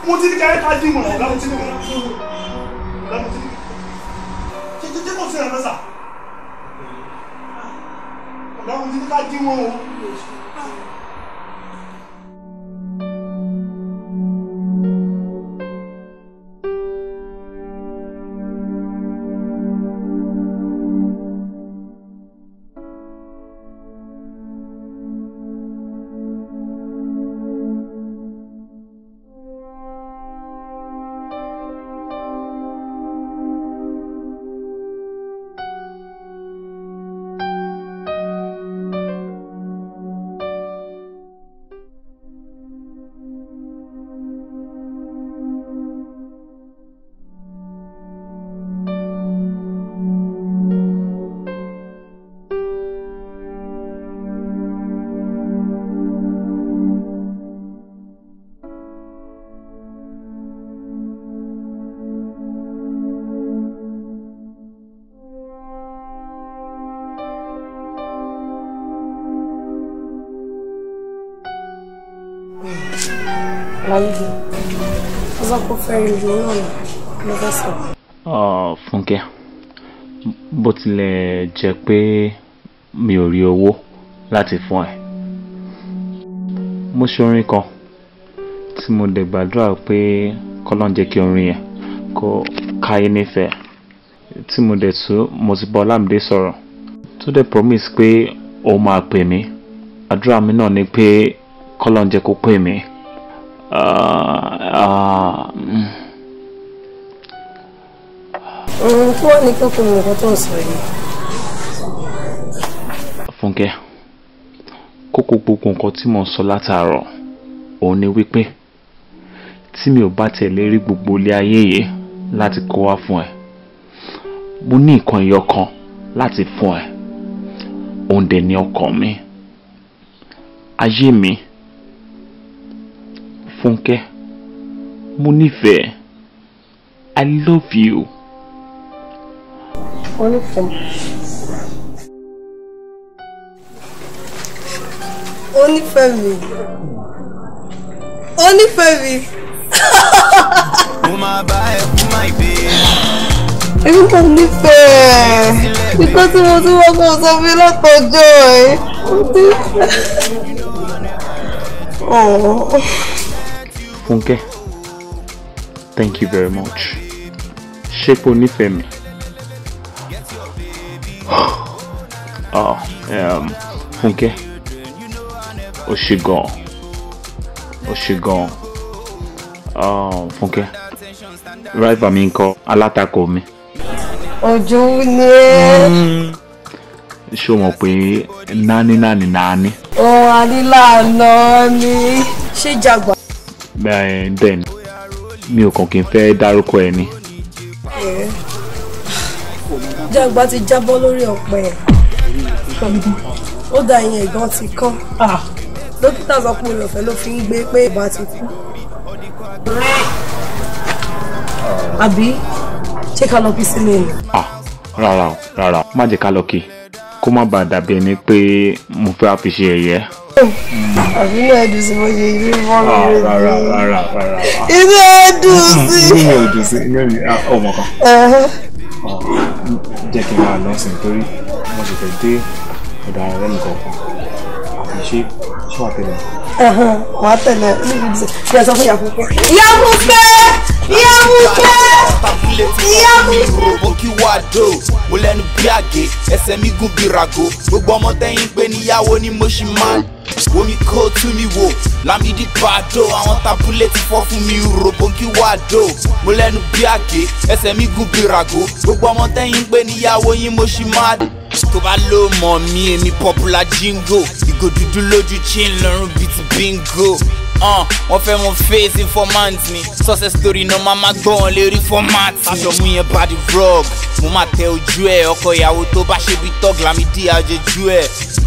mo ti ní káyọ̀ ká dín mọ̀ ọ̀gá mo ti ní mọ̀ ọ̀gá mo ti ní. 这这这，我吃什么？música de um fẹ́rẹ̀ lò náà ni mo fẹ́ sọ. Fúnkẹ́ bó tilẹ̀ jẹ́ pé mi ò rí owó láti fún ẹ mo ṣe orin kan tí mo dẹ̀ gbàdúrà pé kọ́lọ́n jẹ́ kí orin yẹn kó káyé nífẹ̀ẹ́ tí mo dẹ̀ tún mo ti bá Ọlámídé sọ̀rọ̀ tó dẹ̀ promise pé ó máa pè mí àdúrà mi náà ni pé kọ́lọ́n jẹ́ kó pè mí. Uh, uh, kó wà ní kókó mi nǹkan tó ń sọ yìí. fúnkẹ́ kókó gbogbo nǹkan tí mò ń sọ látàárọ̀ òun ni wípé tí mi ò bá tẹ̀lé rí gbogbo ilé ayé yìí láti kó wá fún mo ní nǹkan ẹyọ kan láti fún ẹ òun ni ọkàn mi ayé mi fúnkẹ́ mo nífẹ̀ẹ́ i love you onífẹ́. onífẹ́ mi onífẹ́ mi. mo máa bá ẹkún máa gbé. èmi kò nífẹ̀ẹ́ ikú tí mo tún joy. kó sọ fún látọjọ́ ẹ̀ Funke, thank you very much. Ṣé kò nífẹ̀ẹ́ oh, um, Funke, ó ṣe gan, ó ṣe gan, um, Funke, ráìfà mi ńkọ́ alátakò mi. Ojú ni ẹ́. Hmm. Ṣé o mọ̀ pé nání nání nání? Ohun àdílànà ni. Ṣé jàgbá? mi ò kàn kí n fẹ́ dárúkọ ẹ jágba ti jábọ́ lórí ọ̀pẹ ẹ̀ ó da ìyẹn ìgbọ́n ti kán ah. dókítà sọ pé olùfẹ́ ló fi ń gbé pé ìbá ti kú. àbí ṣé ká lọ kí sílé ni. Ah, rárá o rárá o má jẹ́ ká lọ kí kó má bàa dàbí ẹni pé mo fẹ́ fi ṣe ẹ̀yẹ. àbí inú ẹ̀dùn sí mo ṣe ìlú ìfọ́nmi rẹ̀ ni inú ẹ̀dùn sí. inú ẹ̀dùn sí inú ẹ̀dùn sí ah, ọmọ kan jẹ́ kí n máa lọ sìn torí mo sì fẹ́ dé ọ̀dọ̀ àwọn ọ̀rẹ́ mi kọ̀ọ̀kan àti ṣé ṣé wàá wàá tẹ̀lé bí ẹ sọ fún yàgò pé. yàgò pé yàgò pé yàgò pé. mo lẹ́nu bí àgé ẹsẹ̀ mi gùn bí ràgó gbogbo ọmọ tẹ́yìn pé níyàwó ni mo ṣì máa omi kó tú mi wò lámìdí pàdó àwọn tabulẹ̀ ti fọ́ fún mi rògbòǹkì wà dó mo lẹ́nu bí àgé ẹsẹ̀ mi gùn bí ràgó gbogbo ọmọ tẹ́yìn pé níyàwó yín mo ṣì máa dé tó bá ló mọ̀ mí èmi popular jingo ìgò dúdú lójú chin lọ́rùn bíi ti bingo uh, wọ́n fẹ́ mọ face informant ni success story náà máa máa gbọ́ wọn lérí format ni. fàṣọmú yẹn bá di vlog mo máa tẹ ojú ẹ ọkọ ìyàwó tó bá ṣe bí tọ́gìlà mi dí àjẹjú ẹ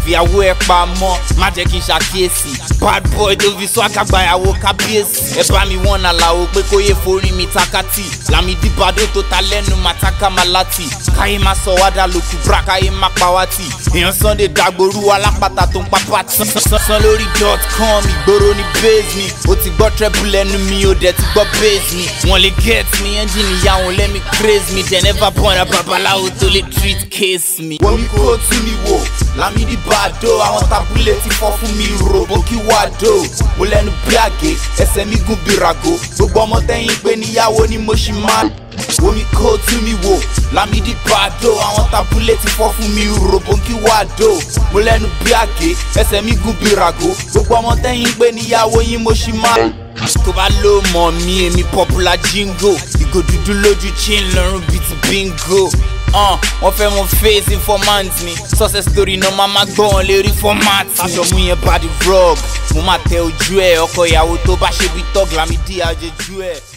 fìyàwó ẹ pa mọ́ má jẹ́ kí n ṣàkíyèsí bad boy tó fi swag àgbàyàwó kábíyèsí ẹ bá mi wọ́n àlàó pé kó yẹ forí mi takati Lámìdí Badó tó ta lẹ́nu màtáká malati káyé má sọ wádà lókù bra káyé má pa wá tì èèyàn Sunday Dagboru alápàtà tó ń pa pàtì sán lórí dot com ìgboro ní bẹ́ẹ̀ praise me ó ti gbọ́ treble lẹ́nu mi ó dẹ̀ ti gbọ́ bass mi wọ́n lè get me ẹ́ńjìnì ya wọn lẹ́mi craze me dẹ̀ never born a babaláwo tó lè treat case mi. wọ́n mi kó tún mi wò lámìdí bàdó àwọn tábúlé ti fọ́ fún mi ròbó kí wàá dò mo lẹ́nu bí àgé ẹsẹ̀ mi gùn bìràgò gbogbo ọmọ tẹ́yìn pé níyàwó ni mo ṣì máa omi kó tú mi wò lámìdí bàdó àwọn tabulé ti fọ́ fún mi rògbòǹkì wà dó mo lẹ́nu bí àgé ẹsẹ̀ mi gùn bí ràgó gbogbo ọmọ tẹ́yìn pé níyàwó yín mo ṣì máa. tó bá ló mọ̀ mí èmi popular jingo ìgò dúdú lójú chin lọ́rùn bíi ti bingo wọ́n fẹ́ mọ face informant mi success story náà máa máa gbọ́ wọn lérí format. aṣọ mú yẹn bá di vlog mo máa tẹ ojú ẹ ọkọ ìyàwó tó bá ṣe bí tọ́gìlámídìí àjẹjú ẹ.